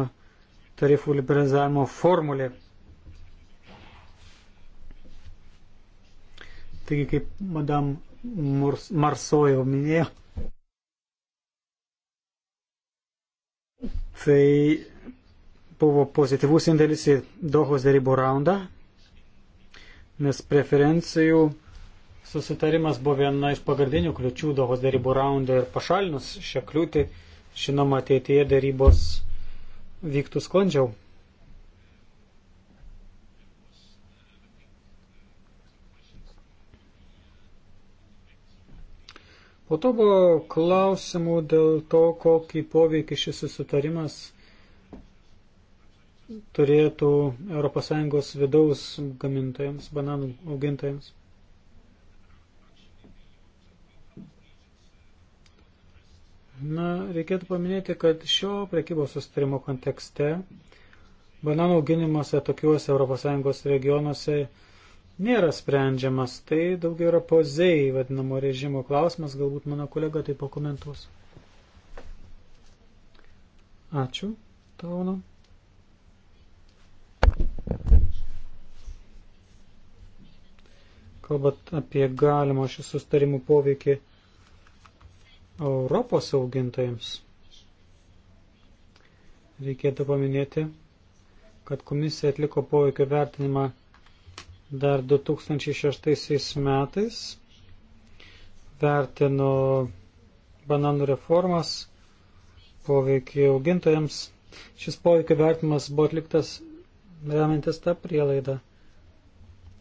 tarifų liberalizavimo formulė. Taigi, kaip madam Marso jau minėjo, tai buvo pozityvus indėlis į Dohos darybų raundą, nes preferencijų susitarimas buvo viena iš pagrindinių kliučių Dohos darybų raundą ir pašalinus šią kliūtį. Tai žinoma, ateityje darybos vyktų sklandžiau. Po to buvo klausimų dėl to, kokį poveikį šis susitarimas turėtų ES vidaus gamintojams, bananų augintojams. Na, reikėtų paminėti, kad šio prekybos sustarimo kontekste bananų auginimas tokiuose ES regionuose nėra sprendžiamas. Tai daugiau yra pozei vadinamo režimo klausimas, galbūt mano kolega tai pakomentuos. Ačiū, Tauno. Kalbant apie galimą šį sustarimų poveikį Europos augintojams. Reikėtų paminėti, kad komisija atliko poveikio vertinimą dar 2006 metais, vertino bananų reformas, poveikį augintojams. Šis poveikio vertinimas buvo atliktas remiantis tą prielaidą,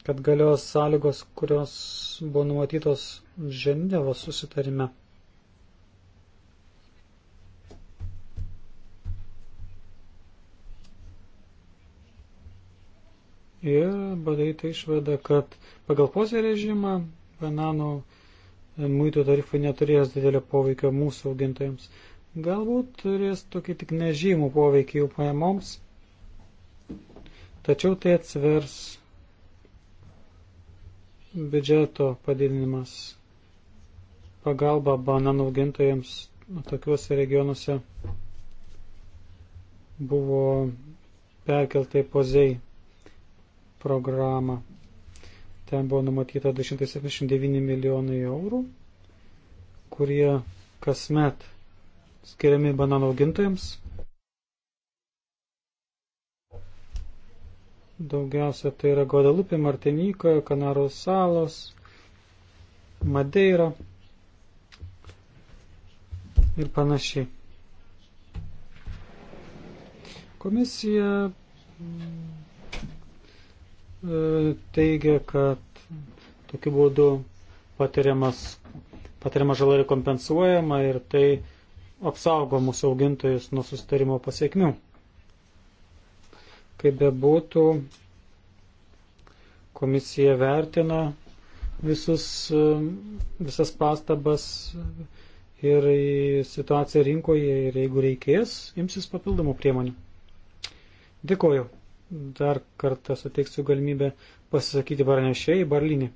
kad galios sąlygos, kurios buvo numatytos Ženevos susitarime. ir padaryti išvadą, kad pagal pozę režimą bananų muitų tarifai neturės didelio poveikio mūsų augintojams. Galbūt turės tokį tik nežymų poveikį jų pajamoms, tačiau tai atsvers biudžeto padidinimas pagalba bananų augintojams tokiuose regionuose buvo perkeltai pozei programą. Ten buvo numatyta 279 milijonai eurų, kurie kasmet skiriami bananų augintojams. Daugiausia tai yra Guadalupe, Martinika, Kanarų salos, Madeira ir panašiai. Komisija E, teigia, kad tokiu būdu patiriamas, patiriama žala yra kompensuojama ir tai apsaugo mūsų augintojus nuo sustarimo pasiekmių. Kaip bebūtų, komisija vertina visus, e, visas pastabas ir situaciją rinkoje ir jeigu reikės, imsis papildomų priemonių. Dėkoju dar kartą suteiksiu galimybę pasisakyti pranešėjai Barlinį.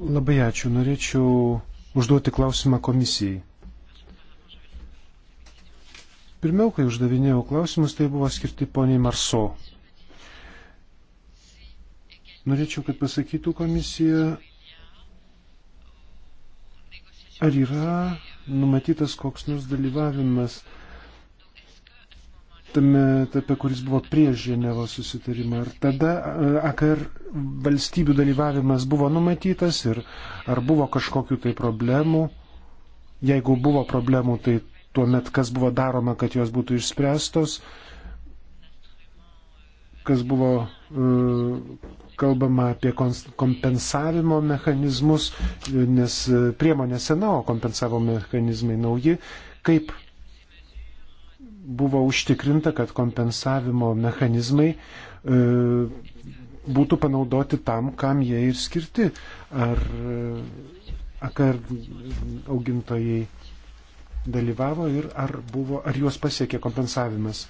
Labai ačiū. Norėčiau užduoti klausimą komisijai. Pirmiau, kai uždavinėjau klausimus, tai buvo skirti poniai Marso. Norėčiau, kad pasakytų komisija, ar yra numatytas koks nors dalyvavimas tame etape, kuris buvo prieš Ženevos susitarimą. Ar tada e, AKR valstybių dalyvavimas buvo numatytas ir ar buvo kažkokių tai problemų? Jeigu buvo problemų, tai tuomet kas buvo daroma, kad jos būtų išspręstos? Kas buvo uh, kalbama apie kompensavimo mechanizmus, nes e, priemonė sena, o kompensavo mechanizmai nauji. Kaip buvo užtikrinta, kad kompensavimo mechanizmai e, būtų panaudoti tam, kam jie ir skirti. Ar e, akar augintojai dalyvavo ir ar, buvo, ar juos pasiekė kompensavimas?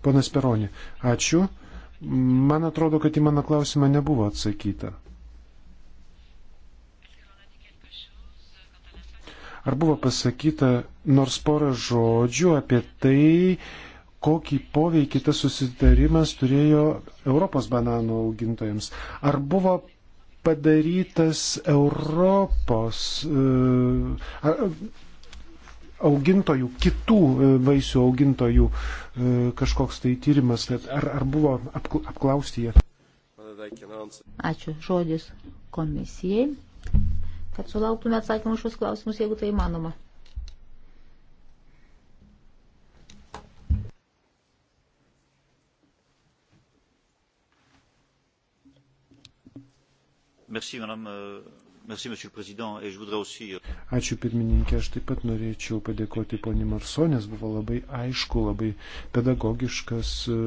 Ponas Peroni, ačiū. Man atrodo, kad į mano klausimą nebuvo atsakyta. Ar buvo pasakyta nors porą žodžių apie tai, kokį poveikį tas susitarimas turėjo Europos bananų augintojams? Ar buvo padarytas Europos e, ar, augintojų, kitų e, vaisių augintojų e, kažkoks tai tyrimas, ar, ar buvo apklausti jie? Ačiū. Žodis komisijai kad sulauktume atsakymų šios klausimus, jeigu tai įmanoma. Merci, madame, euh, merci, monsieur le président, et je voudrais aussi... Euh, Ačiū pirmininkė, aš taip pat norėčiau padėkoti poni Marso, nes buvo labai aišku, labai pedagogiškas e,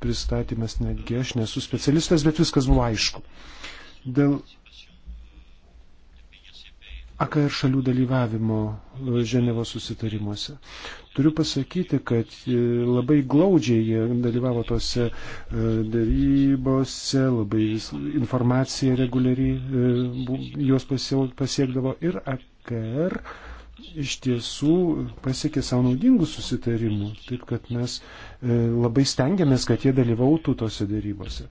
pristatymas, netgi aš nesu specialistas, bet viskas buvo aišku. Dėl AKR šalių dalyvavimo Ženevos susitarimuose. Turiu pasakyti, kad e, labai glaudžiai jie dalyvavo tose e, darybose, labai informacija reguliariai e, juos pasiekdavo ir AKR iš tiesų pasiekė savo naudingų susitarimų, taip kad mes labai stengiamės, kad jie dalyvautų tose darybose.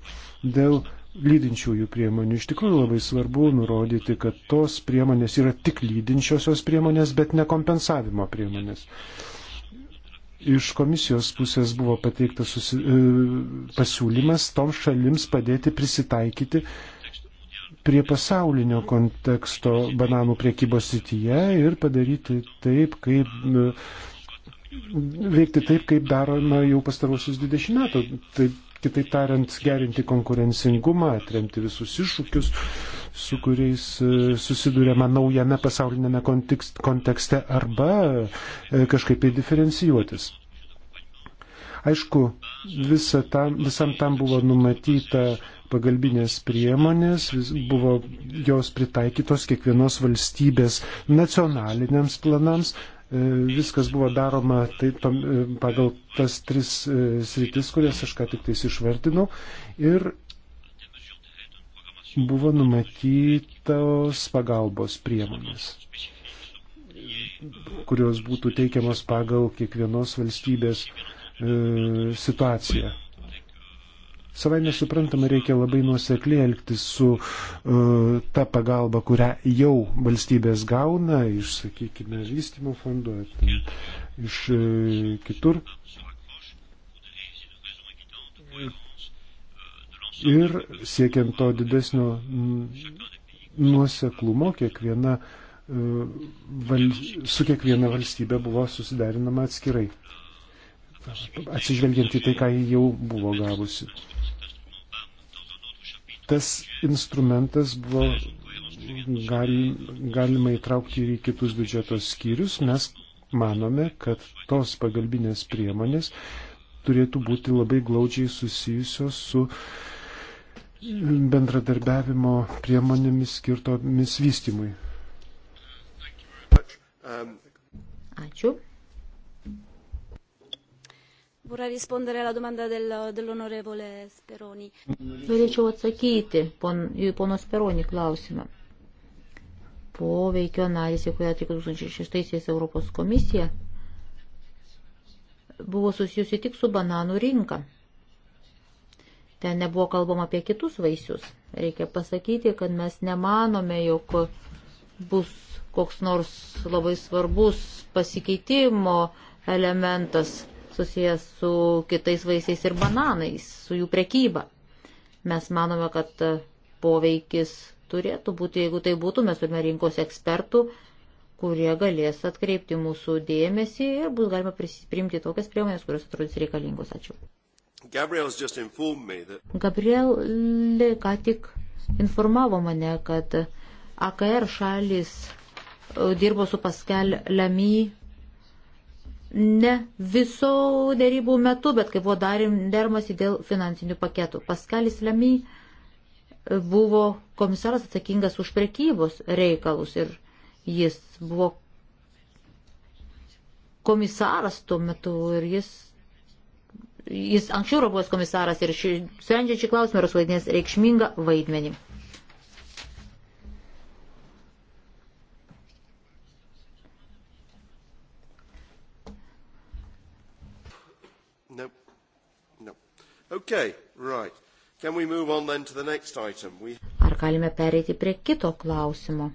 Dėl lydinčiųjų priemonių. Iš tikrųjų labai svarbu nurodyti, kad tos priemonės yra tik lydinčiosios priemonės, bet ne kompensavimo priemonės. Iš komisijos pusės buvo pateiktas susi, e, pasiūlymas toms šalims padėti prisitaikyti prie pasaulinio konteksto bananų priekybos sityje ir padaryti taip, kaip e, veikti taip, kaip daroma jau pastarosius 20 metų. Taip kitaip tariant, gerinti konkurencingumą, atremti visus iššūkius, su kuriais e, susidurėma naujame pasaulinėme kontekste arba e, kažkaip įdiferencijuotis. Tai Aišku, visa tam, visam tam buvo numatyta pagalbinės priemonės, vis, buvo jos pritaikytos kiekvienos valstybės nacionaliniams planams, E, viskas buvo daroma tai, tom, e, pagal tas tris e, sritis, kurias aš ką tik tais išvardinau. Ir buvo numatytos pagalbos priemonės, kurios būtų teikiamos pagal kiekvienos valstybės e, situaciją. Savai nesuprantama, reikia labai nuosekliai elgtis su uh, ta pagalba, kurią jau valstybės gauna iš, sakykime, vystimo fondo ar ten, iš uh, kitur. Ir siekiant to didesnio nuoseklumo, kiekviena, uh, val, su kiekviena valstybė buvo susidarinama atskirai, atsižvelgiant į tai, ką jau buvo gavusi. Uh, tas instrumentas buvo gali, galima įtraukti ir į kitus biudžeto skyrius. Mes manome, kad tos pagalbinės priemonės turėtų būti labai glaudžiai susijusios su bendradarbiavimo priemonėmis skirtomis vystimui. Ačiū. Vorrei rispondere alla domanda del, dell'onorevole Speroni. Norėčiau atsakyti pon, į pono Speroni klausimą. Poveikio analizė, kurią atliko 2006 Europos komisija, buvo susijusi tik su bananų rinka. Ten nebuvo kalbama apie kitus vaisius. Reikia pasakyti, kad mes nemanome, jog bus koks nors labai svarbus pasikeitimo elementas susijęs su kitais vaisiais ir bananais, su jų prekyba. Mes manome, kad poveikis turėtų būti, jeigu tai būtų, mes turime rinkos ekspertų, kurie galės atkreipti mūsų dėmesį ir bus galima priimti tokias priemonės, kurios atrodys reikalingos. Ačiū. That... Gabrielė ką tik informavo mane, kad AKR šalis e, dirbo su Paskel Lamy ne viso dėrybų metu, bet kai buvo dermasi dėl finansinių paketų. Paskalis Lemy e, buvo komisaras atsakingas už prekybos reikalus ir jis buvo komisaras tuo metu ir jis jis anksčiau yra buvęs komisaras ir ši, sprendžiant šį klausimą yra suvaidinęs reikšmingą vaidmenį. Okay, right. Can we move on then to the next item? We... Ar galime pereiti prie kito klausimo?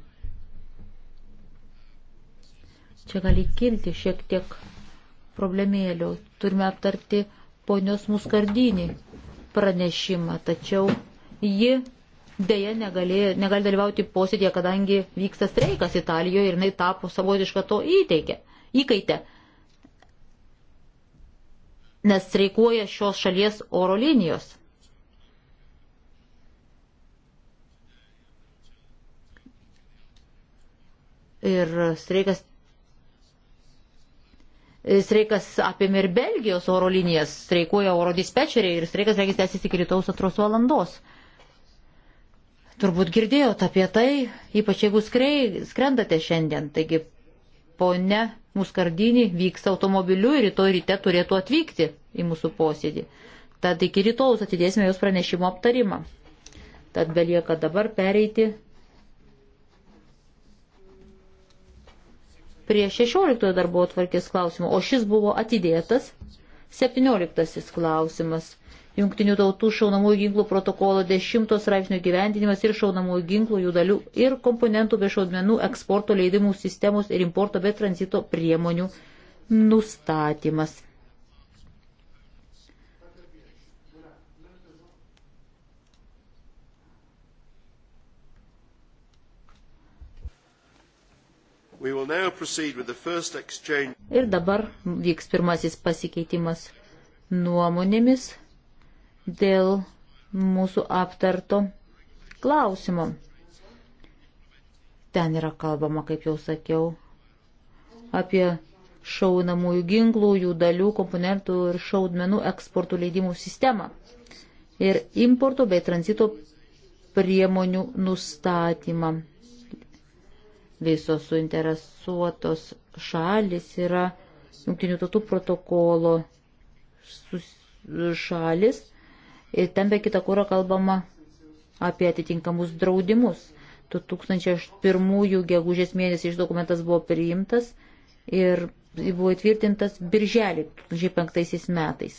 Čia gali kilti šiek tiek problemėlių. Turime aptarti ponios muskardinį pranešimą, tačiau ji dėja negali, negali dalyvauti posėdėje, kadangi vyksta streikas Italijoje ir jinai tapo savotišką to įteikę, įkaitę nes streikuoja šios šalies oro linijos. Ir streikas, streikas apėmė ir Belgijos oro linijas, streikuoja oro dispečeriai ir streikas regis tęsiasi iki rytaus antros valandos. Turbūt girdėjot apie tai, ypač jeigu skrei, skrendate šiandien. Taigi, ponia Muskardinį vyks automobiliu ir rytoj ryte turėtų atvykti į mūsų posėdį. Tad iki rytojus atidėsime jos pranešimo aptarimą. Tad belieka dabar pereiti prie 16 darbo atvarkės klausimo, o šis buvo atidėtas 17 klausimas Junktinių tautų šaunamųjų ginklų protokolo 10 straipsnio gyvendinimas ir šaunamųjų ginklų jų dalių ir komponentų bei šaudmenų eksporto leidimų sistemos ir importo bei tranzito priemonių nustatymas. Ir dabar vyks pirmasis pasikeitimas nuomonėmis dėl mūsų aptarto klausimo. Ten yra kalbama, kaip jau sakiau, apie šaunamųjų ginklų, jų dalių, komponentų ir šaudmenų eksportų leidimų sistemą ir importo bei tranzito priemonių nustatymą. Visos suinteresuotos šalis yra Junktinių tautų protokolo šalis Ir ten be kita kūro kalbama apie atitinkamus draudimus. 2001 gegužės mėnesį iš dokumentas buvo priimtas ir buvo įtvirtintas birželį 2005 metais.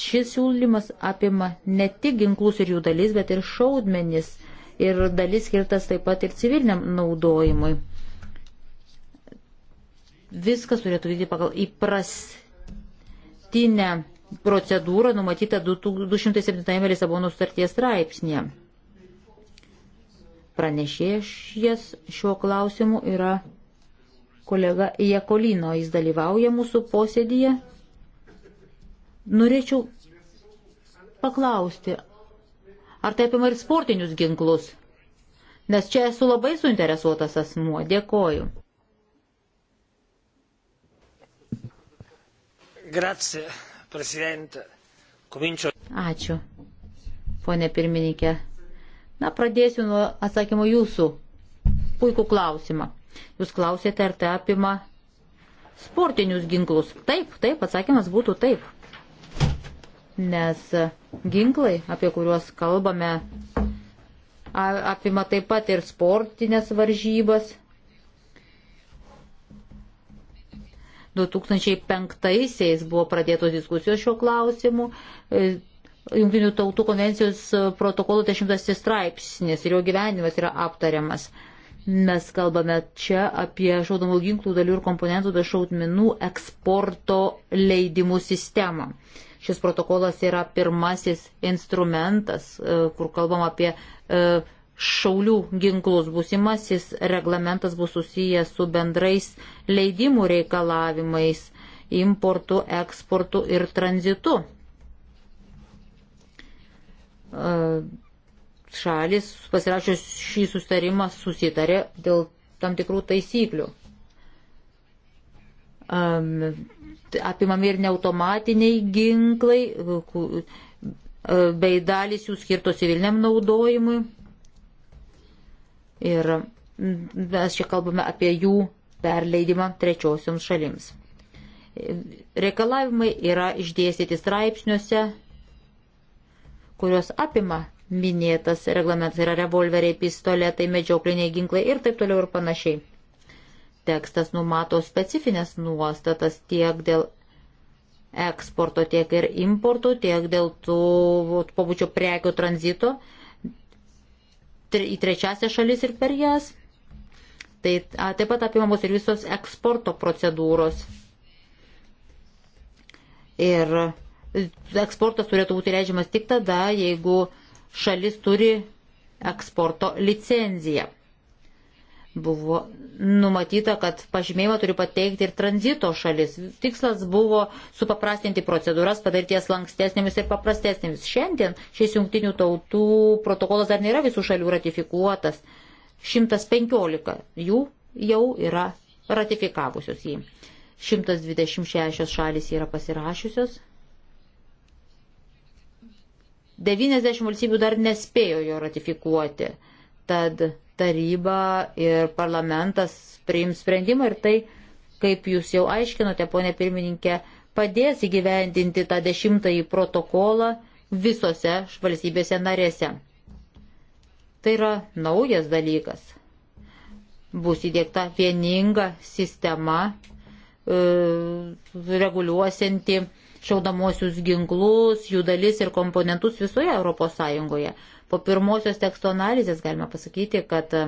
Šis siūlymas apima ne tik ginklus ir jų dalis, bet ir šaudmenis ir dalis skirtas taip pat ir civiliniam naudojimui. Viskas turėtų vykti pagal įprastinę procedūrą numatytą 207 Lisabono sutarties straipsnėje. Pranešėjas šiuo klausimu yra kolega Jekolino, jis dalyvauja mūsų posėdyje. Norėčiau paklausti, ar tai apima ir sportinius ginklus? Nes čia esu labai suinteresuotas asmuo. Dėkoju. Grazie. Ačiū, ponė pirmininkė. Na, pradėsiu nuo atsakymo jūsų. Puikų klausimą. Jūs klausėte, ar tai apima sportinius ginklus. Taip, taip, atsakymas būtų taip. Nes ginklai, apie kuriuos kalbame, apima taip pat ir sportinės varžybas, 2005-aisiais buvo pradėtos diskusijos šiuo klausimu. E, Junktinių tautų konvencijos protokolo 10 straipsnis ir jo gyvenimas yra aptariamas. Mes kalbame čia apie šaudamų ginklų dalių ir komponentų be šaudmenų eksporto leidimų sistemą. Šis protokolas yra pirmasis instrumentas, e, kur kalbam apie e, šaulių ginklus. Būsimasis reglamentas bus susijęs su bendrais leidimų reikalavimais, importu, eksportu ir tranzitu. E, šalis pasirašęs šį sustarimą susitarė dėl tam tikrų taisyklių. Apimami ir neautomatiniai ginklai, e, bei dalys jų skirtos civiliniam naudojimui Ir mes čia kalbame apie jų perleidimą trečiosioms šalims. Reikalavimai yra išdėstyti straipsniuose, kurios apima minėtas reglamentas yra revolveriai, pistoletai, medžiokliniai ginklai ir taip toliau ir panašiai. Tekstas numato specifines nuostatas tiek dėl eksporto, tiek ir importo, tiek dėl tų pobūdžio prekių tranzito, į trečiasią šalis ir per jas. Tai a, taip pat apimamos ir visos eksporto procedūros. Ir eksportas turėtų būti leidžiamas tik tada, jeigu šalis turi eksporto licenciją buvo numatyta, kad pažymėjimą turi pateikti ir tranzito šalis. Tikslas buvo supaprastinti procedūras, padaryti jas lankstesnėmis ir paprastesnėmis. Šiandien šis jungtinių tautų protokolas dar nėra visų šalių ratifikuotas. 115 jų jau yra ratifikavusios jį. 126 šalis yra pasirašiusios. 90 valstybių dar nespėjo jo ratifikuoti. Tad taryba ir parlamentas priims sprendimą ir tai, kaip jūs jau aiškinote, ponė pirmininkė, padės įgyvendinti tą dešimtąjį protokolą visose valstybėse narėse. Tai yra naujas dalykas. Bus įdėkta vieninga sistema e, reguliuosianti šaudamosius ginklus, jų dalis ir komponentus visoje ES. Po pirmosios teksto analizės galima pasakyti, kad e,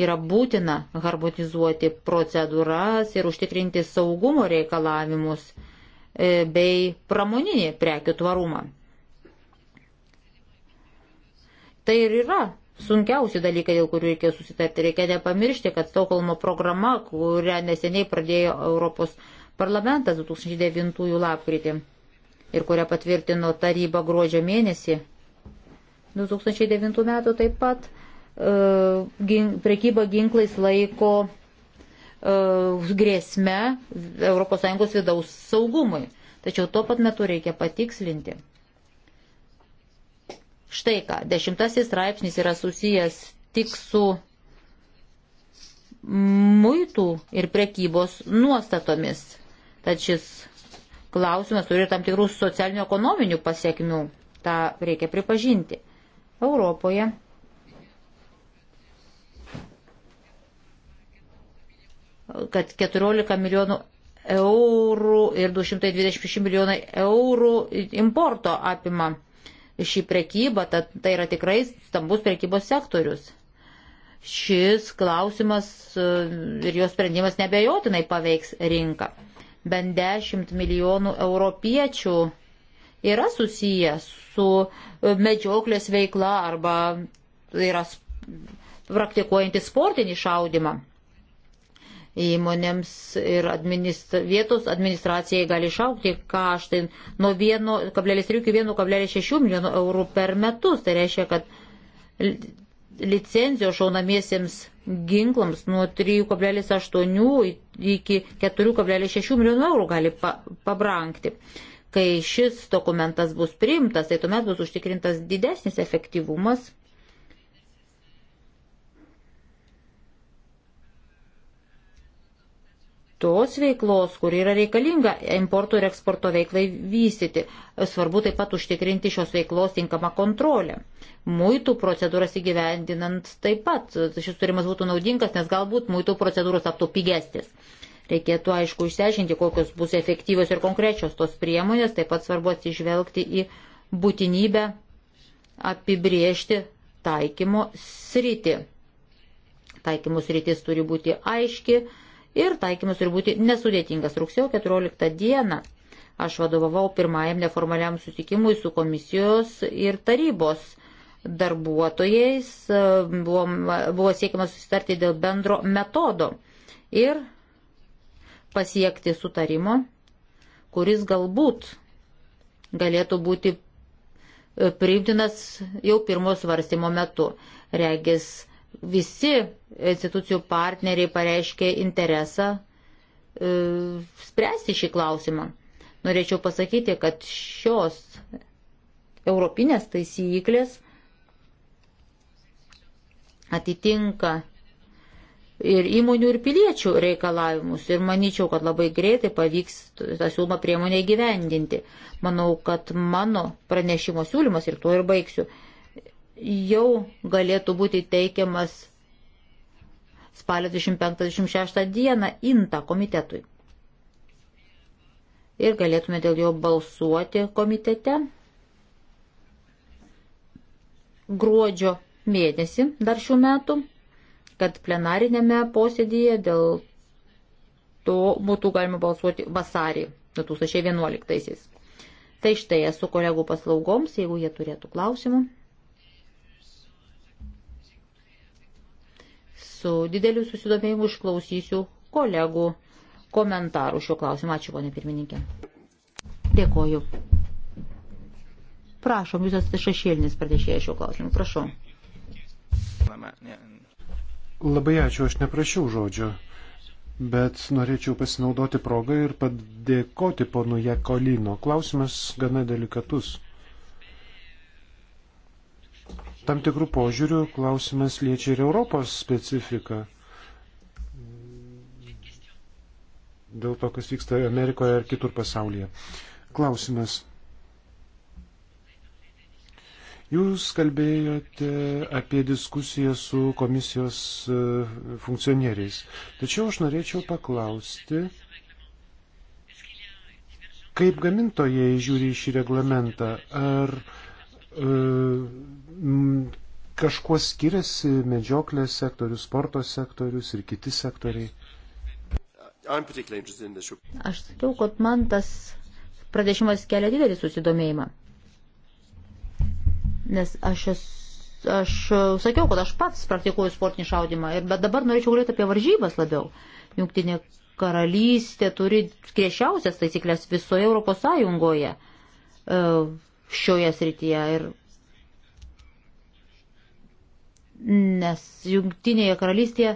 yra būtina harmonizuoti procedūras ir užtikrinti saugumo reikalavimus e, bei pramoninį prekių tvarumą. Tai ir yra sunkiausi dalykai, dėl kurių reikia susitarti. Reikia nepamiršti, kad Stokholmo programa, kurią neseniai pradėjo Europos parlamentas 2009 lapkritį ir kurią patvirtino taryba gruodžio mėnesį, 2009 metų taip pat uh, gin, prekyba ginklais laiko uh, grėsme ES vidaus saugumui. Tačiau tuo pat metu reikia patikslinti. Štai ką, dešimtasis straipsnis yra susijęs tik su muitų ir prekybos nuostatomis. Tad šis klausimas turi tam tikrų socialinių ekonominių pasiekmių. Ta reikia pripažinti. Europoje. kad 14 milijonų eurų ir 226 milijonai eurų importo apima šį prekybą, tad tai yra tikrai stambus prekybos sektorius. Šis klausimas e, ir jos sprendimas nebejotinai paveiks rinką. Bent 10 milijonų europiečių yra susijęs su e, medžioklės veikla arba yra praktikuojantį sportinį šaudimą. Įmonėms ir administra, vietos administracijai gali išaukti kaštai nuo 1,3 iki 1,6 milijonų eurų per metus. Tai reiškia, kad licenzijos šaunamiesiems ginklams nuo 3,8 iki 4,6 milijonų eurų gali pa pabrangti. Kai šis dokumentas bus priimtas, tai tuomet bus užtikrintas didesnis efektyvumas. Tos veiklos, kur yra reikalinga importo ir eksporto veiklai vystyti, svarbu taip pat užtikrinti šios veiklos tinkamą kontrolę. Muitų procedūras įgyvendinant taip pat šis turimas būtų naudingas, nes galbūt muitų procedūros aptų pigestis. Reikėtų aišku išsiaiškinti, kokios bus efektyvios ir konkrečios tos priemonės, taip pat svarbu atsižvelgti į būtinybę apibriežti taikymo sritį. Taikymo sritis turi būti aiški ir taikymas turi būti nesudėtingas. Rugsėjo 14 dieną aš vadovavau pirmajam neformaliam sutikimui su komisijos ir tarybos darbuotojais, buvo, buvo siekiama susitarti dėl bendro metodo. Ir pasiekti sutarimo, kuris galbūt galėtų būti e, priimtinas jau pirmo svarstymo metu. Regis visi institucijų partneriai pareiškė interesą e, spręsti šį klausimą. Norėčiau pasakyti, kad šios europinės taisyklės atitinka ir įmonių, ir piliečių reikalavimus. Ir manyčiau, kad labai greitai pavyks tą siūlomą priemonę įgyvendinti. Manau, kad mano pranešimo siūlymas, ir tuo ir baigsiu, jau galėtų būti teikiamas spalio 25-26 dieną INTA komitetui. Ir galėtume dėl jo balsuoti komitete gruodžio mėnesį dar šių metų kad plenarinėme posėdėje dėl to būtų galima balsuoti vasarį 2011-aisiais. Tai štai esu kolegų paslaugoms, jeigu jie turėtų klausimų. Su dideliu susidomėjimu išklausysiu kolegų komentarų šio klausimu. Ačiū, ponė pirmininkė. Dėkoju. Prašom, jūs esate šešėlinis pradėšėjęs šio klausimu. Prašau. Labai ačiū, aš neprašiau žodžio, bet norėčiau pasinaudoti progą ir padėkoti ponu Jekolino. Klausimas gana delikatus. Tam tikrų požiūrių klausimas liečia ir Europos specifiką. Dėl to, kas vyksta Amerikoje ar kitur pasaulyje. Klausimas Jūs kalbėjote apie diskusiją su komisijos e, funkcionieriais. Tačiau aš norėčiau paklausti, kaip gamintojai žiūri į šį reglamentą. Ar e, kažkuo skiriasi medžioklės sektorius, sporto sektorius ir kiti sektoriai? Aš sakiau, kad man tas pranešimas kelia didelį susidomėjimą. Nes aš, es, aš sakiau, kad aš pats praktikuoju sportinį šaudimą, ir, bet dabar norėčiau kalbėti apie varžybas labiau. Jungtinė karalystė turi griežčiausias taisyklės visoje Europos Sąjungoje e, šioje srityje. Ir nes jungtinėje karalystėje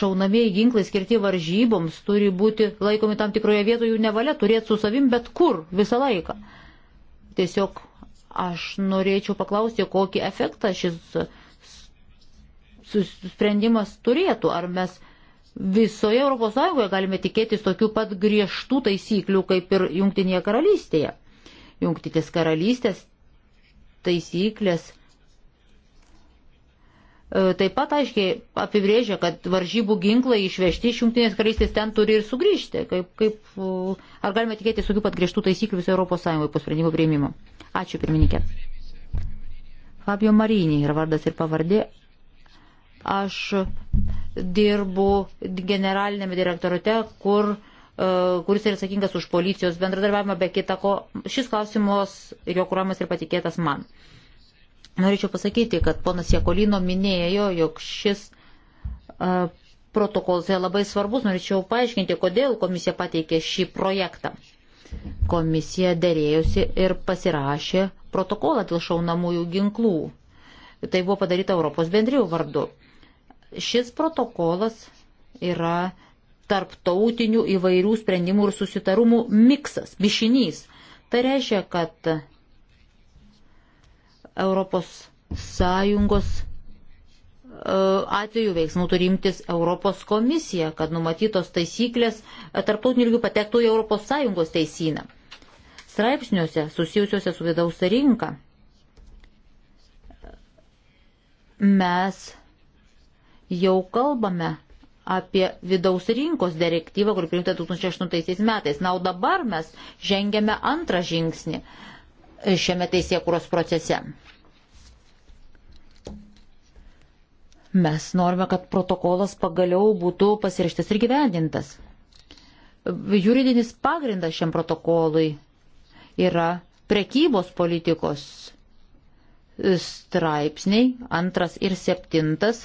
šaunamieji ginklai skirti varžyboms turi būti laikomi tam tikroje vietoje, jų nevalia turėti su savim bet kur visą laiką. Tiesiog Aš norėčiau paklausti, kokį efektą šis sprendimas turėtų. Ar mes visoje ES galime tikėtis tokių pat griežtų taisyklių kaip ir Junktinėje karalystėje. Junktinės karalystės taisyklės E, taip pat aiškiai apibrėžia, kad varžybų ginklai išvežti iš Junktinės karalystės ten turi ir sugrįžti. Kaip, kaip, e, ar galime tikėtis tokių pat griežtų taisyklių visoje Europos Sąjungoje po sprendimų prieimimo? Ačiū, pirmininkė. Fabio Marinį yra vardas ir pavardė. Aš dirbu generalinėme direktorate, kur e, kuris yra atsakingas už policijos bendradarbiavimą, be kita ko, šis klausimas ir jo kūrimas yra patikėtas man. Uh, Norėčiau pasakyti, kad ponas Jekolino minėjo, jog šis uh, protokolas yra labai svarbus. Norėčiau paaiškinti, kodėl komisija pateikė šį projektą. Komisija dėrėjusi ir pasirašė protokolą dėl šaunamųjų ginklų. Tai buvo padaryta Europos bendrijų vardu. Šis protokolas yra tarptautinių įvairių sprendimų ir susitarumų miksas, mišinys. Tai reiškia, kad Europos Sąjungos e, atveju veiksmų turi imtis Europos komisija, kad numatytos taisyklės tarptautinių lygių patektų į Europos Sąjungos teisyną. Straipsniuose susijusiuose su vidaus rinka mes jau kalbame apie vidaus rinkos direktyvą, kuri priimta 2008 metais. Na, o dabar mes žengėme antrą žingsnį. Uh, šiame teisėkuros procese. Mes norime, kad protokolas pagaliau būtų pasirištas ir gyvendintas. Juridinis pagrindas šiam protokolui yra prekybos politikos straipsniai antras ir septintas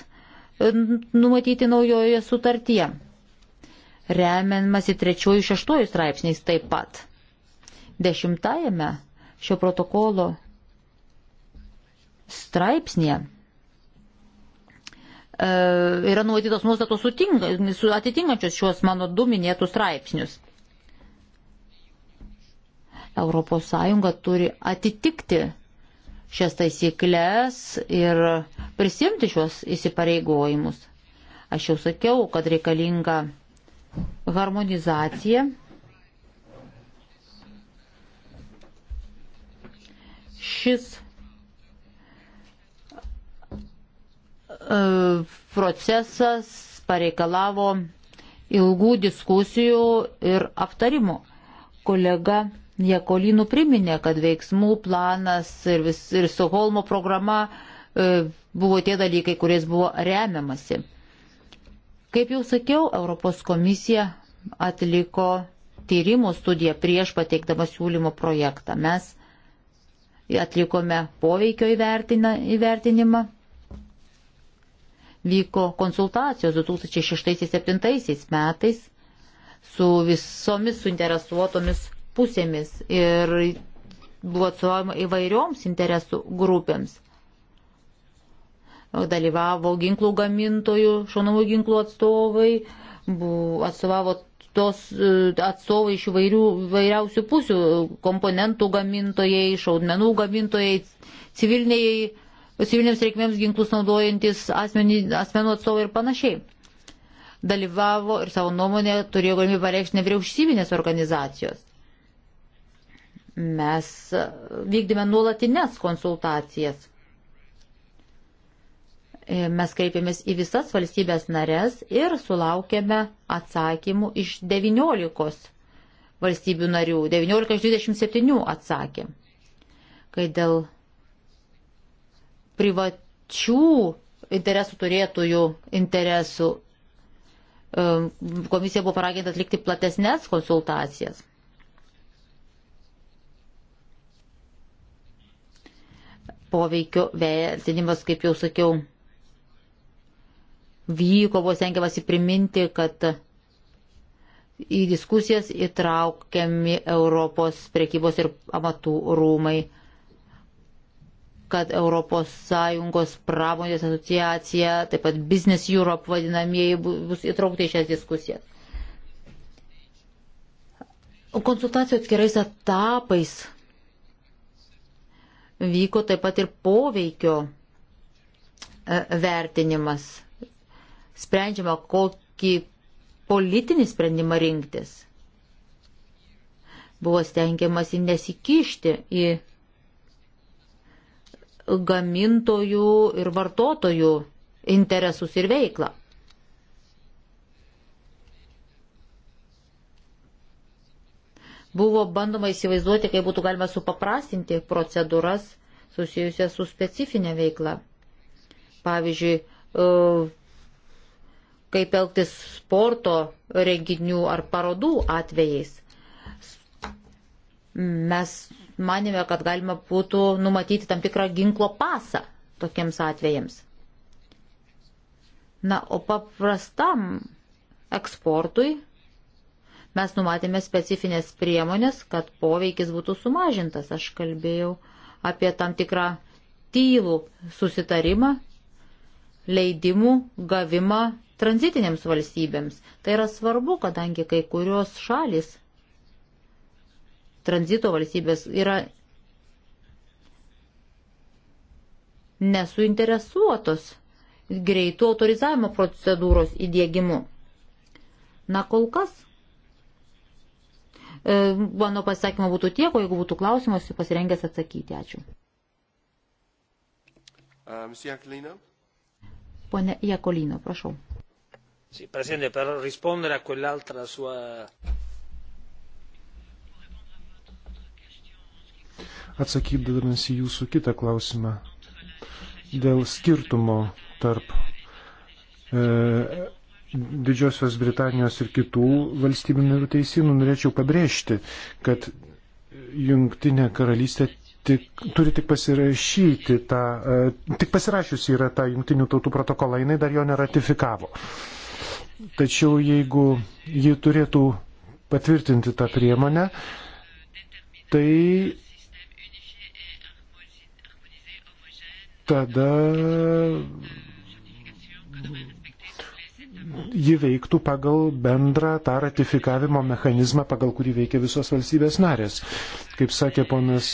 numatyti naujoje sutartyje. Remiamasi trečiojų šeštojų straipsniais taip pat. Dešimtajame šio protokolo straipsnėje e, yra numatytos nuostatos atitinkančios šiuos mano du minėtus straipsnius. ES turi atitikti šias taisyklės ir prisimti šios įsipareigojimus. Aš jau sakiau, kad reikalinga harmonizacija Šis e, procesas pareikalavo ilgų diskusijų ir aptarimų. Kolega Jekolinų priminė, kad veiksmų planas ir, vis, ir Stokholmo programa e, buvo tie dalykai, kuriais buvo remiamasi. Kaip jau sakiau, Europos komisija atliko tyrimų studiją prieš pateikdama siūlymo projektą. Mes atlikome poveikio įvertinimą, vyko konsultacijos 2006-2007 metais su visomis suinteresuotomis pusėmis ir buvo atsovojama įvairioms interesų grupėms. Dalyvavo ginklų gamintojų, šaunamų ginklų atstovai, atstovavo tos e, atstovai iš vairių, vairiausių pusių - komponentų gamintojai, šaudmenų gamintojai, civiliniai, civiliniams reikmėms ginklus naudojantis asmenį, asmenų atstovai ir panašiai. Dalyvavo ir savo nuomonę turėjo galimybę pareikšti nevyriausybinės organizacijos. Mes vykdėme nuolatines konsultacijas E, mes kreipėmės į visas valstybės narės ir sulaukėme atsakymų iš 19 valstybių narių. 19 iš 27 atsakė. Kai dėl privačių interesų turėtųjų interesų e, komisija buvo paraginta atlikti platesnės konsultacijas. Poveikio vertinimas, kaip jau sakiau, vyko, buvo stengiamasi priminti, kad į diskusijas įtraukiami Europos priekybos ir amatų rūmai, kad ES pramonės asociacija, taip pat Business Europe vadinamieji bus įtraukti į šias diskusijas. Konsultacijų atskirais etapais vyko taip pat ir poveikio e, vertinimas sprendžiama, kokį politinį sprendimą rinktis. Buvo stengiamasi nesikišti į gamintojų ir vartotojų interesus ir veiklą. Buvo bandoma įsivaizduoti, kaip būtų galima supaprastinti procedūras susijusias su specifinė veikla. Pavyzdžiui, e, kaip elgtis sporto renginių ar parodų atvejais. Mes manėme, kad galima būtų numatyti tam tikrą ginklo pasą tokiems atvejams. Na, o paprastam eksportui mes numatėme specifines priemonės, kad poveikis būtų sumažintas. Aš kalbėjau apie tam tikrą tylų susitarimą leidimų gavimą tranzitinėms valstybėms. Tai yra svarbu, kadangi kai kurios šalis tranzito valstybės yra nesuinteresuotos greitų autorizavimo procedūros įdėgimu. Na kol kas. E, mano pasakymo būtų tiek, o jeigu būtų klausimas, pasirengęs atsakyti. Ačiū. Uh, Pone Jakolino, prašau. Sì, Presidente, per rispondere a quell'altra sua. Atsakydamas į jūsų kitą klausimą dėl skirtumo tarp e, Didžiosios Britanijos ir kitų valstybių narių teisynų norėčiau pabrėžti, kad Junktinė karalystė tik, turi tik pasirašyti tą, e, tik pasirašiusi yra tą jungtinių tautų protokolą, jinai dar jo neratifikavo. Tačiau jeigu ji turėtų patvirtinti tą priemonę, tai tada ji veiktų pagal bendrą tą ratifikavimo mechanizmą, pagal kurį veikia visos valstybės narės. Kaip sakė ponas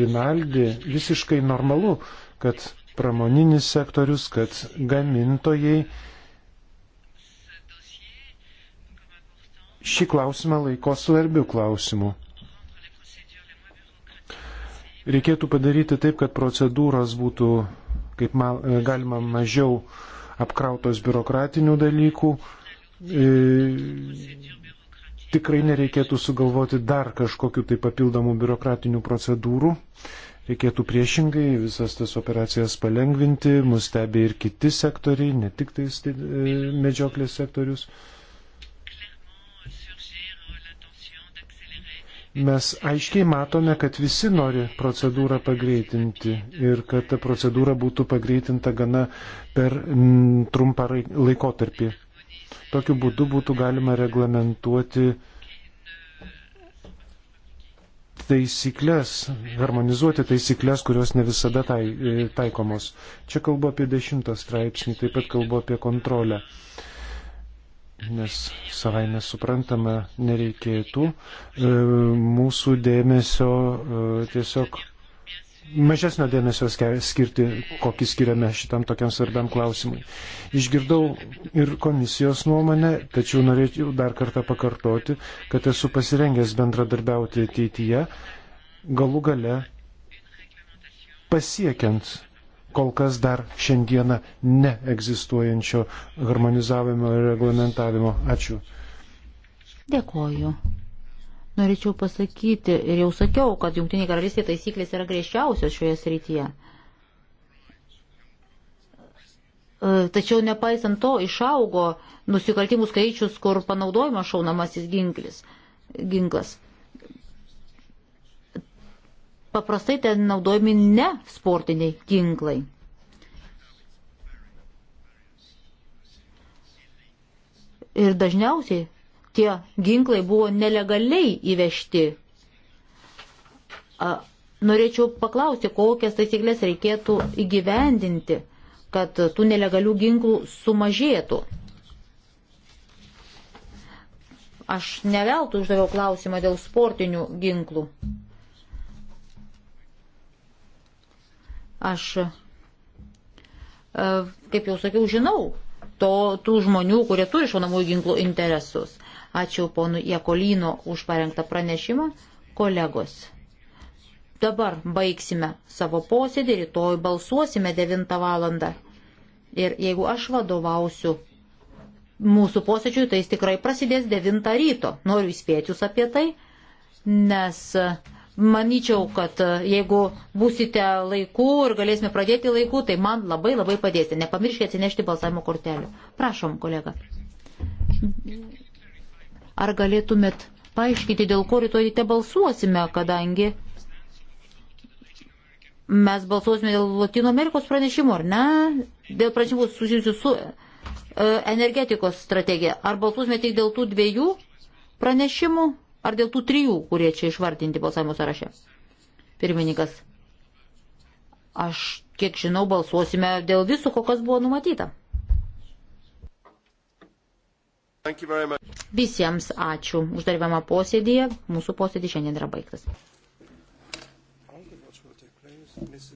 Rinaldi, visiškai normalu, kad pramoninis sektorius, kad gamintojai šį klausimą laiko svarbių klausimų. Reikėtų padaryti taip, kad procedūros būtų kaip ma galima mažiau uh, apkrautos biurokratinių dalykų. E, tikrai nereikėtų sugalvoti dar kažkokių tai papildomų biurokratinių procedūrų. Reikėtų priešingai visas tas operacijas palengvinti, mus stebi ir kiti sektoriai, ne tik tai medžioklės sektorius. mes aiškiai matome, kad visi nori procedūrą pagreitinti ir kad ta procedūra būtų pagreitinta gana per trumpą laikotarpį. Tokiu būdu būtų galima reglamentuoti taisyklės, harmonizuoti taisyklės, kurios ne visada tai, e, taikomos. Čia kalbu apie dešimtą straipsnį, taip pat kalbu apie kontrolę. Uh, nes savai mes suprantame, nereikėtų e, mūsų dėmesio e, tiesiog mažesnio dėmesio skirti, kokį skiriame šitam tokiam svarbiam klausimui. Išgirdau ir komisijos nuomonę, tačiau norėčiau dar kartą pakartoti, kad esu pasirengęs bendradarbiauti ateityje, galų gale pasiekiant kol kas dar šiandieną neegzistuojančio harmonizavimo ir reglamentavimo. Ačiū. Dėkoju. Norėčiau pasakyti ir jau sakiau, kad Junktinė karalystė taisyklės yra griežčiausios šioje srityje. E, tačiau nepaisant to išaugo nusikaltimų skaičius, kur panaudojimas šaunamasis ginklis, ginklas. ginklas paprastai ten naudojami ne sportiniai ginklai. Ir dažniausiai tie ginklai buvo nelegaliai įvežti. A, norėčiau paklausti, kokias taisyklės reikėtų įgyvendinti, kad tų nelegalių ginklų sumažėtų. Aš neveltui uždaviau klausimą dėl sportinių ginklų. Aš, e, kaip jau sakiau, žinau to, tų žmonių, kurie turi šaunamųjų ginklų interesus. Ačiū ponui Jekolino už parengtą pranešimą. Kolegos, dabar baigsime savo posėdį, rytoj balsuosime 9 valandą. Ir jeigu aš vadovausiu mūsų posėdžiui, tai jis tikrai prasidės 9 ryto. Noriu įspėti jūs apie tai, nes Manyčiau, kad e, jeigu būsite laiku ir galėsime pradėti laiku, tai man labai labai padėsite. Nepamirškite atsinešti balsavimo kortelių. Prašom, kolega. Ar galėtumėt paaiškinti, dėl ko rytoj ryte balsuosime, kadangi mes balsuosime dėl Latino Amerikos pranešimo, ar ne? Dėl pranešimų susijusių su e, energetikos strategija. Ar balsuosime tik dėl tų dviejų pranešimų? Ar dėl tų trijų, kurie čia išvardinti balsavimo sąraše? Pirmininkas, aš kiek žinau, balsuosime dėl viso, kas buvo numatyta. Visiems ačiū už dalyvavimą posėdėje. Mūsų posėdį šiandien yra baigtas.